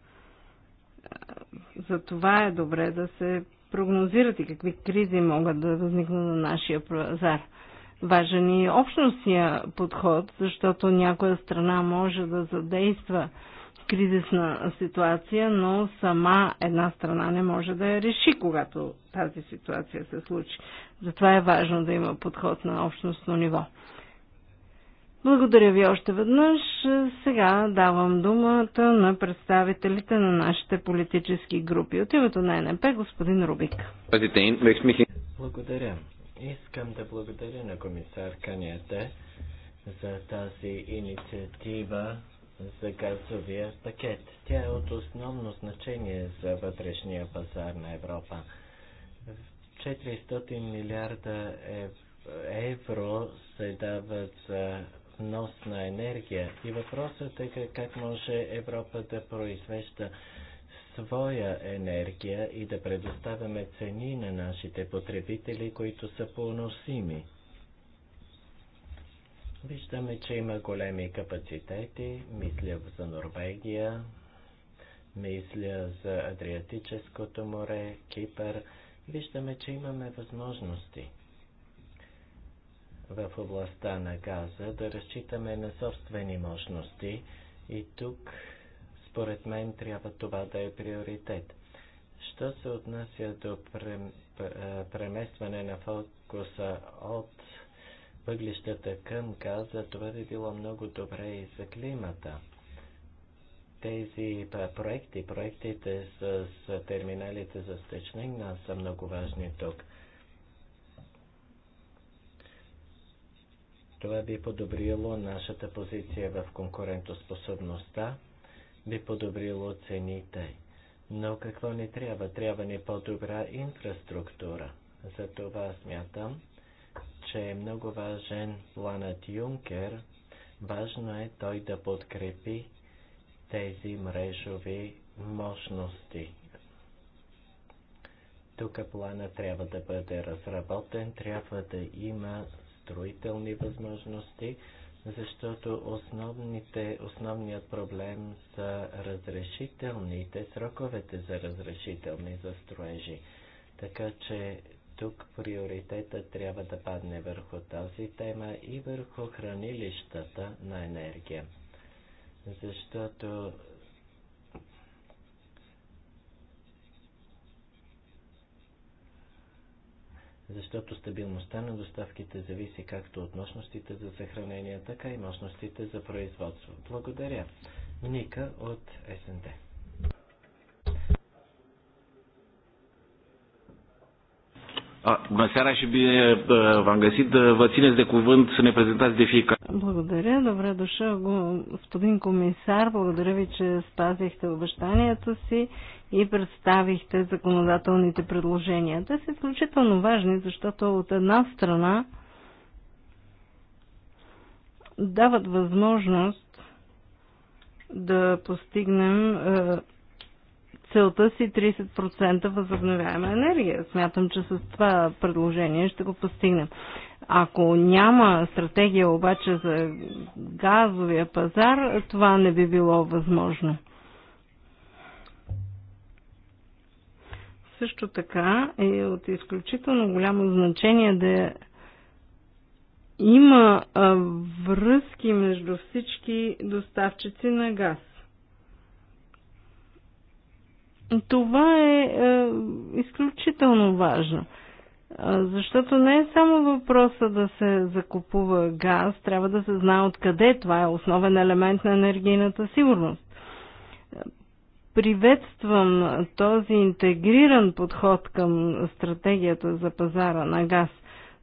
За това е добре да се прогнозират и какви кризи могат да възникнат на нашия пазар. Важен е и общностния подход, защото някоя страна може да задейства кризисна ситуация, но сама една страна не може да я реши, когато тази ситуация се случи. Затова е важно да има подход на общностно ниво. Благодаря ви още веднъж. Сега давам думата на представителите на нашите политически групи. От името на НП, господин Рубик. Благодаря. Искам да благодаря на комисар Каняте за тази инициатива за газовия пакет. Тя е от основно значение за вътрешния пазар на Европа. 400 милиарда евро се дават за внос на енергия. И въпросът е как може Европа да произвежда своя енергия и да предоставяме цени на нашите потребители, които са поносими. Виждаме, че има големи капацитети. Мисля за Норвегия, мисля за Адриатическото море, Кипър. Виждаме, че имаме възможности в областта на газа да разчитаме на собствени мощности и тук, според мен, трябва това да е приоритет. Що се отнася до преместване на фокуса от въглищата към газа, това би било много добре и за климата. Тези проекти, проектите с, с терминалите за стечнина са много важни тук. Това би подобрило нашата позиция в конкурентоспособността, би подобрило цените. Но какво ни трябва? Трябва ни по-добра инфраструктура. За това смятам, че е много важен планът Юнкер. Важно е той да подкрепи тези мрежови мощности. Тук плана трябва да бъде разработен, трябва да има строителни възможности, защото основните, основният проблем са разрешителните, сроковете за разрешителни застроежи. Така че тук приоритета трябва да падне върху тази тема и върху хранилищата на енергия. Защото защото стабилността на доставките зависи както от мощностите за съхранение, така и мощностите за производство. Благодаря. Ника от СНД. bună seara și bine v-am găsit. Vă țineți de cuvânt să ne prezentați de fiecare. Благодаря. Добре дошъл, господин комисар. Благодаря ви, че спазихте обещанието си и представихте законодателните предложения. Те са изключително важни, защото от една страна дават възможност да постигнем е, целта си 30% възобновяема енергия. Смятам, че с това предложение ще го постигнем. Ако няма стратегия обаче за газовия пазар, това не би било възможно. Също така е от изключително голямо значение да има връзки между всички доставчици на газ това е, е изключително важно. Защото не е само въпроса да се закупува газ, трябва да се знае откъде. Това е основен елемент на енергийната сигурност. Приветствам този интегриран подход към стратегията за пазара на газ.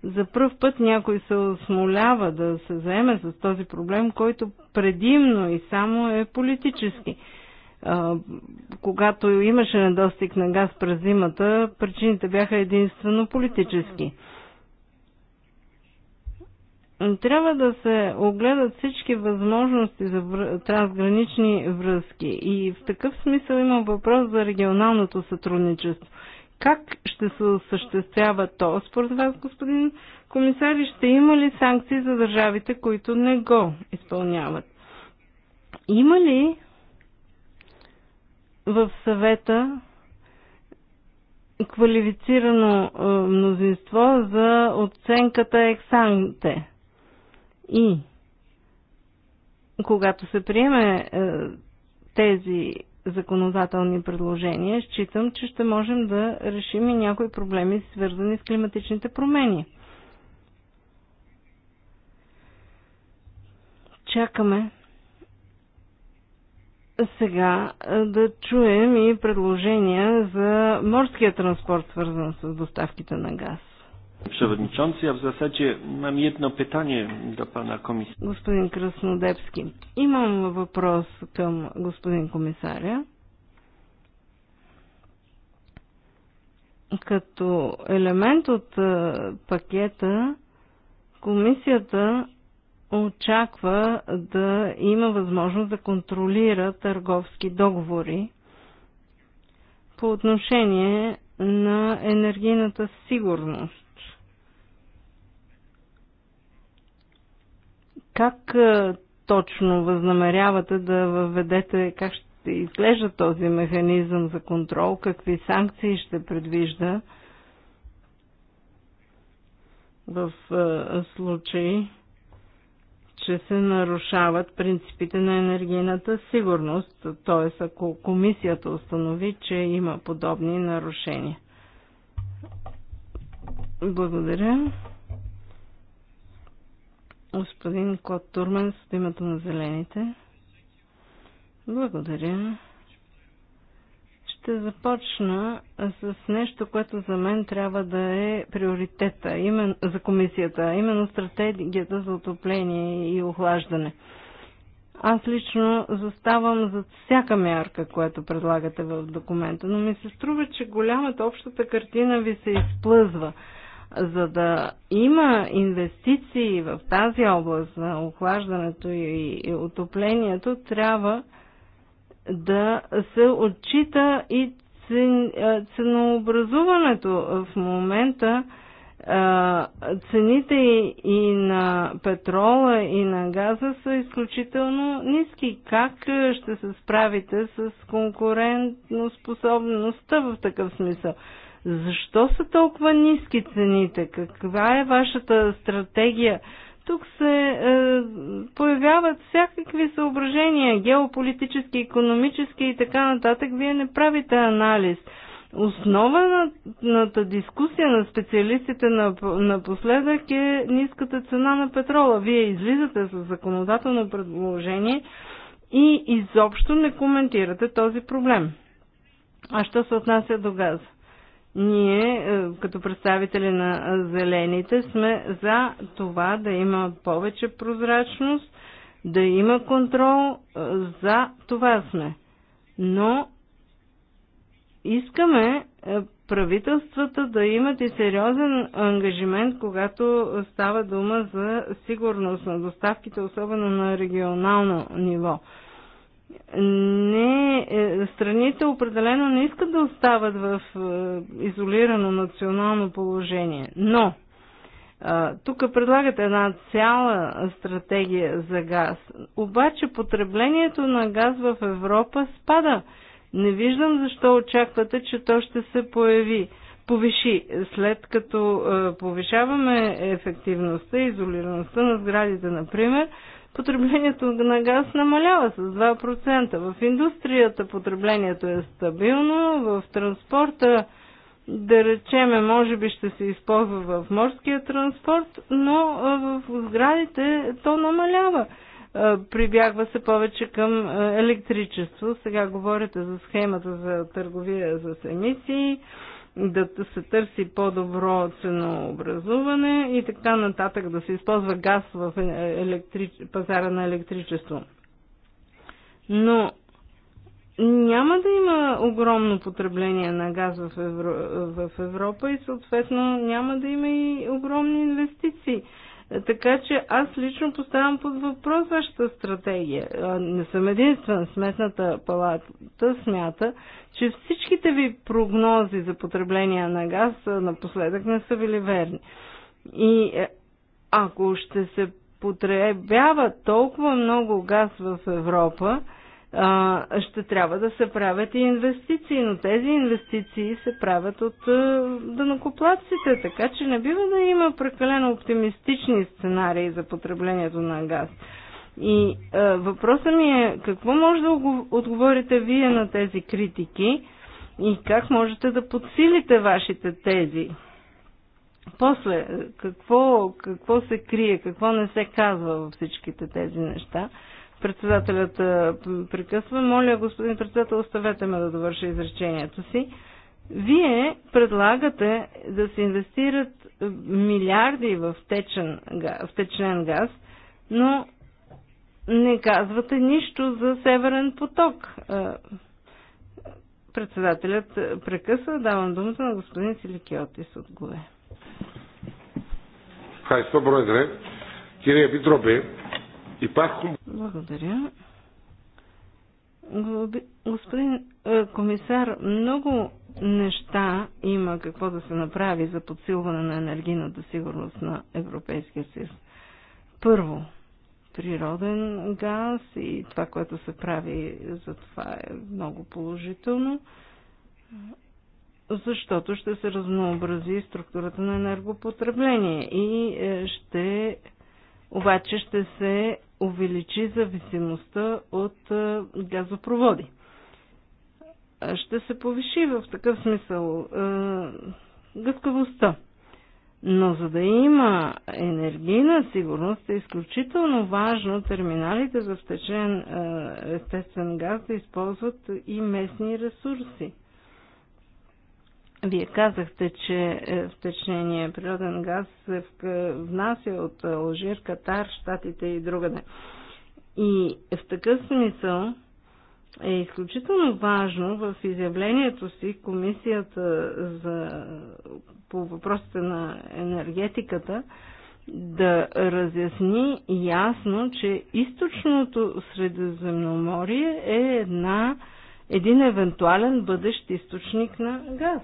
За първ път някой се осмолява да се заеме с този проблем, който предимно и само е политически когато имаше недостиг на газ през зимата, причините бяха единствено политически. Трябва да се огледат всички възможности за трансгранични връзки и в такъв смисъл има въпрос за регионалното сътрудничество. Как ще се осъществява то, според вас, господин комисар, и ще има ли санкции за държавите, които не го изпълняват? Има ли в съвета квалифицирано е, мнозинство за оценката ексанте. И когато се приеме е, тези законодателни предложения, считам, че ще можем да решим и някои проблеми, свързани с климатичните промени. Чакаме сега да чуем и предложения за морския транспорт, свързан с доставките на газ. Przewodniczący, ja w zasadzie mam jedno pytanie do pana komisarza. Господин Краснодепски, имам въпрос към господин комисаря. Като елемент от пакета, комисията очаква да има възможност да контролира търговски договори по отношение на енергийната сигурност. Как точно възнамерявате да въведете, как ще изглежда този механизъм за контрол, какви санкции ще предвижда в случай, че се нарушават принципите на енергийната сигурност, т.е. ако комисията установи, че има подобни нарушения. Благодаря. Господин Кот Турмен, с името на зелените. Благодаря. Ще започна с нещо, което за мен трябва да е приоритета именно, за комисията, именно стратегията за отопление и охлаждане. Аз лично заставам за всяка мярка, която предлагате в документа, но ми се струва, че голямата общата картина ви се изплъзва. За да има инвестиции в тази област на охлаждането и отоплението, трябва да се отчита и ценообразуването в момента цените и на петрола, и на газа са изключително ниски. Как ще се справите с конкурентно способността в такъв смисъл? Защо са толкова ниски цените? Каква е вашата стратегия? Тук се е, появяват всякакви съображения, геополитически, економически и така нататък. Вие не правите анализ. Основаната дискусия на специалистите напоследък е ниската цена на петрола. Вие излизате с законодателно предложение и изобщо не коментирате този проблем. А що се отнася до газа? Ние, е, като представители на е, зелените, сме за това да има повече прозрачност, да има контрол, е, за това сме. Но искаме правителствата да имат и сериозен ангажимент, когато става дума за сигурност на доставките, особено на регионално ниво не, е, страните определено не искат да остават в е, изолирано национално положение. Но, тук предлагат една цяла стратегия за газ. Обаче потреблението на газ в Европа спада. Не виждам защо очаквате, че то ще се появи. Повиши, след като е, повишаваме ефективността изолираността на сградите, например, потреблението на газ намалява с 2%. В индустрията потреблението е стабилно, в транспорта да речеме, може би ще се използва в морския транспорт, но в сградите то намалява. Прибягва се повече към електричество. Сега говорите за схемата за търговия за емисии да се търси по-добро ценообразуване и така нататък, да се използва газ в електри... пазара на електричество. Но няма да има огромно потребление на газ в, Евро... в Европа и съответно няма да има и огромни инвестиции. Така че аз лично поставям под въпрос вашата стратегия. Не съм единствен. Сметната палата смята, че всичките ви прогнози за потребление на газ напоследък не са били верни. И е, ако ще се потребява толкова много газ в Европа, а, ще трябва да се правят и инвестиции, но тези инвестиции се правят от дънокоплаците. така че не бива да има прекалено оптимистични сценарии за потреблението на газ. И а, въпросът ми е какво може да отговорите вие на тези критики и как можете да подсилите вашите тези. После, какво, какво се крие, какво не се казва във всичките тези неща. Председателят е, прекъсва. Моля, господин председател, оставете ме да довърша изречението си. Вие предлагате да се инвестират е, милиарди в, течен, в течен газ, но не казвате нищо за Северен поток. Е, председателят прекъсва. Давам думата на господин Силикиотис от ГУЕ. Ευχαριστώ, Πρόεδρε. Κύριε благодаря. Господин е, комисар, много неща има какво да се направи за подсилване на енергийната сигурност на Европейския съюз. Първо, природен газ и това, което се прави за това е много положително, защото ще се разнообрази структурата на енергопотребление и е, ще обаче ще се увеличи зависимостта от газопроводи. Ще се повиши в такъв смисъл гъвкавостта. Но за да има енергийна сигурност е изключително важно терминалите за втечен естествен газ да използват и местни ресурси. Вие казахте, че е, втечнение природен газ се е, внася от е, Алжир, Катар, Штатите и другаде. И в такъв смисъл е изключително важно в изявлението си Комисията за, по въпросите на енергетиката да разясни ясно, че източното Средиземноморие е една, един евентуален бъдещ източник на газ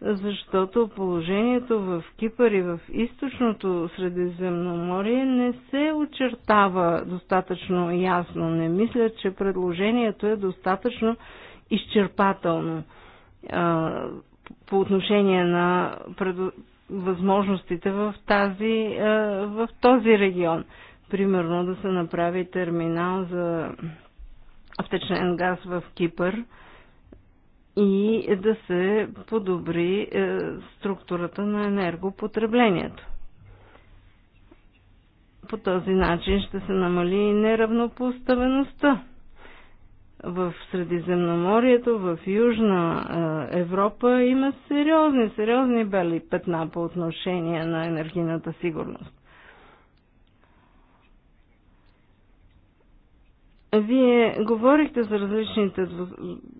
защото положението в Кипър и в източното Средиземноморие не се очертава достатъчно ясно. Не мисля, че предложението е достатъчно изчерпателно по отношение на възможностите в, тази, в този регион. Примерно да се направи терминал за втечнен газ в Кипър – и да се подобри е, структурата на енергопотреблението. По този начин ще се намали и неравнопоставеността. В Средиземноморието, в Южна е, Европа има сериозни, сериозни бели петна по отношение на енергийната сигурност. Вие говорихте за различните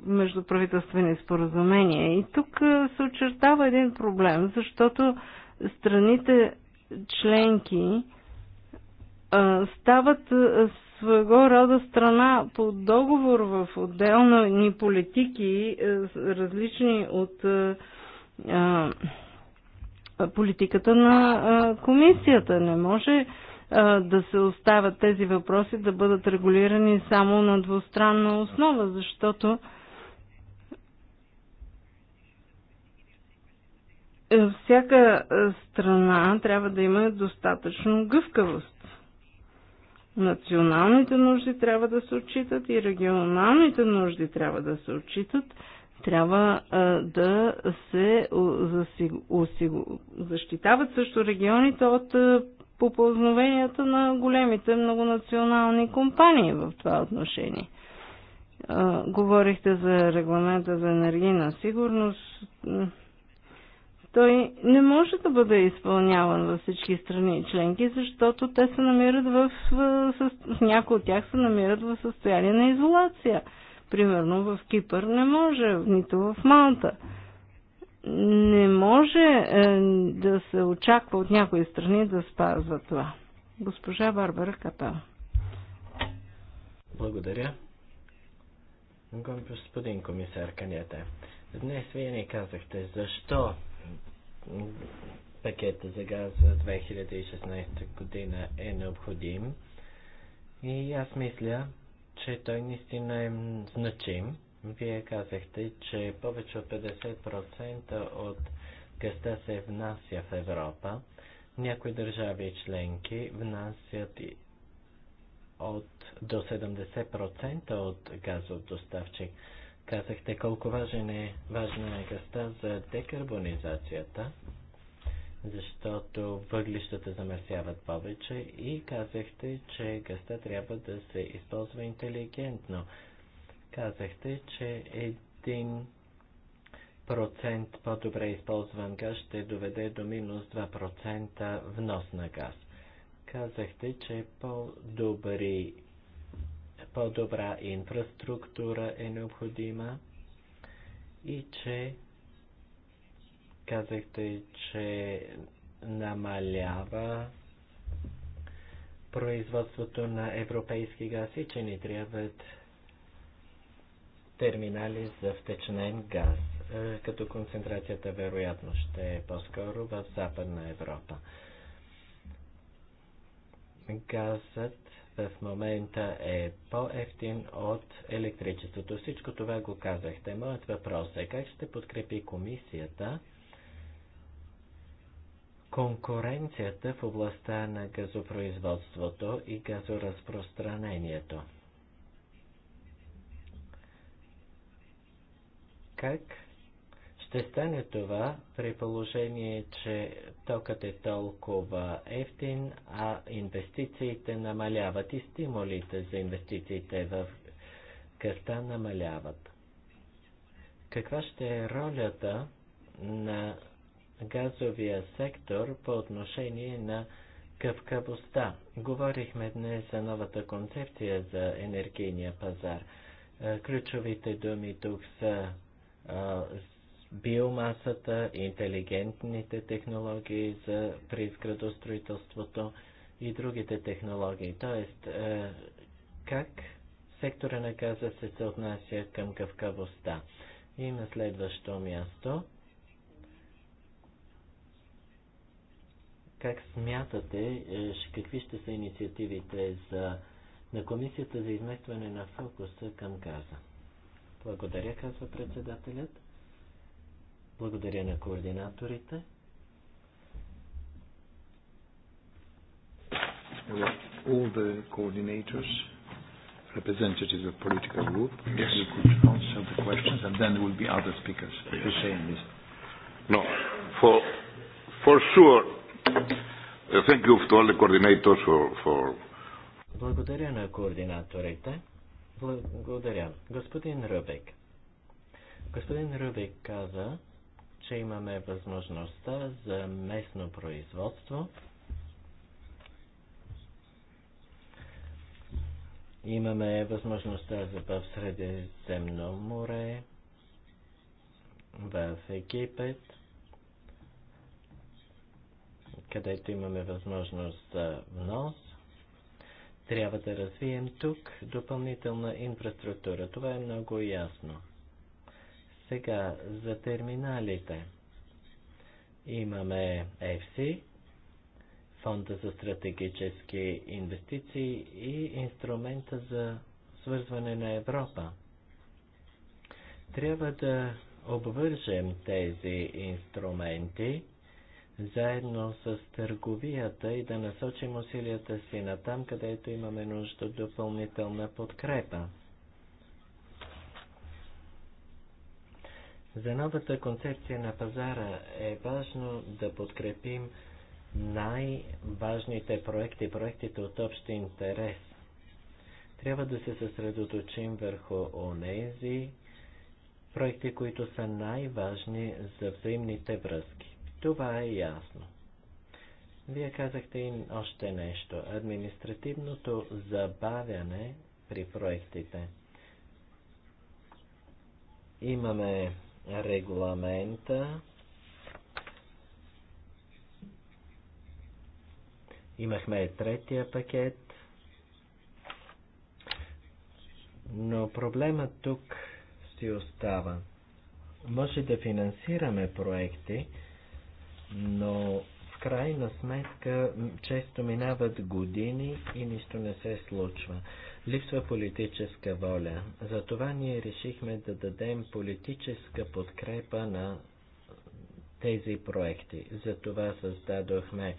междуправителствени споразумения и тук се очертава един проблем, защото страните членки стават своего рода страна по договор в отделни политики, различни от политиката на комисията. Не може да се оставят тези въпроси да бъдат регулирани само на двустранна основа, защото е, всяка е, страна трябва да има достатъчно гъвкавост. Националните нужди трябва да се отчитат и регионалните нужди трябва да се отчитат. Трябва е, да се защитават също регионите от попълзновенията на големите многонационални компании в това отношение. говорихте за регламента за енергийна сигурност. Той не може да бъде изпълняван във всички страни и членки, защото те се намират в, в някои от тях се намират в състояние на изолация. Примерно в Кипър не може, нито в Малта не може е, да се очаква от някои страни да спазва това. Госпожа Барбара Капел. Благодаря. Господин комисар Каняте, днес вие не казахте защо пакета за газ за 2016 година е необходим. И аз мисля, че той наистина е значим вие казахте, че повече от 50% от гъста се внася в Европа. Някои държави членки внасят от до 70% от газов доставчик. Казахте колко важен е, важна е гъста за декарбонизацията, защото въглищата замърсяват повече и казахте, че гъста трябва да се използва интелигентно. Казахте, че един процент по-добре използван газ ще доведе до минус 2% внос на газ. Казахте, че по-добри по-добра инфраструктура е необходима и че казахте, че намалява производството на европейски газ и че ни трябват терминали за втечнен газ, е, като концентрацията вероятно ще е по-скоро в Западна Европа. Газът в момента е по-ефтин от електричеството. Всичко това го казахте. Моят въпрос е как ще подкрепи комисията конкуренцията в областта на газопроизводството и газоразпространението? Как ще стане това при положение, че токът е толкова ефтин, а инвестициите намаляват и стимулите за инвестициите в къста намаляват? Каква ще е ролята на газовия сектор по отношение на къвкавостта? Говорихме днес за новата концепция за енергийния пазар. Е, ключовите думи тук са биомасата, интелигентните технологии за призградостроителството и другите технологии. Тоест, как сектора на газа се съотнася към гъвкавостта. И на следващо място, как смятате, е, какви ще са инициативите за, на Комисията за изместване на фокуса към газа? Благодаря, казва председателят. Благодаря на координаторите. All the coordinators, representatives of political group, yes. you could answer the questions, and then there will be other speakers yes. the same list. No, for for sure. Thank you to all the coordinators for for. Благодаря на координаторите. Благодаря. Господин Ръбек. Господин Ръбек каза, че имаме възможността за местно производство. Имаме възможността за в Средиземно море, в Египет, където имаме възможност за внос трябва да развием тук допълнителна инфраструктура. Това е много ясно. Сега за терминалите. Имаме EFSI, Фонда за стратегически инвестиции и инструмента за свързване на Европа. Трябва да обвържем тези инструменти заедно с търговията и да насочим усилията си на там, където имаме нужда от допълнителна подкрепа. За новата концепция на пазара е важно да подкрепим най-важните проекти, проектите от общ интерес. Трябва да се съсредоточим върху онези проекти, които са най-важни за взаимните връзки. Това е ясно. Вие казахте и още нещо. Административното забавяне при проектите. Имаме регламента. Имахме третия пакет. Но проблемът тук си остава. Може да финансираме проекти, но в крайна сметка често минават години и нищо не се случва. Липсва политическа воля. Затова ние решихме да дадем политическа подкрепа на тези проекти. Затова създадохме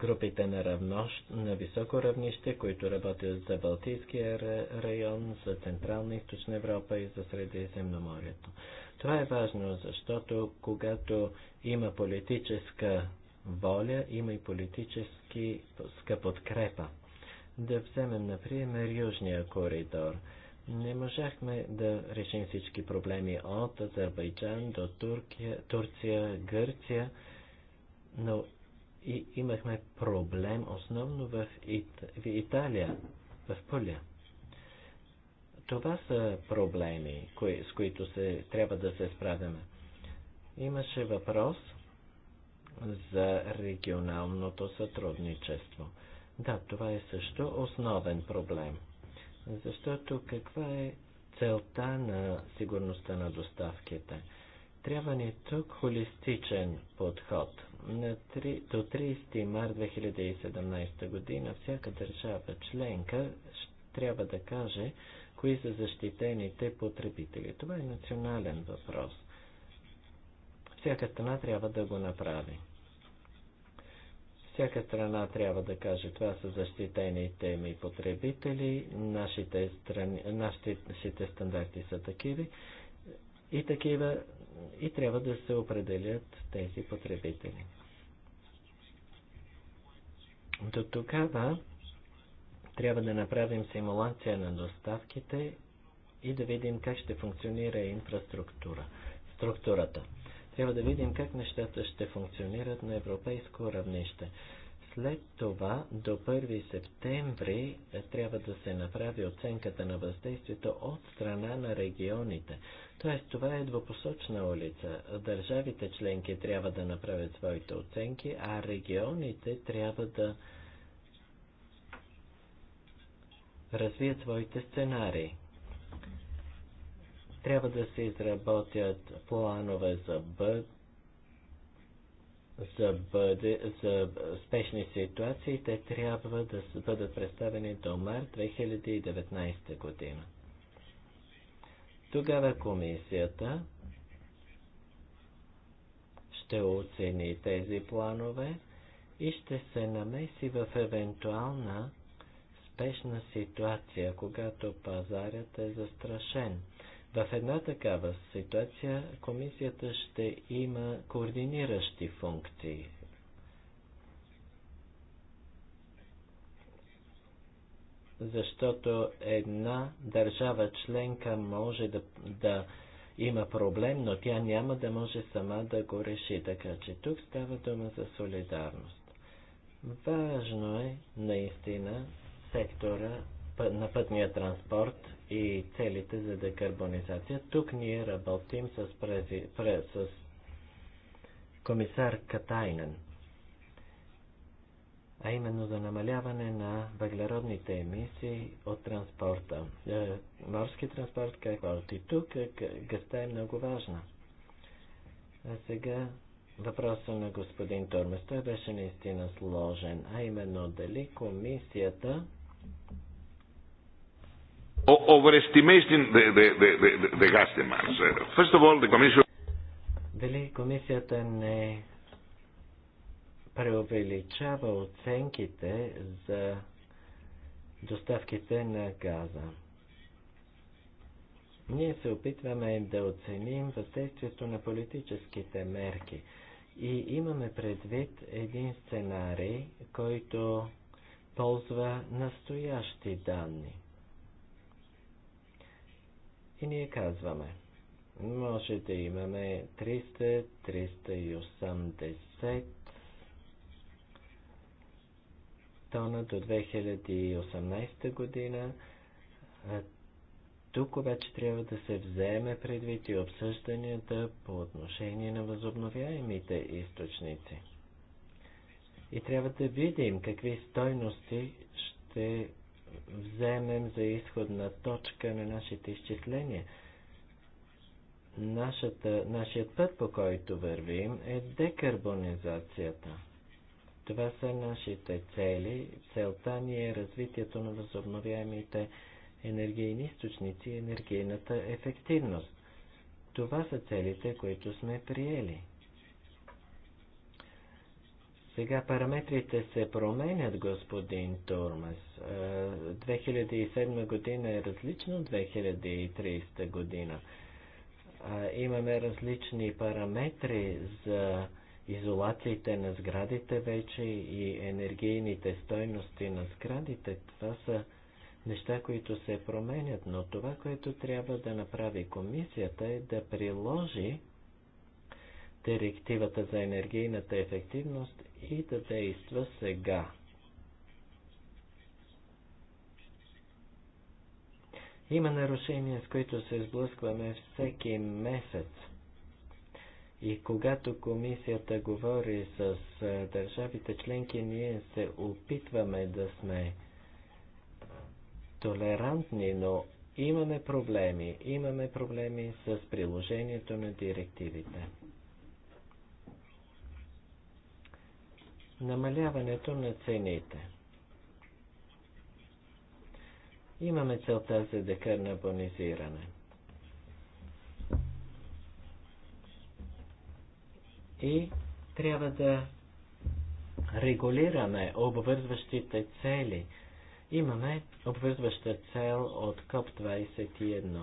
групите на, равнощ, на високо равнище, които работят за Балтийския район, за Централна и Източна Европа и за Средиземноморието. Това е важно, защото когато има политическа воля, има и политическа подкрепа. Да вземем, например, Южния коридор. Не можахме да решим всички проблеми от Азербайджан до Туркия, Турция, Гърция, но и имахме проблем основно в Ит... в Италия, в Пуля. Това са проблеми, кои, с които се, трябва да се справяме. Имаше въпрос за регионалното сътрудничество. Да, това е също основен проблем. Защото каква е целта на сигурността на доставките? Трябва ни тук холистичен подход. На 3, до 30 март 2017 година всяка държава членка трябва да каже кои са защитените потребители. Това е национален въпрос. Всяка страна трябва да го направи. Всяка страна трябва да каже, това са защитените ми потребители, нашите, страни, нашите, нашите стандарти са такиви и такива и трябва да се определят тези потребители. До тогава трябва да направим симулация на доставките и да видим как ще функционира инфраструктура. Структурата. Трябва да видим как нещата ще функционират на европейско равнище. След това до 1 септември е, трябва да се направи оценката на въздействието от страна на регионите. Тоест това е двупосочна улица. Държавите членки трябва да направят своите оценки, а регионите трябва да развият своите сценарии. Трябва да се изработят планове за бъд, за, бъде, за спешни ситуации. Те трябва да бъдат представени до март 2019 година. Тогава комисията ще оцени тези планове и ще се намеси в евентуална спешна ситуация, когато пазарят е застрашен. В една такава ситуация комисията ще има координиращи функции. Защото една държава членка може да, да има проблем, но тя няма да може сама да го реши. Така че тук става дума за солидарност. Важно е наистина сектора на пътния транспорт и целите за декарбонизация. Тук ние работим с, прези, пре, с комисар Катайнен, а именно за намаляване на въглеродните емисии от транспорта. Е, морски транспорт, какво и тук е гъста е много важна. А сега въпроса на господин Тормес. Той беше наистина сложен, а именно дали комисията overestimating the, the, the, the, the gas demands. First of all, the Commission... Дали комисията не преувеличава оценките за доставките на газа? Ние се опитваме да оценим въздействието на политическите мерки и имаме предвид един сценарий, който ползва настоящи данни. И ние казваме, може да имаме 300, 380 тона до 2018 година. Тук обаче трябва да се вземе предвид и обсъжданията по отношение на възобновяемите източници. И трябва да видим какви стойности ще вземем за изходна точка на нашите изчисления. Нашата, нашият път, по който вървим, е декарбонизацията. Това са нашите цели. Целта ни е развитието на възобновяемите енергийни източници и енергийната ефективност. Това са целите, които сме приели. Сега параметрите се променят, господин Турмас. 2007 е, година е различно от 2030 година. Е, имаме различни параметри за изолациите на сградите вече и енергийните стойности на сградите. Това са неща, които се променят, но това, което трябва да направи комисията е да приложи директивата за енергийната ефективност и да действа сега. Има нарушения, с които се сблъскваме всеки месец. И когато комисията говори с държавите членки, ние се опитваме да сме толерантни, но имаме проблеми. Имаме проблеми с приложението на директивите. намаляването на цените. Имаме целта за бонизиране. И трябва да регулираме обвързващите цели. Имаме обвързваща цел от КОП-21.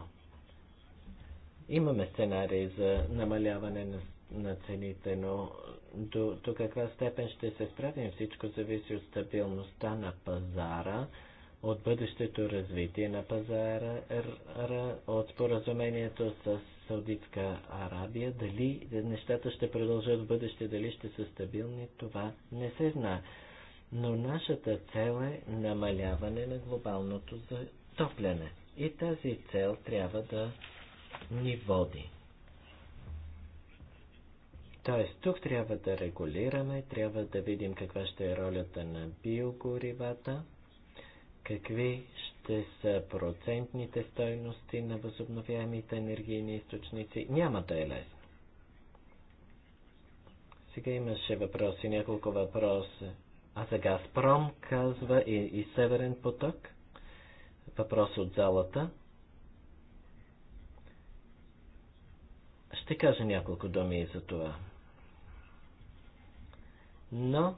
Имаме сценарии за намаляване на на цените, но до, до каква степен ще се справим? Всичко зависи от стабилността на пазара, от бъдещето развитие на пазара, от споразумението с Саудитска Арабия. Дали нещата ще продължат в бъдеще, дали ще са стабилни, това не се знае. Но нашата цел е намаляване на глобалното затопляне. И тази цел трябва да ни води. Тоест, тук трябва да регулираме, трябва да видим каква ще е ролята на биогоривата, какви ще са процентните стойности на възобновяемите енергийни източници. Няма да е лесно. Сега имаше въпроси, няколко въпроса. А за Газпром казва и, и Северен поток. Въпрос от залата. Ще кажа няколко думи и за това но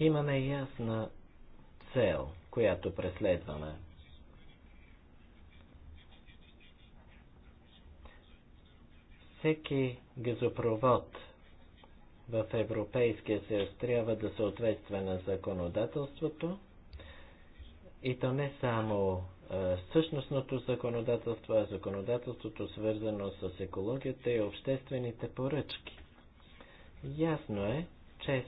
имаме ясна цел, която преследваме. Всеки газопровод в Европейския съюз трябва да съответства на законодателството и то не само същностното законодателство, а е законодателството свързано с екологията и обществените поръчки. Ясно е, че е,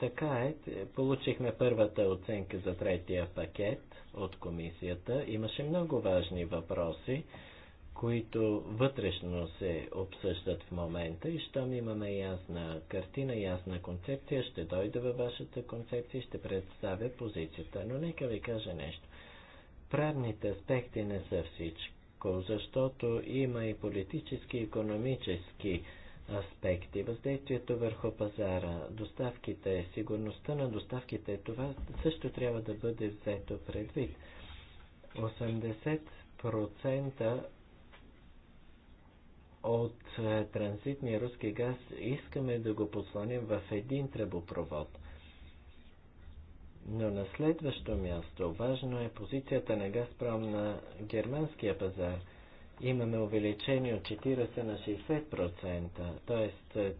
така е, получихме първата оценка за третия пакет от комисията. Имаше много важни въпроси, които вътрешно се обсъждат в момента и щом имаме ясна картина, ясна концепция, ще дойда във вашата концепция и ще представя позицията. Но нека ви кажа нещо правните аспекти не са всичко, защото има и политически и економически аспекти. Въздействието върху пазара, доставките, сигурността на доставките, това също трябва да бъде взето предвид. 80% от е, транзитния руски газ искаме да го посланим в един тръбопровод – но на следващо място важно е позицията на Газпром на германския пазар. Имаме увеличение от 40 на 60%, т.е.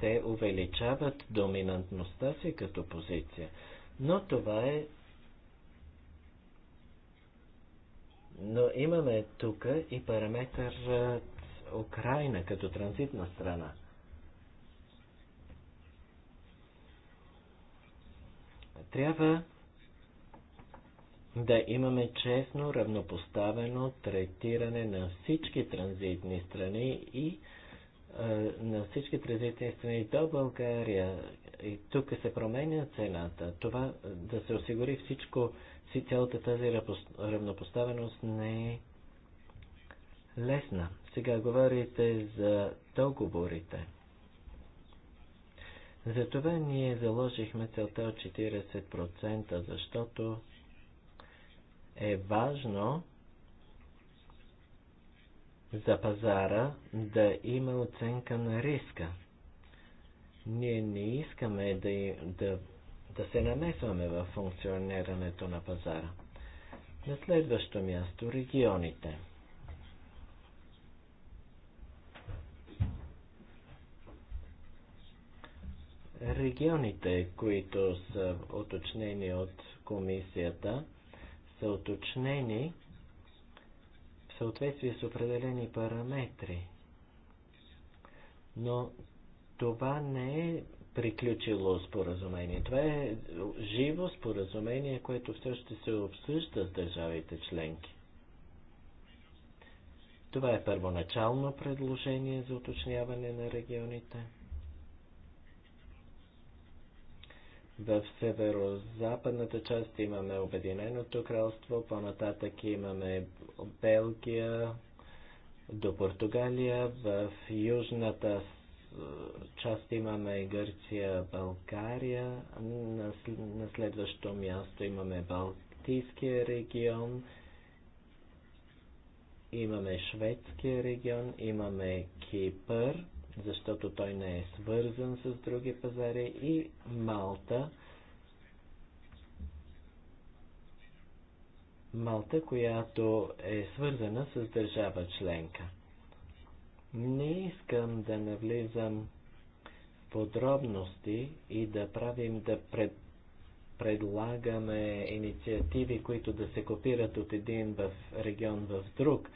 те увеличават доминантността си като позиция. Но това е Но имаме тук и параметър е, Украина като транзитна страна. Трябва да имаме честно, равнопоставено третиране на всички транзитни страни и е, на всички транзитни страни до България. И тук се променя цената. Това да се осигури всичко, си цялата тази равнопоставеност не е лесна. Сега говорите за договорите. Затова ние заложихме целта от 40%, защото е важно за пазара да има оценка на риска. Ние не искаме да, да, да се намесваме в функционирането на пазара. На следващо място регионите – Регионите, които са уточнени от комисията, са уточнени в съответствие с определени параметри. Но това не е приключило споразумение. Това е живо споразумение, което все още се обсъжда с държавите членки. Това е първоначално предложение за уточняване на регионите. В северо-западната част имаме Обединеното кралство, по-нататък имаме Белгия, до Португалия, в южната част имаме Гърция, България, на, на следващо място имаме Балтийския регион, имаме Шведския регион, имаме Кипър, защото той не е свързан с други пазари и Малта, Малта, която е свързана с държава членка. Не искам да навлизам в подробности и да правим да пред, предлагаме инициативи, които да се копират от един в регион в друг.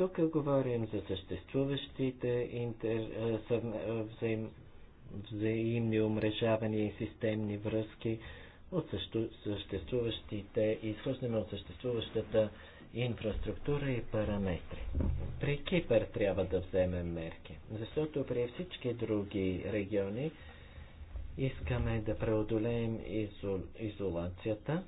Тук говорим за съществуващите интер, взаим, взаимни умрежавания и системни връзки от също, съществуващите, изхождаме от съществуващата инфраструктура и параметри. При Кипър трябва да вземем мерки, защото при всички други региони искаме да преодолеем изол, изолацията,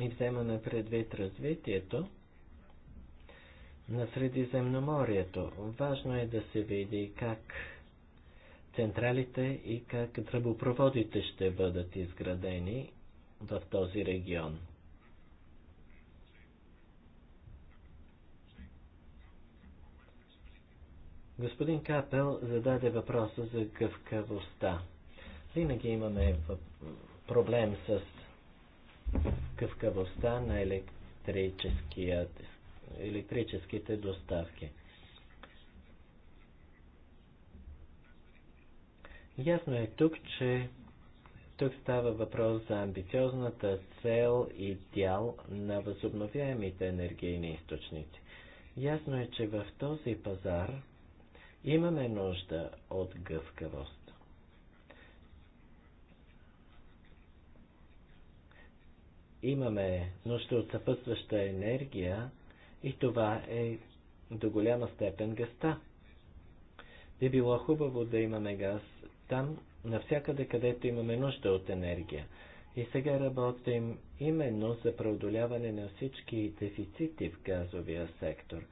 и вземаме предвид развитието на Средиземноморието. Важно е да се види как централите и как тръбопроводите ще бъдат изградени в този регион. Господин Капел зададе въпроса за гъвкавостта. Винаги имаме проблем с къскавостта на електрическите доставки. Ясно е тук, че тук става въпрос за амбициозната цел и дял на възобновяемите енергийни източници. Ясно е, че в този пазар имаме нужда от гъвкавост. Имаме нужда от съпътстваща енергия и това е до голяма степен гъста. Би било хубаво да имаме газ там, навсякъде където имаме нужда от енергия. И сега работим именно за преодоляване на всички дефицити в газовия сектор.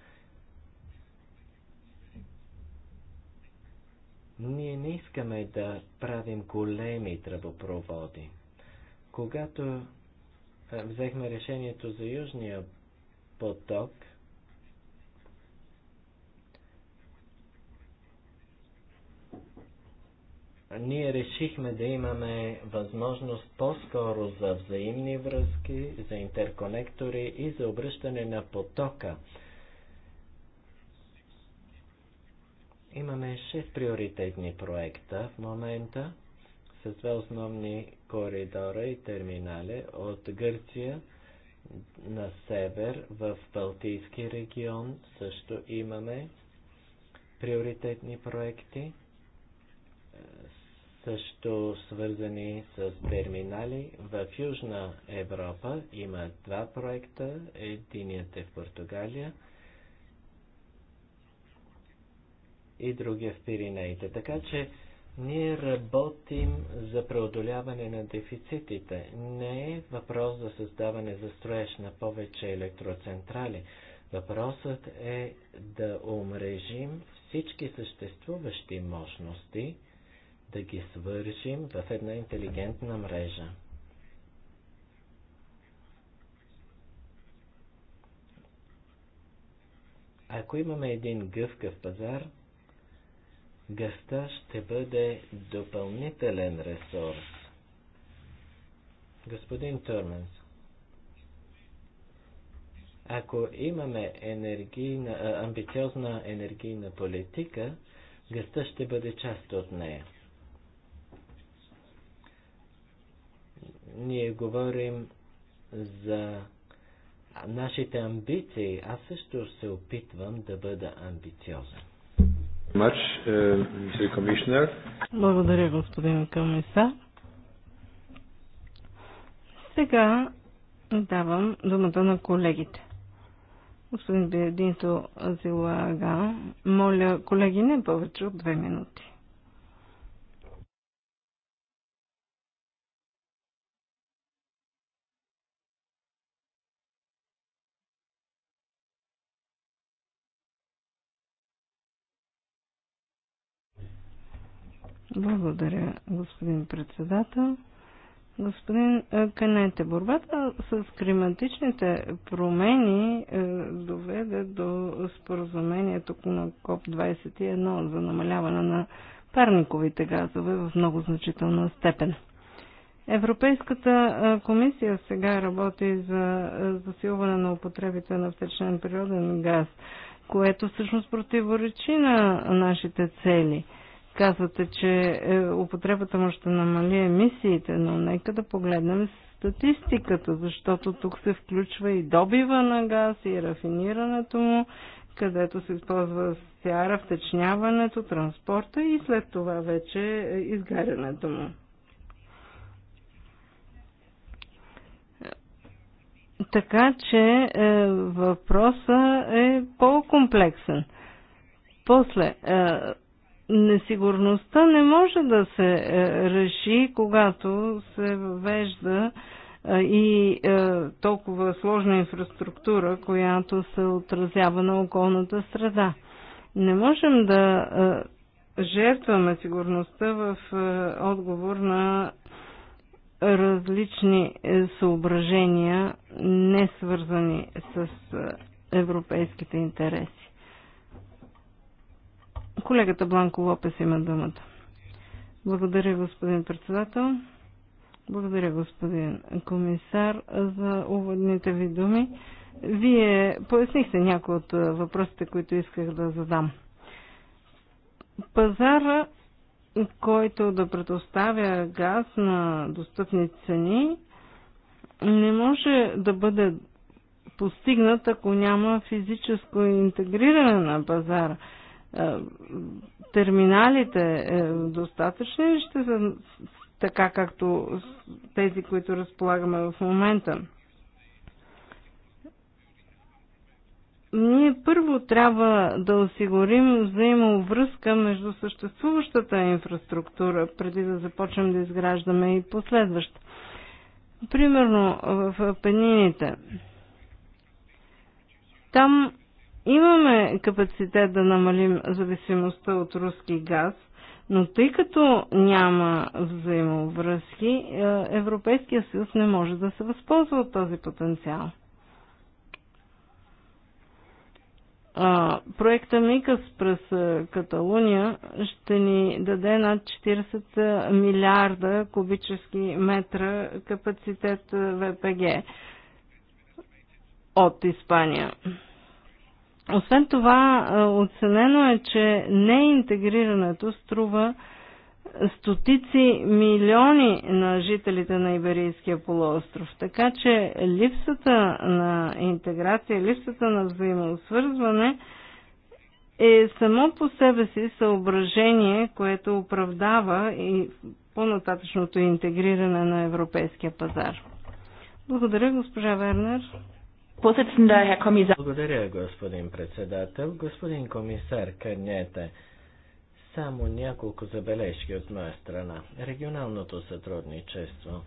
Ние не искаме да правим големи тръбопроводи. Когато е, взехме решението за Южния поток, ние решихме да имаме възможност по-скоро за взаимни връзки, за интерконектори и за обръщане на потока. Имаме 6 приоритетни проекта в момента с две основни коридора и терминали от Гърция на север в Балтийски регион. Също имаме приоритетни проекти, също свързани с терминали. В Южна Европа има два проекта. Единият е в Португалия и другия в Пиринеите. Така че ние работим за преодоляване на дефицитите. Не е въпрос за създаване за строеж на повече електроцентрали. Въпросът е да умрежим всички съществуващи мощности, да ги свържим в една интелигентна мрежа. Ако имаме един гъвкав пазар, Гъста ще бъде допълнителен ресурс. Господин Торманс, ако имаме енергийна, амбициозна енергийна политика, гъста ще бъде част от нея. Ние говорим за нашите амбиции. Аз също се опитвам да бъда амбициозен. Much, uh, Благодаря, господин комисар. Сега давам думата на колегите. Господин Бединто Зилага, моля колеги не повече от две минути. Благодаря, господин председател. Господин е, Канете, борбата с климатичните промени е, доведе до споразумението на КОП-21 за намаляване на парниковите газове в много значителна степен. Европейската е, комисия сега работи за засилване на употребите на втечнен природен газ, което всъщност противоречи на нашите цели – Казвате, че е, употребата му ще намали емисиите, но нека да погледнем статистиката, защото тук се включва и добива на газ, и рафинирането му, където се използва сяра, втечняването, транспорта и след това вече е, изгарянето му. Така че е, въпросът е по-комплексен. После, е, несигурността не може да се е, реши, когато се въвежда е, и е, толкова сложна инфраструктура, която се отразява на околната среда. Не можем да жертваме сигурността в отговор на различни съображения, не свързани с европейските интереси. Колегата Бланко Лопес има думата. Благодаря, господин председател. Благодаря, господин комисар, за уводните ви думи. Вие пояснихте някои от въпросите, които исках да задам. Пазара, който да предоставя газ на достъпни цени, не може да бъде постигнат, ако няма физическо интегриране на пазара – е, терминалите е, достатъчни ли ще са така както тези, които разполагаме в момента? Ние първо трябва да осигурим взаимовръзка между съществуващата инфраструктура, преди да започнем да изграждаме и последваща. Примерно в Пенините. Там имаме капацитет да намалим зависимостта от руски газ, но тъй като няма взаимовръзки, е, Европейския съюз не може да се възползва от този потенциал. проекта Микас през е, Каталуния ще ни даде над 40 е, милиарда кубически метра капацитет ВПГ от Испания. Освен това, оценено е, че неинтегрирането струва стотици милиони на жителите на Иберийския полуостров. Така че липсата на интеграция, липсата на взаимосвързване е само по себе си съображение, което оправдава и по-нататъчното интегриране на европейския пазар. Благодаря, госпожа Вернер. Благодаря, господин председател. Господин комисар кърнете само няколко забележки от моя страна. Регионалното сътрудничество.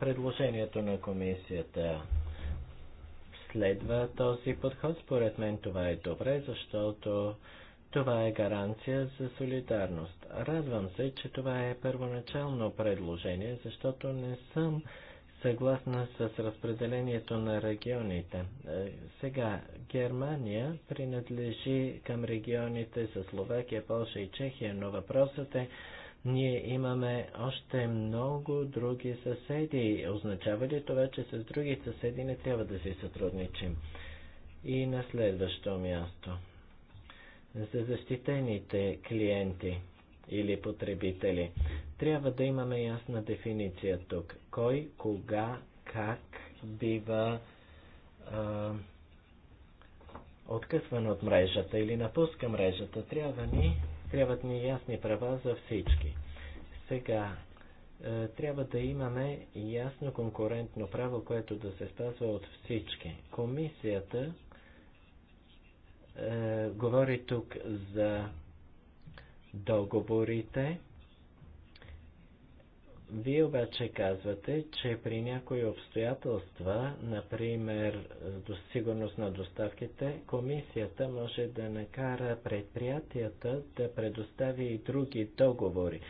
Предложението на комисията следва този подход. Според мен това е добре, защото това е гаранция за солидарност. Радвам се, че това е първоначално предложение, защото не съм съгласна с разпределението на регионите. Е, сега, Германия принадлежи към регионите с Словакия, Польша и Чехия, но въпросът е, ние имаме още много други съседи. Означава ли това, че с други съседи не трябва да си сътрудничим? И на следващо място. За защитените клиенти – или потребители. Трябва да имаме ясна дефиниция тук. Кой, кога, как бива а, откъсван от мрежата или напуска мрежата. Трябва ни, трябват ни ясни права за всички. Сега, трябва да имаме ясно конкурентно право, което да се спазва от всички. Комисията е, говори тук за договорите. Вие обаче казвате, че при някои обстоятелства, например до сигурност на доставките, комисията може да накара предприятията да предостави и други договори.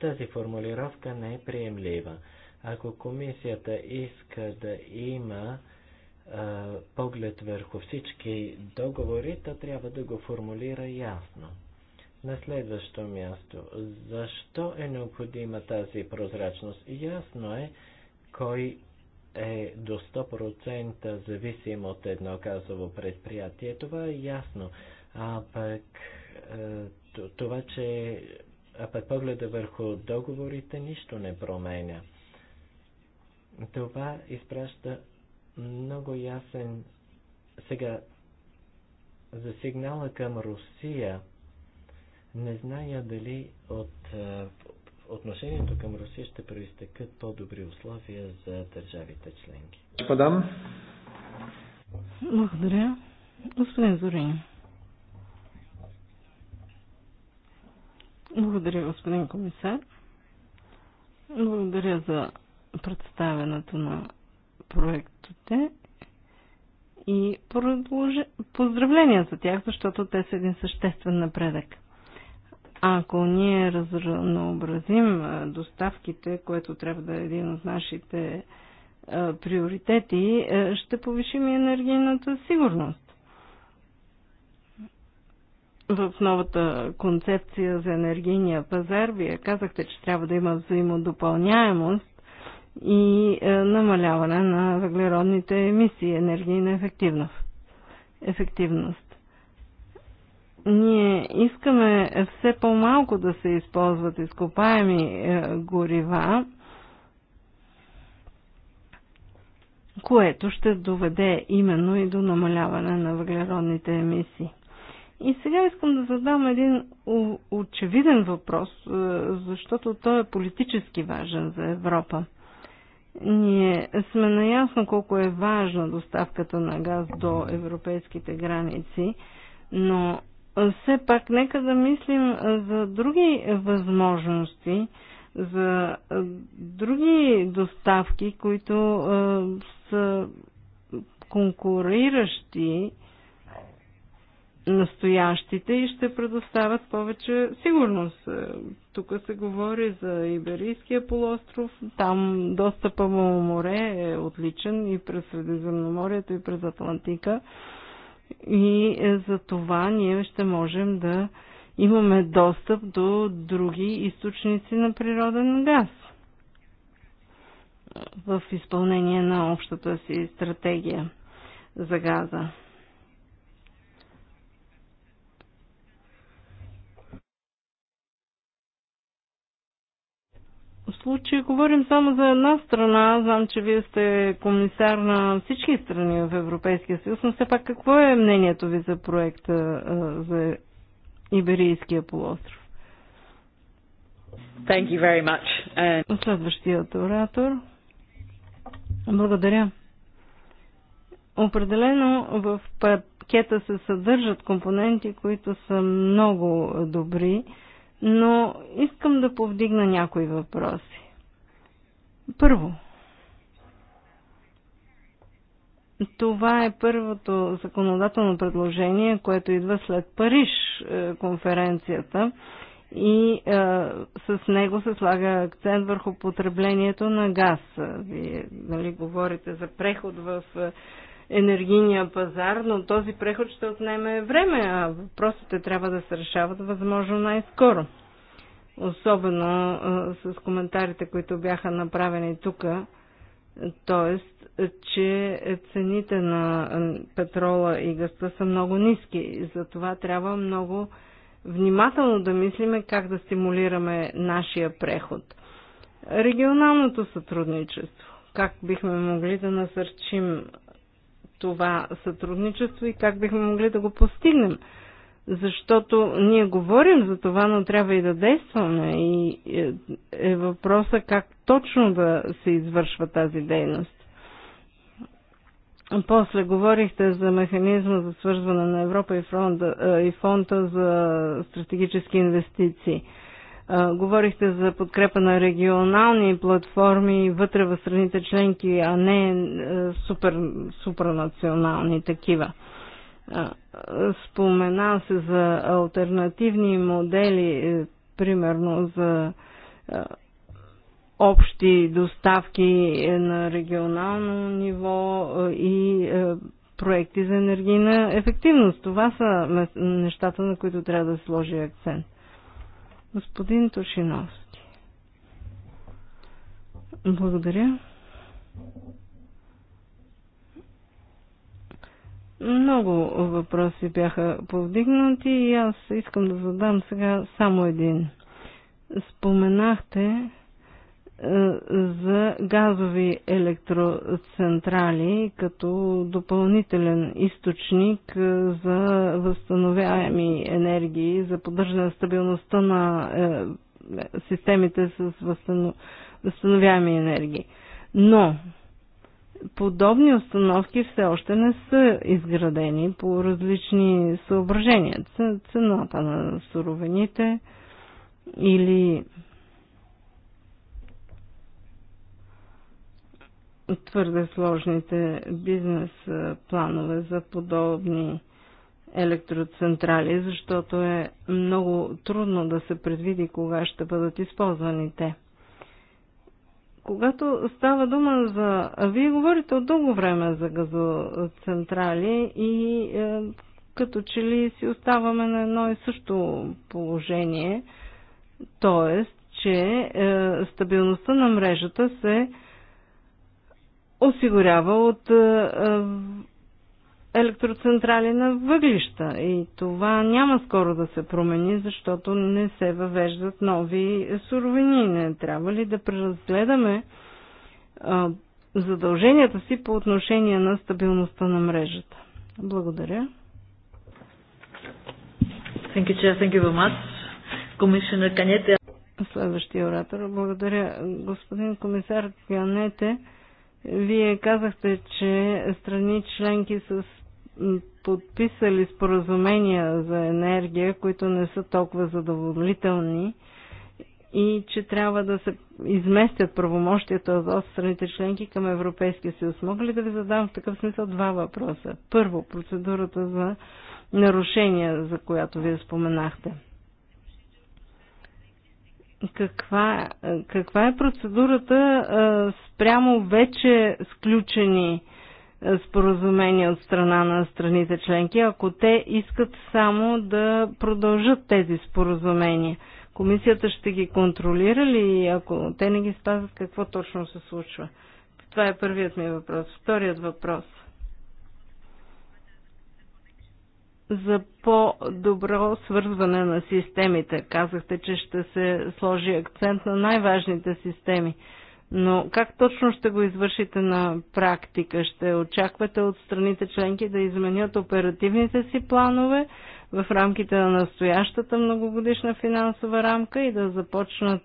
Тази формулировка не е приемлива. Ако комисията иска да има а, поглед върху всички договори, то трябва да го формулира ясно. На следващо място, защо е необходима тази прозрачност? Ясно е кой е до 100% зависим от едно казово предприятие. Това е ясно. А пък е, това, че а пък погледа върху договорите нищо не променя. Това изпраща много ясен сега за сигнала към Русия не зная дали от е, отношението към Русия ще проистекат по-добри условия за държавите членки. Подам. Благодаря. Господин Зорин. Благодаря, господин комисар. Благодаря за представенето на проектите и поздравления за тях, защото те са един съществен напредък. Ако ние разнообразим доставките, което трябва да е един от нашите приоритети, ще повишим и енергийната сигурност в новата концепция за енергийния пазар, вие казахте, че трябва да има взаимодопълняемост и намаляване на въглеродните емисии, енергийна ефективност. ефективност ние искаме все по-малко да се използват изкопаеми е, горива, което ще доведе именно и до намаляване на въглеродните емисии. И сега искам да задам един очевиден въпрос, е, защото той е политически важен за Европа. Ние сме наясно колко е важна доставката на газ до европейските граници, но все пак нека да мислим за други възможности, за други доставки, които са конкуриращи настоящите и ще предоставят повече сигурност. Тук се говори за Иберийския полуостров. Там достъпа му море е отличен и през Средиземноморието и през Атлантика и е, за това ние ще можем да имаме достъп до други източници на природен газ в изпълнение на общата си стратегия за газа. случая говорим само за една страна. Знам, че вие сте комисар на всички страни в Европейския съюз, но все пак какво е мнението ви за проекта за Иберийския полуостров? Thank you very much. And... Следващият оратор. Благодаря. Определено в пакета се съдържат компоненти, които са много добри но искам да повдигна някои въпроси. Първо, това е първото законодателно предложение, което идва след Париж е, конференцията и е, с него се слага акцент върху потреблението на газ. Вие нали, говорите за преход в е, енергийния пазар, но този преход ще отнеме време, а въпросите трябва да се решават възможно най-скоро. Особено с коментарите, които бяха направени тук, т.е. че цените на петрола и гъста са много ниски. Затова трябва много внимателно да мислиме как да стимулираме нашия преход. Регионалното сътрудничество. Как бихме могли да насърчим това сътрудничество и как бихме могли да го постигнем. Защото ние говорим за това, но трябва и да действаме. И е, е въпроса как точно да се извършва тази дейност. После говорихте за механизма за свързване на Европа и фонда, е, и фонда за стратегически инвестиции. Говорихте за подкрепа на регионални платформи вътре в страните членки, а не е, супер, супранационални такива. Спомена се за альтернативни модели, е, примерно за общи доставки е, на регионално ниво и проекти за енергийна ефективност. Това са нещата, на които трябва да сложи акцент. Господин Тошиновски. Благодаря. Много въпроси бяха повдигнати и аз искам да задам сега само един. Споменахте за газови електроцентрали като допълнителен източник е, за възстановяеми енергии, за поддържане на стабилността на е, системите с възстановяеми енергии. Но подобни установки все още не са изградени по различни съображения. Цената на суровините или твърде сложните бизнес планове за подобни електроцентрали, защото е много трудно да се предвиди кога ще бъдат използвани те. Когато става дума за... Вие говорите от дълго време за газоцентрали и е, като че ли си оставаме на едно и също положение, т.е. че е, стабилността на мрежата се е, осигурява от е, е, електроцентрали на въглища. И това няма скоро да се промени, защото не се въвеждат нови суровини. Не трябва ли да преразгледаме е, задълженията си по отношение на стабилността на мрежата? Благодаря. Thank you, Chair. Thank you very much. Commissioner Канете. Следващия оратор. Благодаря. Господин комисар Канете вие казахте, че страни членки с подписали споразумения за енергия, които не са толкова задоволителни и че трябва да се изместят правомощията от страните членки към Европейския съюз. Мога ли да ви задам в такъв смисъл два въпроса? Първо, процедурата за нарушения, за която вие споменахте каква, каква е процедурата спрямо вече сключени споразумения от страна на страните членки, ако те искат само да продължат тези споразумения? Комисията ще ги контролира ли и ако те не ги спазват, какво точно се случва? Това е първият ми въпрос. Вторият въпрос – за по-добро свързване на системите. Казахте, че ще се сложи акцент на най-важните системи. Но как точно ще го извършите на практика? Ще очаквате от страните членки да изменят оперативните си планове в рамките на настоящата многогодишна финансова рамка и да започнат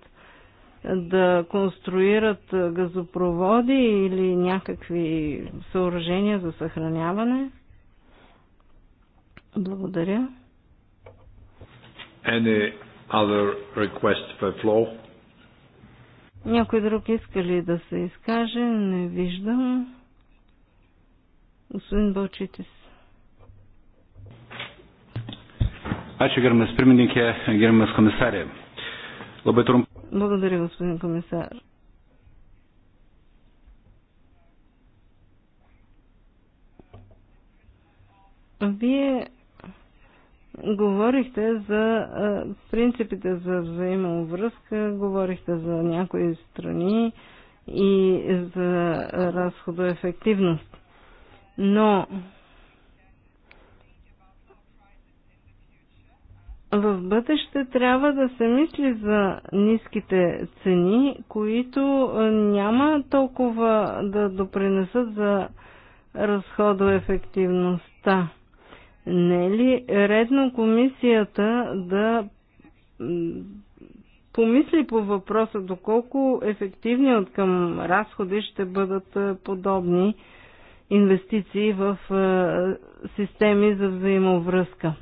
да конструират газопроводи или някакви съоръжения за съхраняване? Благодаря. Any other request for flow? Някой друг иска ли да се изкаже? Не виждам. Господин Бълчитис. Ačiū, gerbiamas pirmininkė, gerbiamas komisarė. Labai trumpai. Благодаря, господин комисар. Вие Говорихте за принципите за взаимовръзка, говорихте за някои страни и за разходоефективност. Но в бъдеще трябва да се мисли за ниските цени, които няма толкова да допринесат за разходоефективността. ефективността. Не е ли редно комисията да помисли по въпроса доколко ефективни от към разходи ще бъдат е, подобни инвестиции в е, системи за взаимовръзка?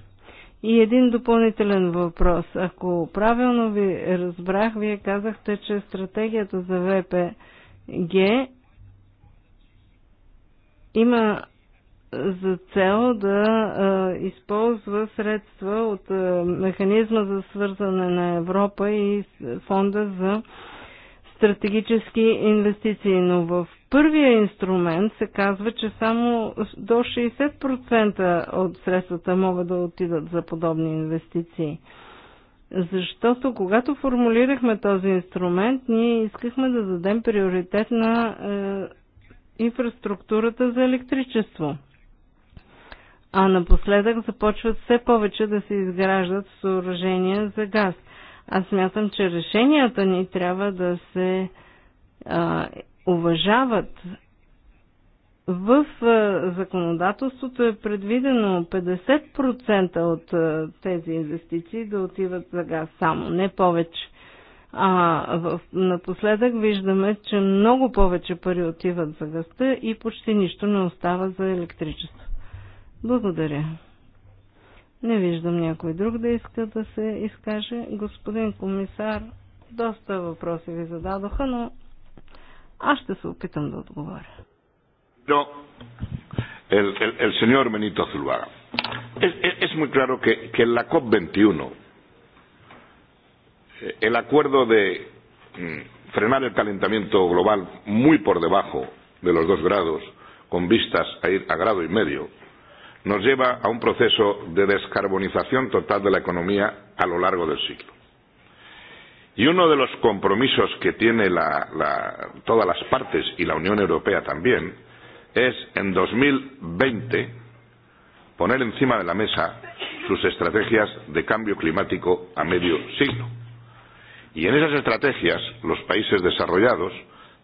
И един допълнителен въпрос. Ако правилно ви разбрах, вие казахте, че стратегията за ВПГ има за цел да използва средства от механизма за свързане на Европа и фонда за стратегически инвестиции, но в първия инструмент се казва, че само до 60% от средствата могат да отидат за подобни инвестиции. Защото когато формулирахме този инструмент, ние искахме да дадем приоритет на е, инфраструктурата за електричество а напоследък започват все повече да се изграждат съоръжения за газ. Аз мятам, че решенията ни трябва да се а, уважават. В а, законодателството е предвидено 50% от а, тези инвестиции да отиват за газ само, не повече. А в, напоследък виждаме, че много повече пари отиват за гъста и почти нищо не остава за електричество. Благодаря. Не виждам някой друг да иска да се изкаже. Господин комисар, доста въпроси ви зададоха, но аз ще се опитам да отговоря. No. El, el, el señor Benito Zuluaga. Es, es, es muy claro que, que la COP21, el acuerdo de frenar el calentamiento global muy por debajo de los dos grados, con vistas a ir a grado y medio, nos lleva a un proceso de descarbonización total de la economía a lo largo del siglo. Y uno de los compromisos que tiene la, la, todas las partes y la Unión Europea también es en 2020 poner encima de la mesa sus estrategias de cambio climático a medio siglo. Y en esas estrategias los países desarrollados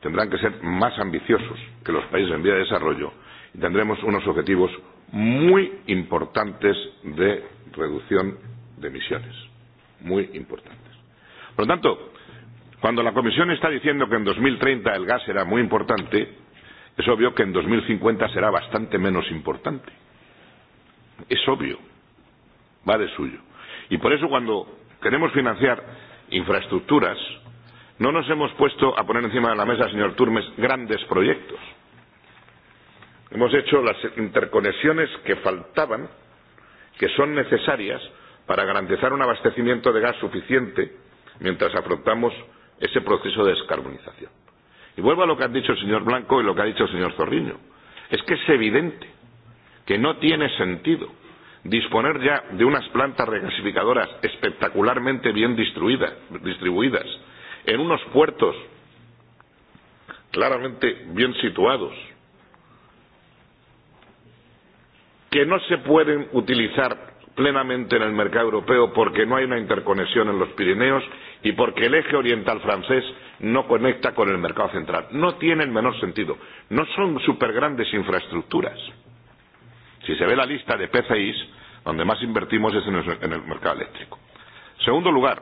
tendrán que ser más ambiciosos que los países en vía de desarrollo y tendremos unos objetivos muy importantes de reducción de emisiones. Muy importantes. Por lo tanto, cuando la Comisión está diciendo que en 2030 el gas será muy importante, es obvio que en 2050 será bastante menos importante. Es obvio. Va de suyo. Y por eso cuando queremos financiar infraestructuras, no nos hemos puesto a poner encima de la mesa, señor Turmes, grandes proyectos Hemos hecho las interconexiones que faltaban, que son necesarias para garantizar un abastecimiento de gas suficiente mientras afrontamos ese proceso de descarbonización. Y vuelvo a lo que han dicho el señor Blanco y lo que ha dicho el señor Zorriño. Es que es evidente que no tiene sentido disponer ya de unas plantas regasificadoras espectacularmente bien distribuidas, distribuidas en unos puertos claramente bien situados, que no se pueden utilizar plenamente en el mercado europeo porque no hay una interconexión en los Pirineos y porque el eje oriental francés no conecta con el mercado central. No tiene el menor sentido. No son super grandes infraestructuras. Si se ve la lista de PCIs, donde más invertimos es en el, en el mercado eléctrico. Segundo lugar,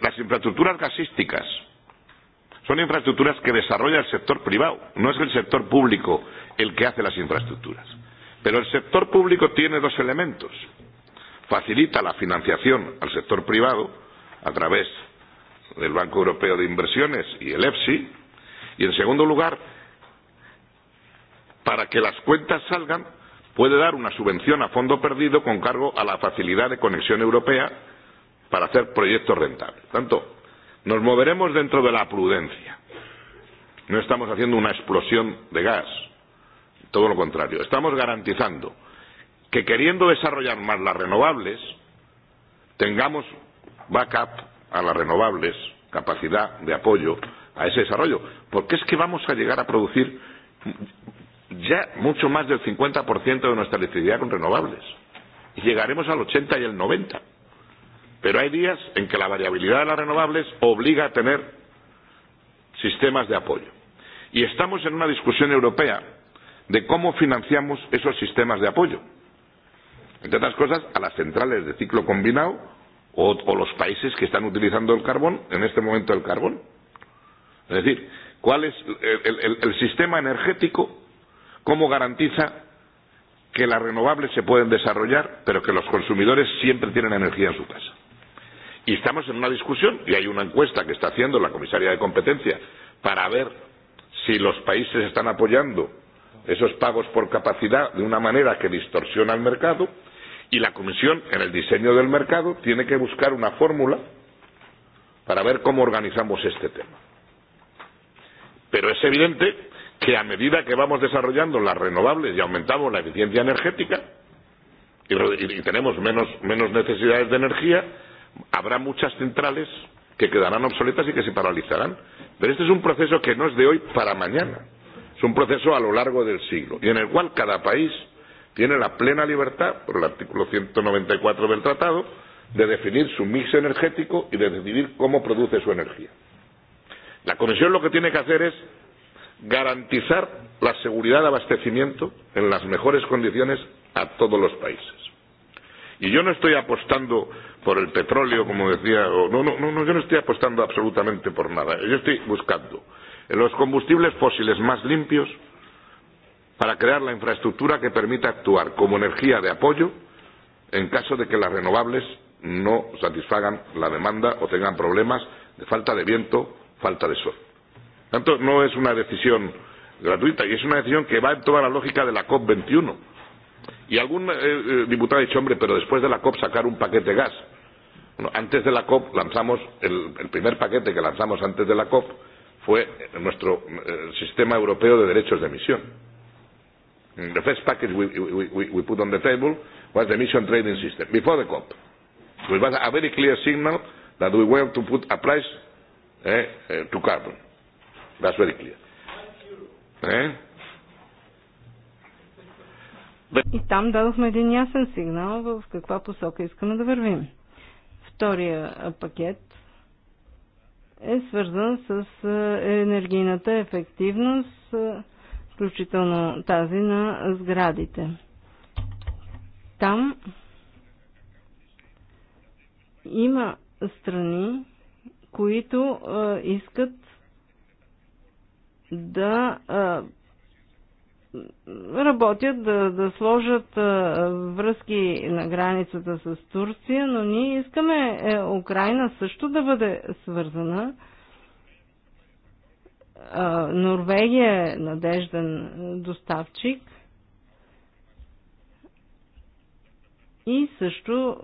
las infraestructuras gasísticas son infraestructuras que desarrolla el sector privado. No es el sector público el que hace las infraestructuras. Pero el sector público tiene dos elementos. Facilita la financiación al sector privado a través del Banco Europeo de Inversiones y el EFSI. Y en segundo lugar, para que las cuentas salgan, puede dar una subvención a fondo perdido con cargo a la facilidad de conexión europea para hacer proyectos rentables. Tanto, nos moveremos dentro de la prudencia. No estamos haciendo una explosión de gas Todo lo contrario. Estamos garantizando que queriendo desarrollar más las renovables, tengamos backup a las renovables, capacidad de apoyo a ese desarrollo. Porque es que vamos a llegar a producir ya mucho más del 50% de nuestra electricidad con renovables. Y llegaremos al 80 y el 90. Pero hay días en que la variabilidad de las renovables obliga a tener sistemas de apoyo. Y estamos en una discusión europea de cómo financiamos esos sistemas de apoyo. Entre otras cosas, a las centrales de ciclo combinado o, o los países que están utilizando el carbón, en este momento el carbón. Es decir, cuál es el, el, el sistema energético, cómo garantiza que las renovables se pueden desarrollar, pero que los consumidores siempre tienen energía en su casa. Y estamos en una discusión, y hay una encuesta que está haciendo la comisaria de competencia para ver si los países están apoyando esos pagos por capacidad de una manera que distorsiona el mercado y la Comisión, en el diseño del mercado, tiene que buscar una fórmula para ver cómo organizamos este tema. Pero es evidente que a medida que vamos desarrollando las renovables y aumentamos la eficiencia energética y, y tenemos menos, menos necesidades de energía, habrá muchas centrales que quedarán obsoletas y que se paralizarán. Pero este es un proceso que no es de hoy para mañana un proceso a lo largo del siglo y en el cual cada país tiene la plena libertad, por el artículo 194 del tratado, de definir su mix energético y de decidir cómo produce su energía. La Comisión lo que tiene que hacer es garantizar la seguridad de abastecimiento en las mejores condiciones a todos los países. Y yo no estoy apostando por el petróleo, como decía, o no, no, no, yo no estoy apostando absolutamente por nada. Yo estoy buscando en los combustibles fósiles más limpios para crear la infraestructura que permita actuar como energía de apoyo en caso de que las renovables no satisfagan la demanda o tengan problemas de falta de viento, falta de sol. Tanto no es una decisión gratuita y es una decisión que va en toda la lógica de la COP21. Y algún eh, diputado ha dicho, hombre, pero después de la COP sacar un paquete de gas. Bueno, antes de la COP lanzamos el, el primer paquete que lanzamos antes de la COP fue nuestro el sistema europeo de derechos de emisión. The first package we, we, we put on the table was the emission trading system before the COP. It was a very clear signal that we were to put a price eh, to carbon. That's very clear. Eh? И там дадохме един ясен сигнал в каква посока искаме да вървим. Втория пакет е свързан с е, енергийната ефективност, е, включително тази на сградите. Там има страни, които е, искат да работят да, да сложат а, връзки на границата с Турция, но ние искаме е, Украина също да бъде свързана. А, Норвегия е надежден доставчик. И също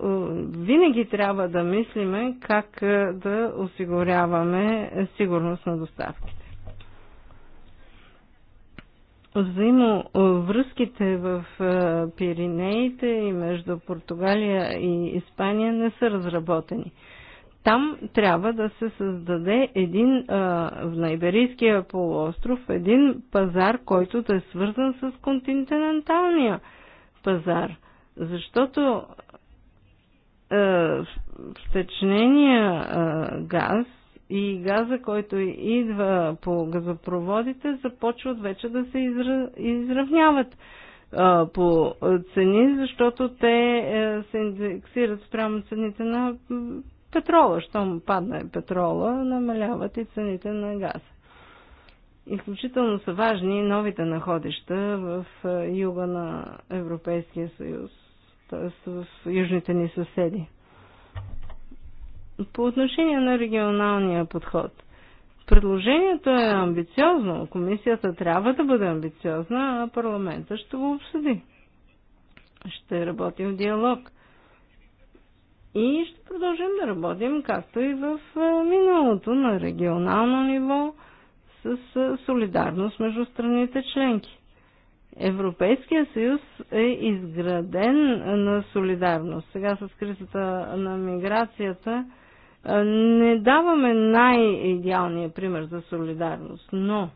винаги трябва да мислиме как да осигуряваме сигурност на доставките взаимовръзките в Пиринеите и между Португалия и Испания не са разработени. Там трябва да се създаде един в Найберийския полуостров един пазар, който да е свързан с континенталния пазар. Защото втечнения газ и газа, който идва по газопроводите, започват вече да се изравняват по цени, защото те е, се индексират спрямо цените на петрола. Щом е петрола, намаляват и цените на газа. Изключително са важни новите находища в е, юга на Европейския съюз, т.е. в южните ни съседи. По отношение на регионалния подход. Предложението е амбициозно. Комисията трябва да бъде амбициозна, а парламента ще го обсъди. Ще работим в диалог. И ще продължим да работим, както и в миналото, на регионално ниво, с солидарност между страните членки. Европейския съюз е изграден на солидарност. Сега с кризата на миграцията е, не даваме най-идеалния пример за солидарност, но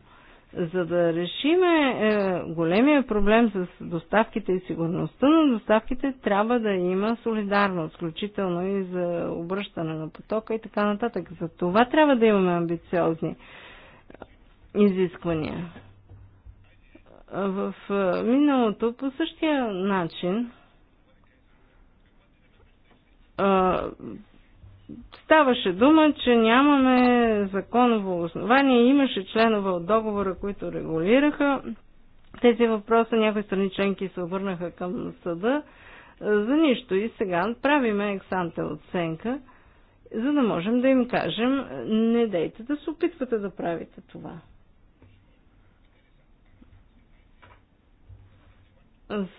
за да решиме е, големия проблем с доставките и сигурността на доставките, трябва да има солидарност, включително и за обръщане на потока и така нататък. За това трябва да имаме амбициозни изисквания. В е, миналото по същия начин е, ставаше дума, че нямаме законово основание. Имаше членове от договора, които регулираха тези въпроси. Някои страни членки се обърнаха към съда за нищо. И сега правиме ексанте оценка, за да можем да им кажем, не дейте да се опитвате да правите това.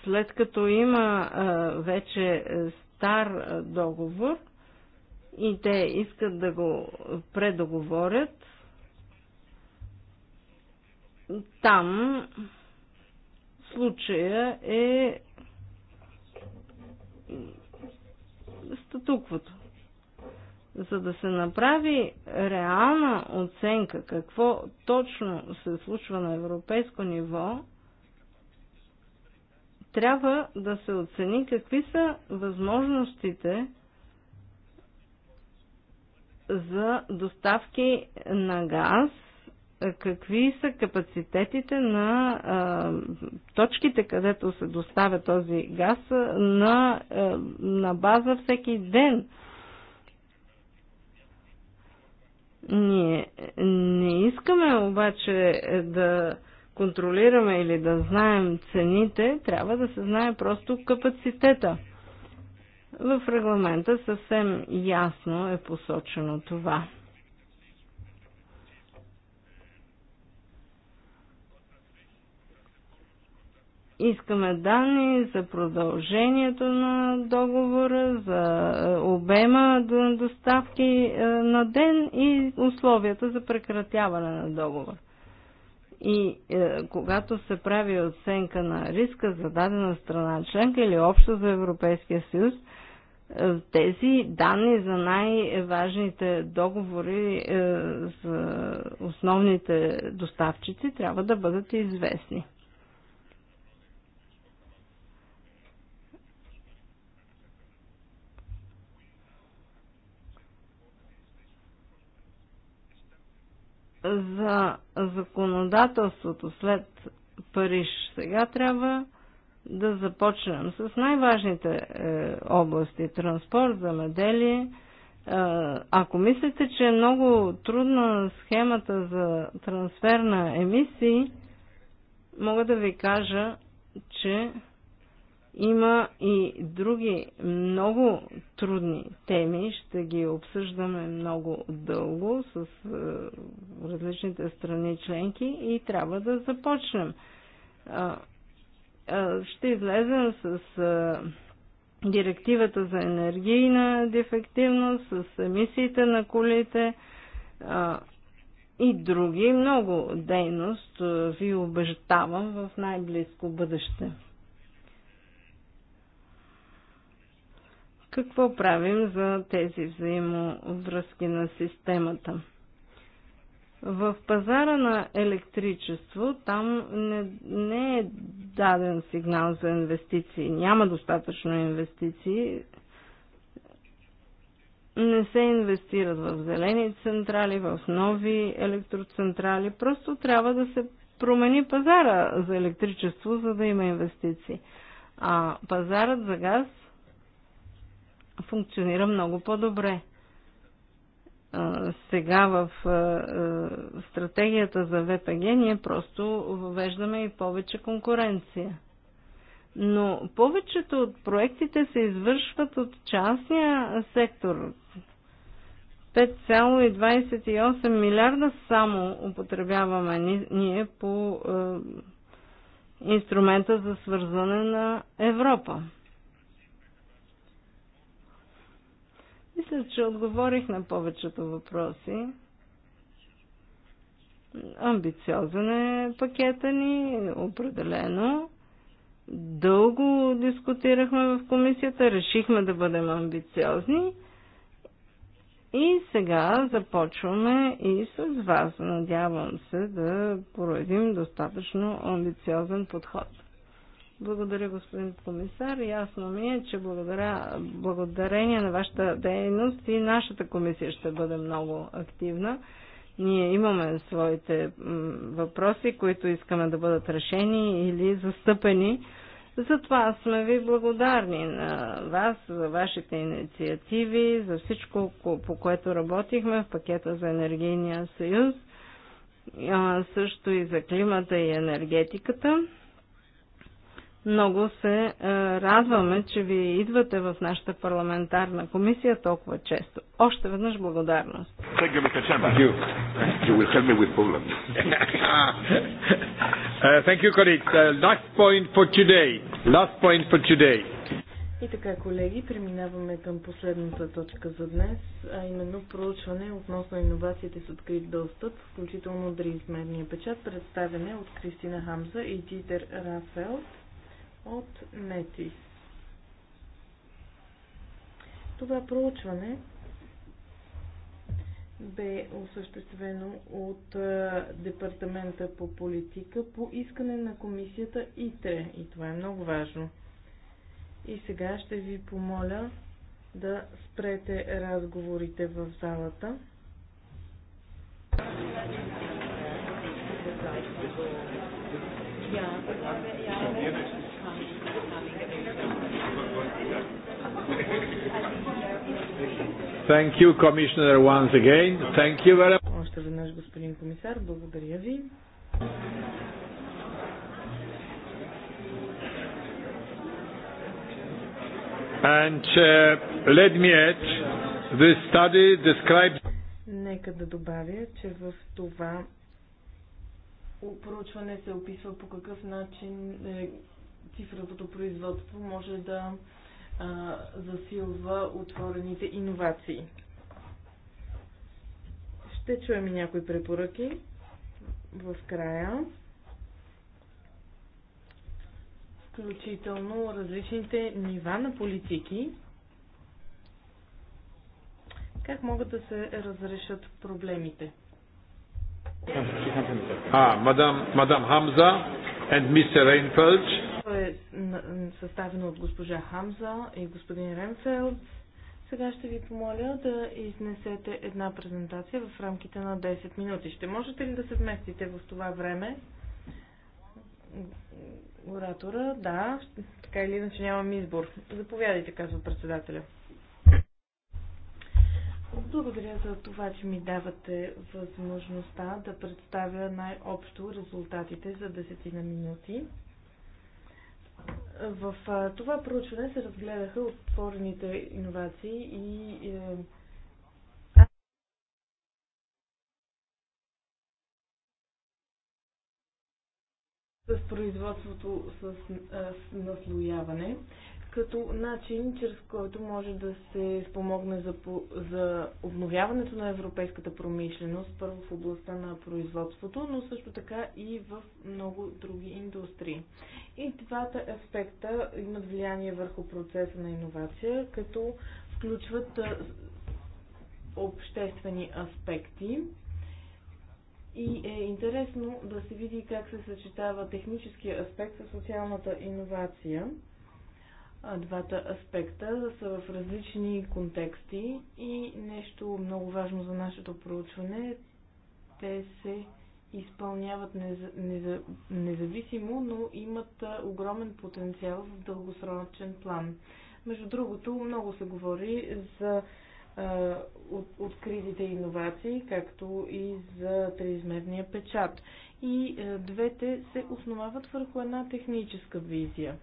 След като има вече е, стар договор, и те искат да го предоговорят. Там случая е статуквото. За да се направи реална оценка какво точно се случва на европейско ниво, трябва да се оцени какви са възможностите за доставки на газ, какви са капацитетите на а, точките, където се доставя този газ на, а, на база всеки ден. Ние не искаме обаче да контролираме или да знаем цените, трябва да се знае просто капацитета. В регламента съвсем ясно е посочено това. Искаме данни за продължението на договора, за е, обема на доставки е, на ден и условията за прекратяване на договор. И е, когато се прави оценка на риска за дадена страна членка или общо за Европейския съюз, тези данни за най-важните договори е, за основните доставчици трябва да бъдат известни. За законодателството след Париж сега трябва да започнем с най-важните е, области транспорт, замеделие. Е, ако мислите, че е много трудна схемата за трансфер на емисии, мога да ви кажа, че има и други много трудни теми. Ще ги обсъждаме много дълго с е, различните страни членки и трябва да започнем. Е, ще излезем с директивата за енергийна дефективност, с емисиите на колите и други много дейност ви обещавам в най-близко бъдеще. Какво правим за тези взаимовръзки на системата? В пазара на електричество там не, не е даден сигнал за инвестиции. Няма достатъчно инвестиции. Не се инвестират в зелени централи, в нови електроцентрали. Просто трябва да се промени пазара за електричество, за да има инвестиции. А пазарът за газ функционира много по-добре сега в стратегията за ВПГ ние просто въвеждаме и повече конкуренция. Но повечето от проектите се извършват от частния сектор. 5,28 милиарда само употребяваме ние по инструмента за свързване на Европа. Мисля, че отговорих на повечето въпроси. Амбициозен е пакета ни, определено. Дълго дискутирахме в комисията, решихме да бъдем амбициозни. И сега започваме и с вас. Надявам се да проведим достатъчно амбициозен подход. Благодаря, господин комисар. Ясно ми е, че благодаря, благодарение на вашата дейност и нашата комисия ще бъде много активна. Ние имаме своите въпроси, които искаме да бъдат решени или застъпени. Затова сме ви благодарни на вас, за вашите инициативи, за всичко, по което работихме в пакета за енергийния съюз, също и за климата и енергетиката. Много се е, радваме, че вие идвате в нашата парламентарна комисия толкова често. Още веднъж благодарност. (laughs) Uh, uh, и така, колеги, преминаваме към последната точка за днес, а именно проучване относно иновациите с открит достъп, включително дризмерния печат, представене от Кристина Хамза и Дитер Рафелт от Метис. Това проучване бе осъществено от Департамента по политика по искане на комисията ИТРЕ. И това е много важно. И сега ще ви помоля да спрете разговорите в залата. Yeah. Uh, Thank you, Commissioner, once again. Thank you very much. Още веднъж, господин комисар, благодаря ви. And uh, let me add, this study describes... Нека да добавя, че в това проучване се описва по какъв начин е, цифровото производство може да засилва отворените иновации. Ще чуем и някои препоръки в края. Включително различните нива на политики. Как могат да се разрешат проблемите? А, мадам, мадам Хамза и мистер Рейнфелдж. То е съставено от госпожа Хамза и господин Ремфелд. Сега ще ви помоля да изнесете една презентация в рамките на 10 минути. Ще можете ли да се вместите в това време? Оратора, да, така или иначе нямам избор. Заповядайте, казва председателя. Благодаря за това, че ми давате възможността да представя най-общо резултатите за 10 на минути. В това проучване се разгледаха отворените иновации и е, с производството с, а, с наслояване като начин, чрез който може да се спомогне за, за обновяването на европейската промишленост, първо в областта на производството, но също така и в много други индустрии. И двата аспекта имат влияние върху процеса на иновация, като включват обществени аспекти, и е интересно да се види как се съчетава техническия аспект с социалната иновация. Двата аспекта са в различни контексти и нещо много важно за нашето проучване те се изпълняват независимо, но имат огромен потенциал в дългосрочен план. Между другото, много се говори за от, откритите иновации, както и за триизмерния печат. И двете се основават върху една техническа визия.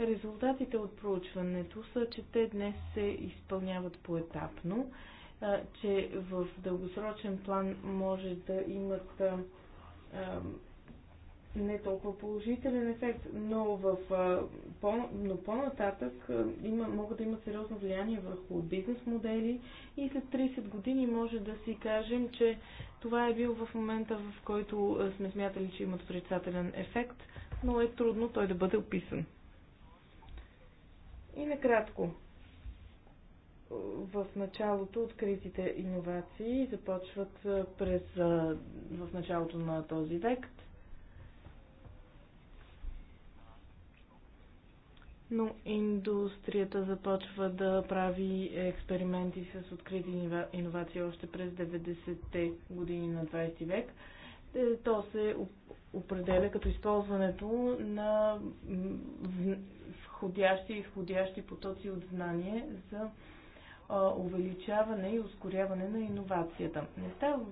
Резултатите от проучването са, че те днес се изпълняват поетапно, че в дългосрочен план може да имат не толкова положителен ефект, но, в, по, но по-нататък има, могат да имат сериозно влияние върху бизнес модели и след 30 години може да си кажем, че това е бил в момента, в който сме смятали, че имат отрицателен ефект, но е трудно той да бъде описан. И накратко, в началото откритите иновации започват през, в началото на този век. Но индустрията започва да прави експерименти с открити иновации още през 90-те години на 20 век. Е, то се определя като използването на входящи и изходящи потоци от знание за увеличаване и ускоряване на иновацията. Не става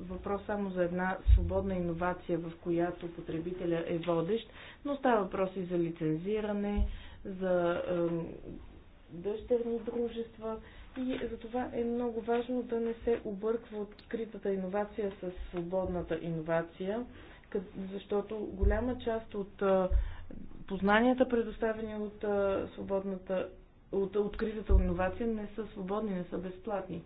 въпрос само за една свободна иновация, в която потребителя е водещ, но става въпрос и за лицензиране, за дъщерни дружества и за това е много важно да не се обърква откритата иновация с свободната иновация, защото голяма част от познанията, предоставени от свободната от откритата иновация не са свободни, не са безплатни.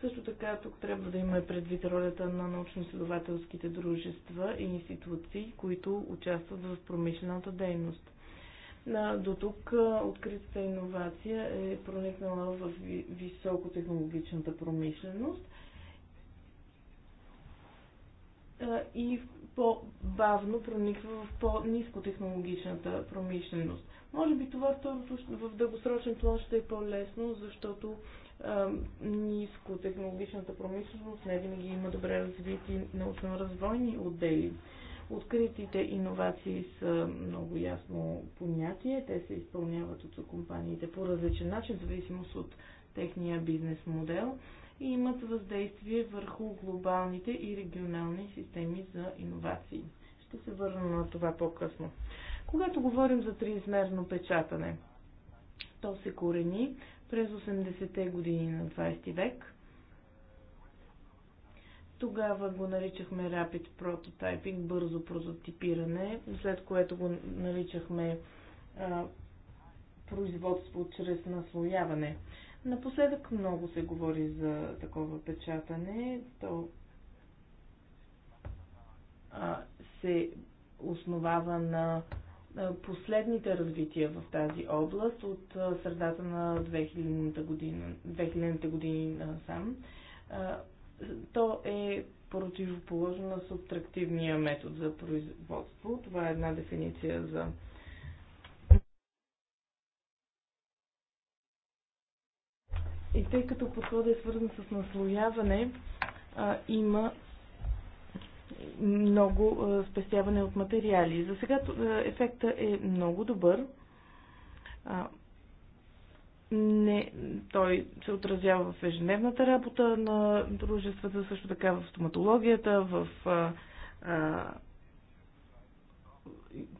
Също така тук трябва да има предвид ролята на научно-изследователските дружества и институции, които участват в промишлената дейност. До тук откритата иновация е проникнала в високотехнологичната промишленост и по-бавно прониква в по-низкотехнологичната промишленост. Може би това второто в дългосрочен план ще е по-лесно, защото нискотехнологичната промишленост не винаги има добре развити научно-развойни отдели. Откритите иновации са много ясно понятие. Те се изпълняват от компаниите по различен начин, в зависимост от техния бизнес модел и имат въздействие върху глобалните и регионални системи за иновации. Ще се върна на това по-късно. Когато говорим за триизмерно печатане, то се корени през 80-те години на 20 век – тогава го наричахме Rapid Prototyping, бързо прототипиране, след което го наричахме а, производство чрез наслояване. Напоследък много се говори за такова печатане. То а, се основава на последните развития в тази област от средата на 2000-те години, 2000 години сам то е противоположно на субтрактивния метод за производство. Това е една дефиниция за И тъй като подходът е свързан с наслояване, а, има много а, спестяване от материали. За сега ефектът е много добър. А, не, той се отразява в ежедневната работа на дружествата, също така в стоматологията, в а, а,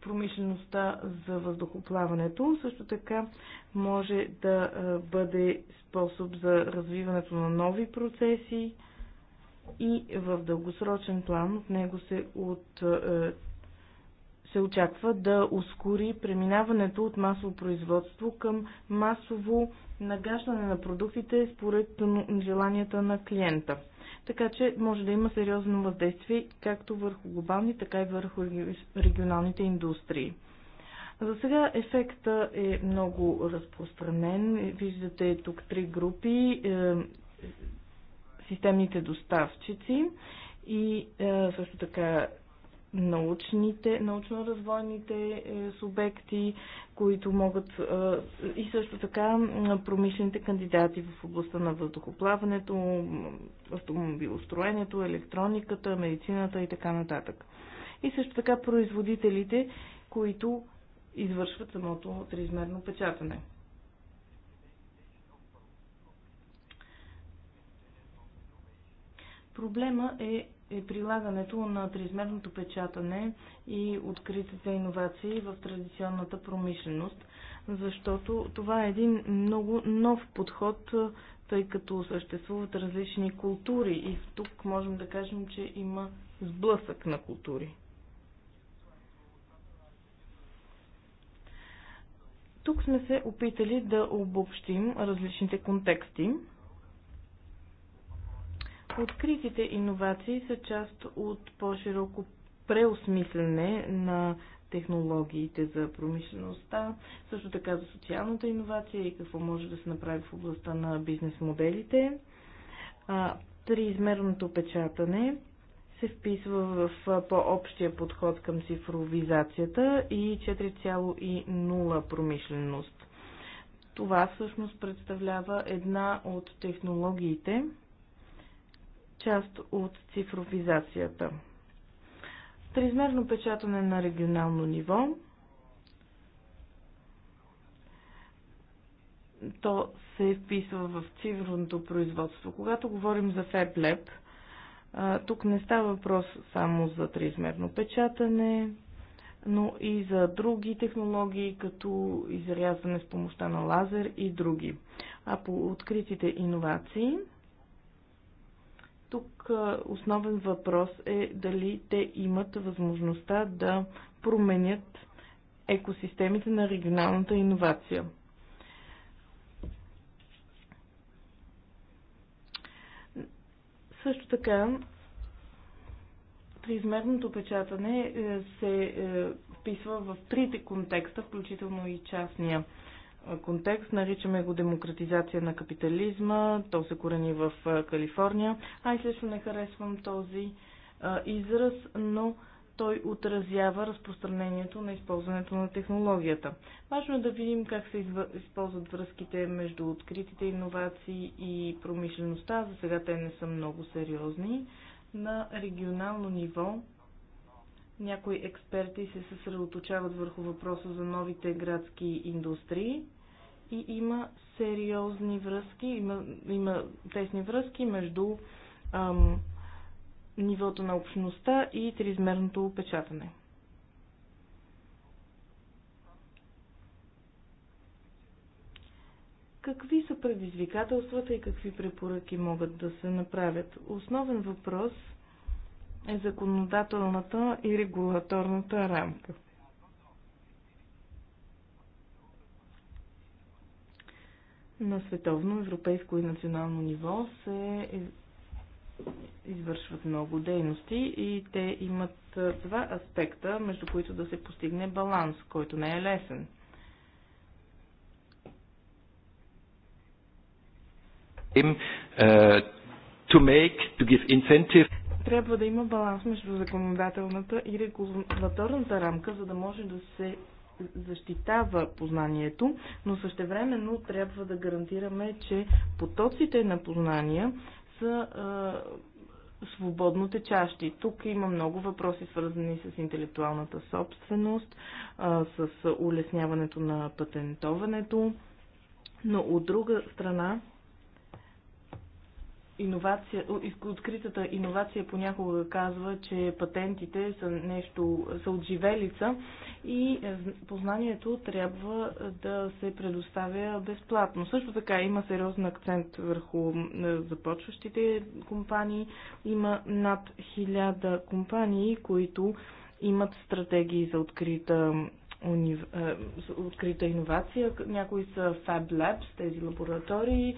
промишлеността за въздухоплаването. Също така може да бъде способ за развиването на нови процеси и в дългосрочен план от него се от се очаква да ускори преминаването от масово производство към масово нагаждане на продуктите според желанията на клиента. Така че може да има сериозно въздействие както върху глобални, така и върху регионалните индустрии. За сега ефекта е много разпространен. Виждате тук три групи. Е, системните доставчици и е, също така научните, научно-развойните е, субекти, които могат е, и също така промишлените кандидати в областта на въздухоплаването, автомобилостроението, електрониката, медицината и така нататък. И също така производителите, които извършват самото триизмерно печатане. Проблема е е прилагането на триизмерното печатане и откритите иновации в традиционната промишленост, защото това е един много нов подход, тъй като съществуват различни култури и тук можем да кажем, че има сблъсък на култури. Тук сме се опитали да обобщим различните контексти. Откритите иновации са част от по-широко преосмислене на технологиите за промишлеността, също така за социалната иновация и какво може да се направи в областта на бизнес моделите. Триизмерното печатане се вписва в по-общия подход към цифровизацията и 4,0 промишленост. Това всъщност представлява една от технологиите, част от цифровизацията. Триизмерно печатане на регионално ниво. То се вписва в цифровното производство. Когато говорим за FabLab, тук не става въпрос само за триизмерно печатане, но и за други технологии, като изрязване с помощта на лазер и други. А по откритите иновации – тук основен въпрос е дали те имат възможността да променят екосистемите на регионалната иновация. Също така, триизмерното печатане е, се е, вписва в трите контекста, включително и частния – контекст. Наричаме го демократизация на капитализма. То се корени в Калифорния. Аз лично не харесвам този израз, но той отразява разпространението на използването на технологията. Важно е да видим как се използват връзките между откритите иновации и промишлеността. За сега те не са много сериозни. На регионално ниво някои експерти се съсредоточават върху въпроса за новите градски индустрии и има сериозни връзки, има, има тесни връзки между ам, нивото на общността и триизмерното опечатане. Какви са предизвикателствата и какви препоръки могат да се направят? Основен въпрос е законодателната и регулаторната рамка – на световно, европейско и национално ниво се е- извършват много дейности и те имат два аспекта, между които да се постигне баланс, който не е лесен. To make, to give incentive. Трябва да има баланс между законодателната и регулаторната рамка, за да може да се защитава познанието, но същевременно трябва да гарантираме, че потоците на познания са свободно течащи. Тук има много въпроси, свързани с интелектуалната собственост, с улесняването на патентоването, но от друга страна иновация, откритата иновация понякога казва, че патентите са нещо, са от живелица и е, познанието трябва да се предоставя безплатно. Също така има сериозен акцент върху е, започващите компании. Има над хиляда компании, които имат стратегии за открита унив... открита иновация. Някои са Fab Labs, тези лаборатории.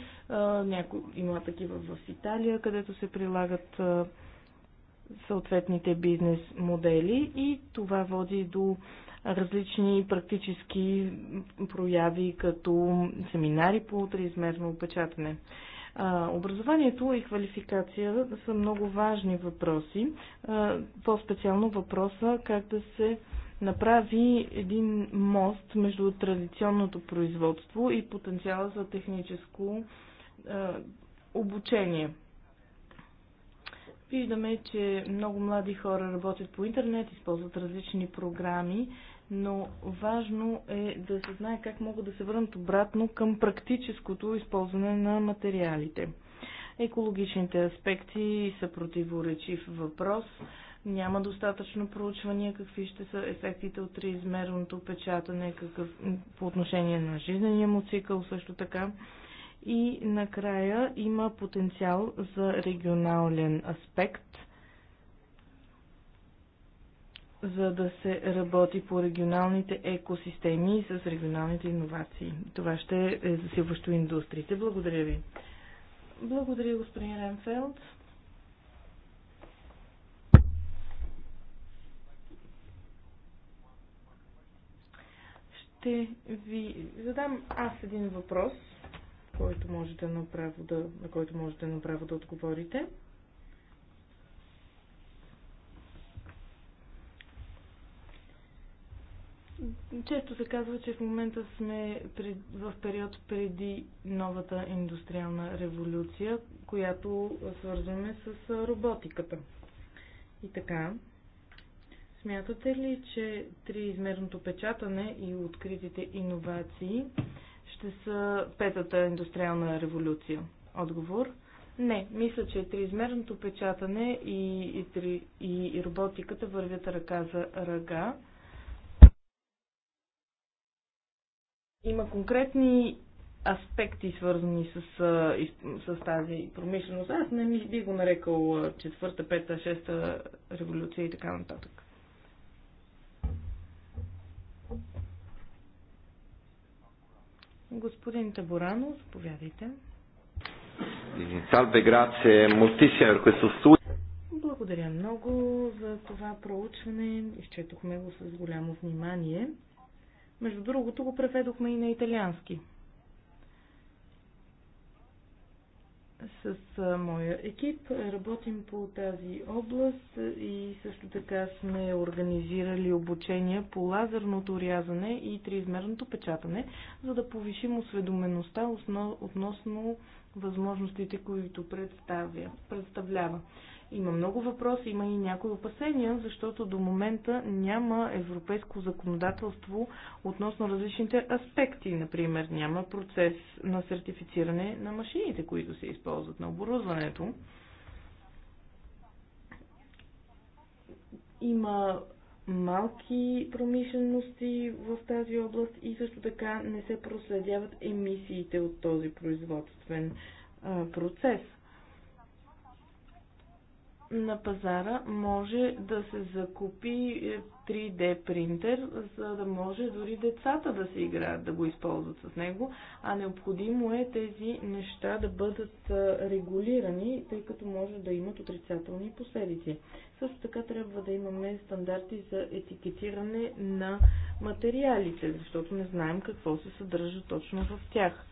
някои Има такива в Италия, където се прилагат съответните бизнес модели и това води до различни практически прояви, като семинари по триизмерно опечатане. Образованието и квалификация са много важни въпроси, по-специално въпроса как да се направи един мост между традиционното производство и потенциала за техническо е, обучение. Виждаме, че много млади хора работят по интернет, използват различни програми, но важно е да се знае как могат да се върнат обратно към практическото използване на материалите. Екологичните аспекти са противоречив въпрос. Няма достатъчно проучвания какви ще са ефектите от триизмерното печатане какъв, по отношение на жизнения му цикъл също така. И накрая има потенциал за регионален аспект, за да се работи по регионалните екосистеми и с регионалните иновации. Това ще е засилващо индустриите. Благодаря ви. Благодаря, господин Ренфелд. Ще ви задам аз един въпрос, който можете направо да, на който можете направо да отговорите. Често се казва, че в момента сме в период преди новата индустриална революция, която свързваме с роботиката. И така, Смятате ли, че триизмерното печатане и откритите иновации ще са петата индустриална революция? Отговор. Не, мисля, че триизмерното печатане и, и, три, и, и роботиката вървят ръка за ръга. Има конкретни аспекти, свързани с, с тази промишленост. Аз не би го нарекал четвърта, пета, шеста революция и така нататък. Господин Таборано, заповядайте. грация, мултисия, е Благодаря много за това проучване. Изчетохме го с голямо внимание. Между другото го преведохме и на италиански. с моя екип работим по тази област и също така сме организирали обучения по лазерното рязане и триизмерното печатане, за да повишим осведомеността относно възможностите, които представлява. Има много въпроси, има и някои опасения, защото до момента няма европейско законодателство относно различните аспекти. Например, няма процес на сертифициране на машините, които се използват на оборудването. Има малки промишлености в тази област и също така не се проследяват емисиите от този производствен процес на пазара може да се закупи 3D е, принтер, за да може дори децата да се играят, да го използват с него, а необходимо е тези неща да бъдат е, регулирани, тъй като може да имат отрицателни последици. Също така трябва да имаме стандарти за етикетиране на материалите, защото не знаем какво се съдържа точно в тях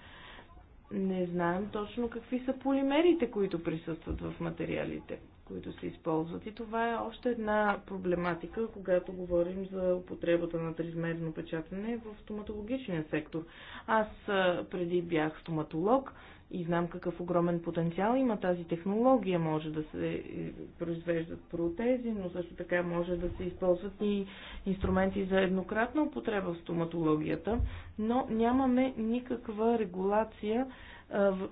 не знаем точно какви са полимерите, които присъстват в материалите които се използват. И това е още една проблематика, когато говорим за употребата на тризмерно печатане в стоматологичния сектор. Аз преди бях стоматолог и знам какъв огромен потенциал има тази технология. Може да се е, произвеждат протези, но също така може да се използват и инструменти за еднократна употреба в стоматологията, но нямаме никаква регулация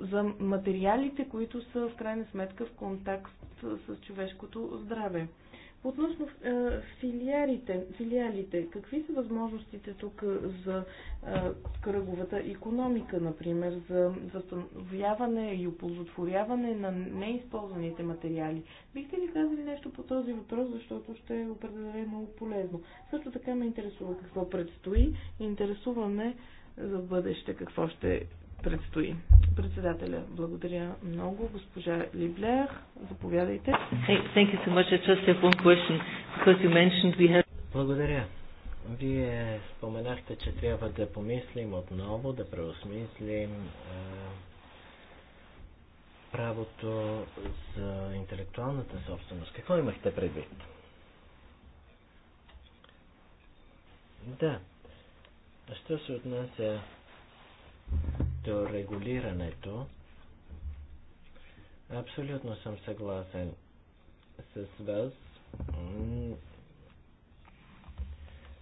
за материалите, които са в крайна сметка в контакт с човешкото здраве. Относно филиарите, филиалите, какви са възможностите тук за кръговата економика, например, за възстановяване и оползотворяване на неизползваните материали? Бихте ли казали нещо по този въпрос, защото ще е определено полезно? Също така ме интересува какво предстои, интересуваме за бъдеще какво ще предстои. Председателя, благодаря много. Госпожа Либлер, заповядайте. Благодаря. Вие споменахте, че трябва да помислим отново, да преосмислим е, правото за интелектуалната собственост. Какво имахте предвид? Да. А що се отнася до регулирането, абсолютно съм съгласен с вас.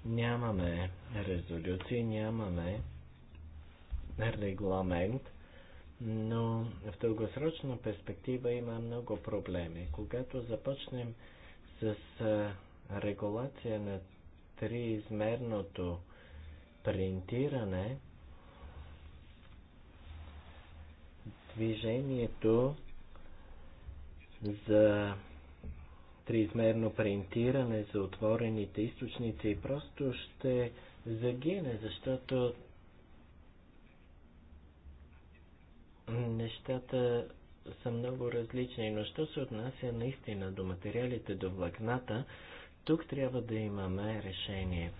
Нямаме резолюции, нямаме регламент, но в дългосрочна перспектива има много проблеми. Когато започнем с регулация на триизмерното принтиране, движението за триизмерно принтиране за отворените източници и просто ще загине, защото нещата са много различни, но що се отнася наистина до материалите, до влакната, тук трябва да имаме решение.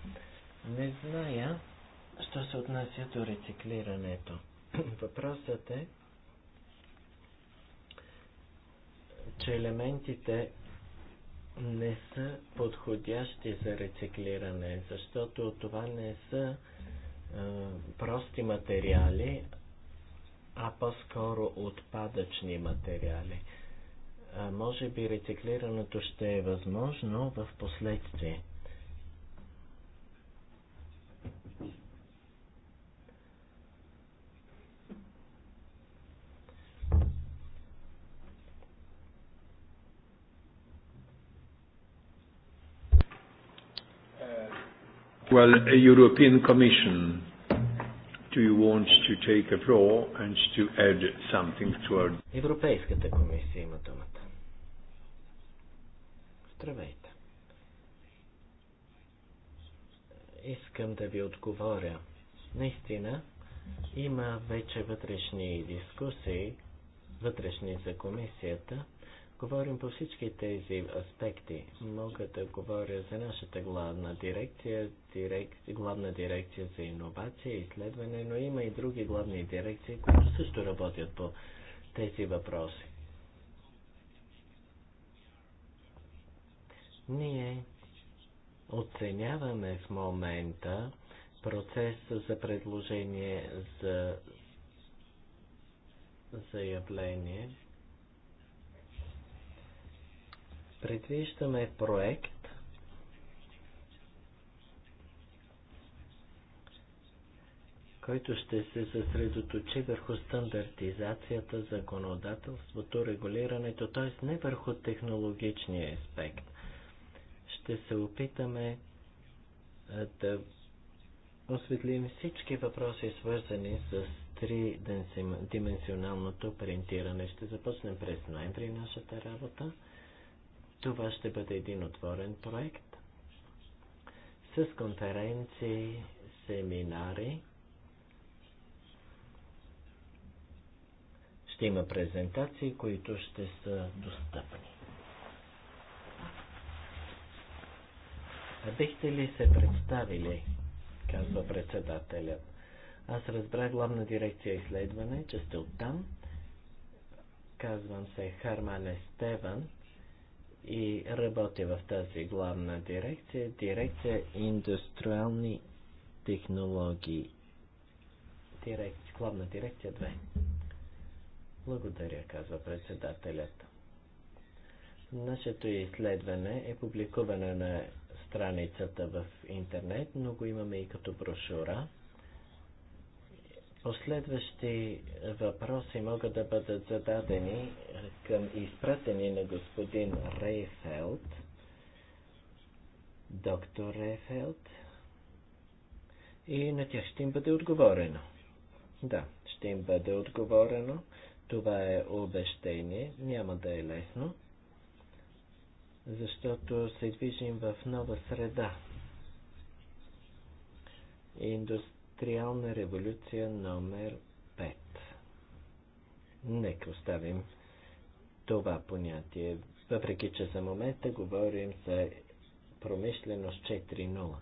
Не зная, що се отнася до рециклирането. (clears throat) Въпросът е че елементите не са подходящи за рециклиране, защото това не са е, прости материали, а по-скоро отпадъчни материали. А може би рециклирането ще е възможно в последствие. Well, a European Commission, do you want to take a floor and to add something to our... Европейската комисия има думата. Здравейте. Искам да ви отговоря. Наистина, има вече вътрешни дискусии, вътрешни за комисията, говорим по всички тези аспекти. Мога да говоря за нашата главна дирекция, дирек... главна дирекция за иновация и изследване, но има и други главни дирекции, които също работят по тези въпроси. Ние оценяваме в момента процеса за предложение за заявление Предвиждаме проект, който ще се съсредоточи върху стандартизацията, законодателството, регулирането, т.е. не върху технологичния аспект. Ще се опитаме да осветлим всички въпроси, свързани с тридименсионалното принтиране. Ще започнем през ноември нашата работа. Това ще бъде един отворен проект с конференции, семинари. Ще има презентации, които ще са достъпни. А бихте ли се представили, казва председателят. Аз разбрах главна дирекция изследване, че сте оттам. Казвам се Харман Естеван и работя в тази главна дирекция, дирекция индустриални технологии. Дирекция, главна дирекция 2. Благодаря, казва председателят. Нашето изследване е публикуване на страницата в интернет, но го имаме и като брошура. Последващи въпроси могат да бъдат зададени към изпратени на господин Рейфелд, доктор Рейфелд, и на тях ще им бъде отговорено. Да, ще им бъде отговорено. Това е обещение, няма да е лесно, защото се движим в нова среда. Индустрия индустриална революция номер 5. Нека оставим това понятие, въпреки че за момента говорим за промишленост 4.0.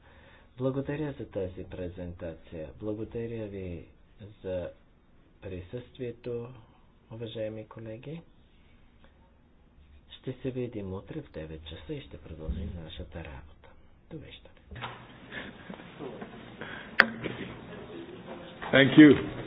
Благодаря за тази презентация. Благодаря ви за присъствието, уважаеми колеги. Ще се видим утре в 9 часа и ще продължим нашата работа. you. Thank you.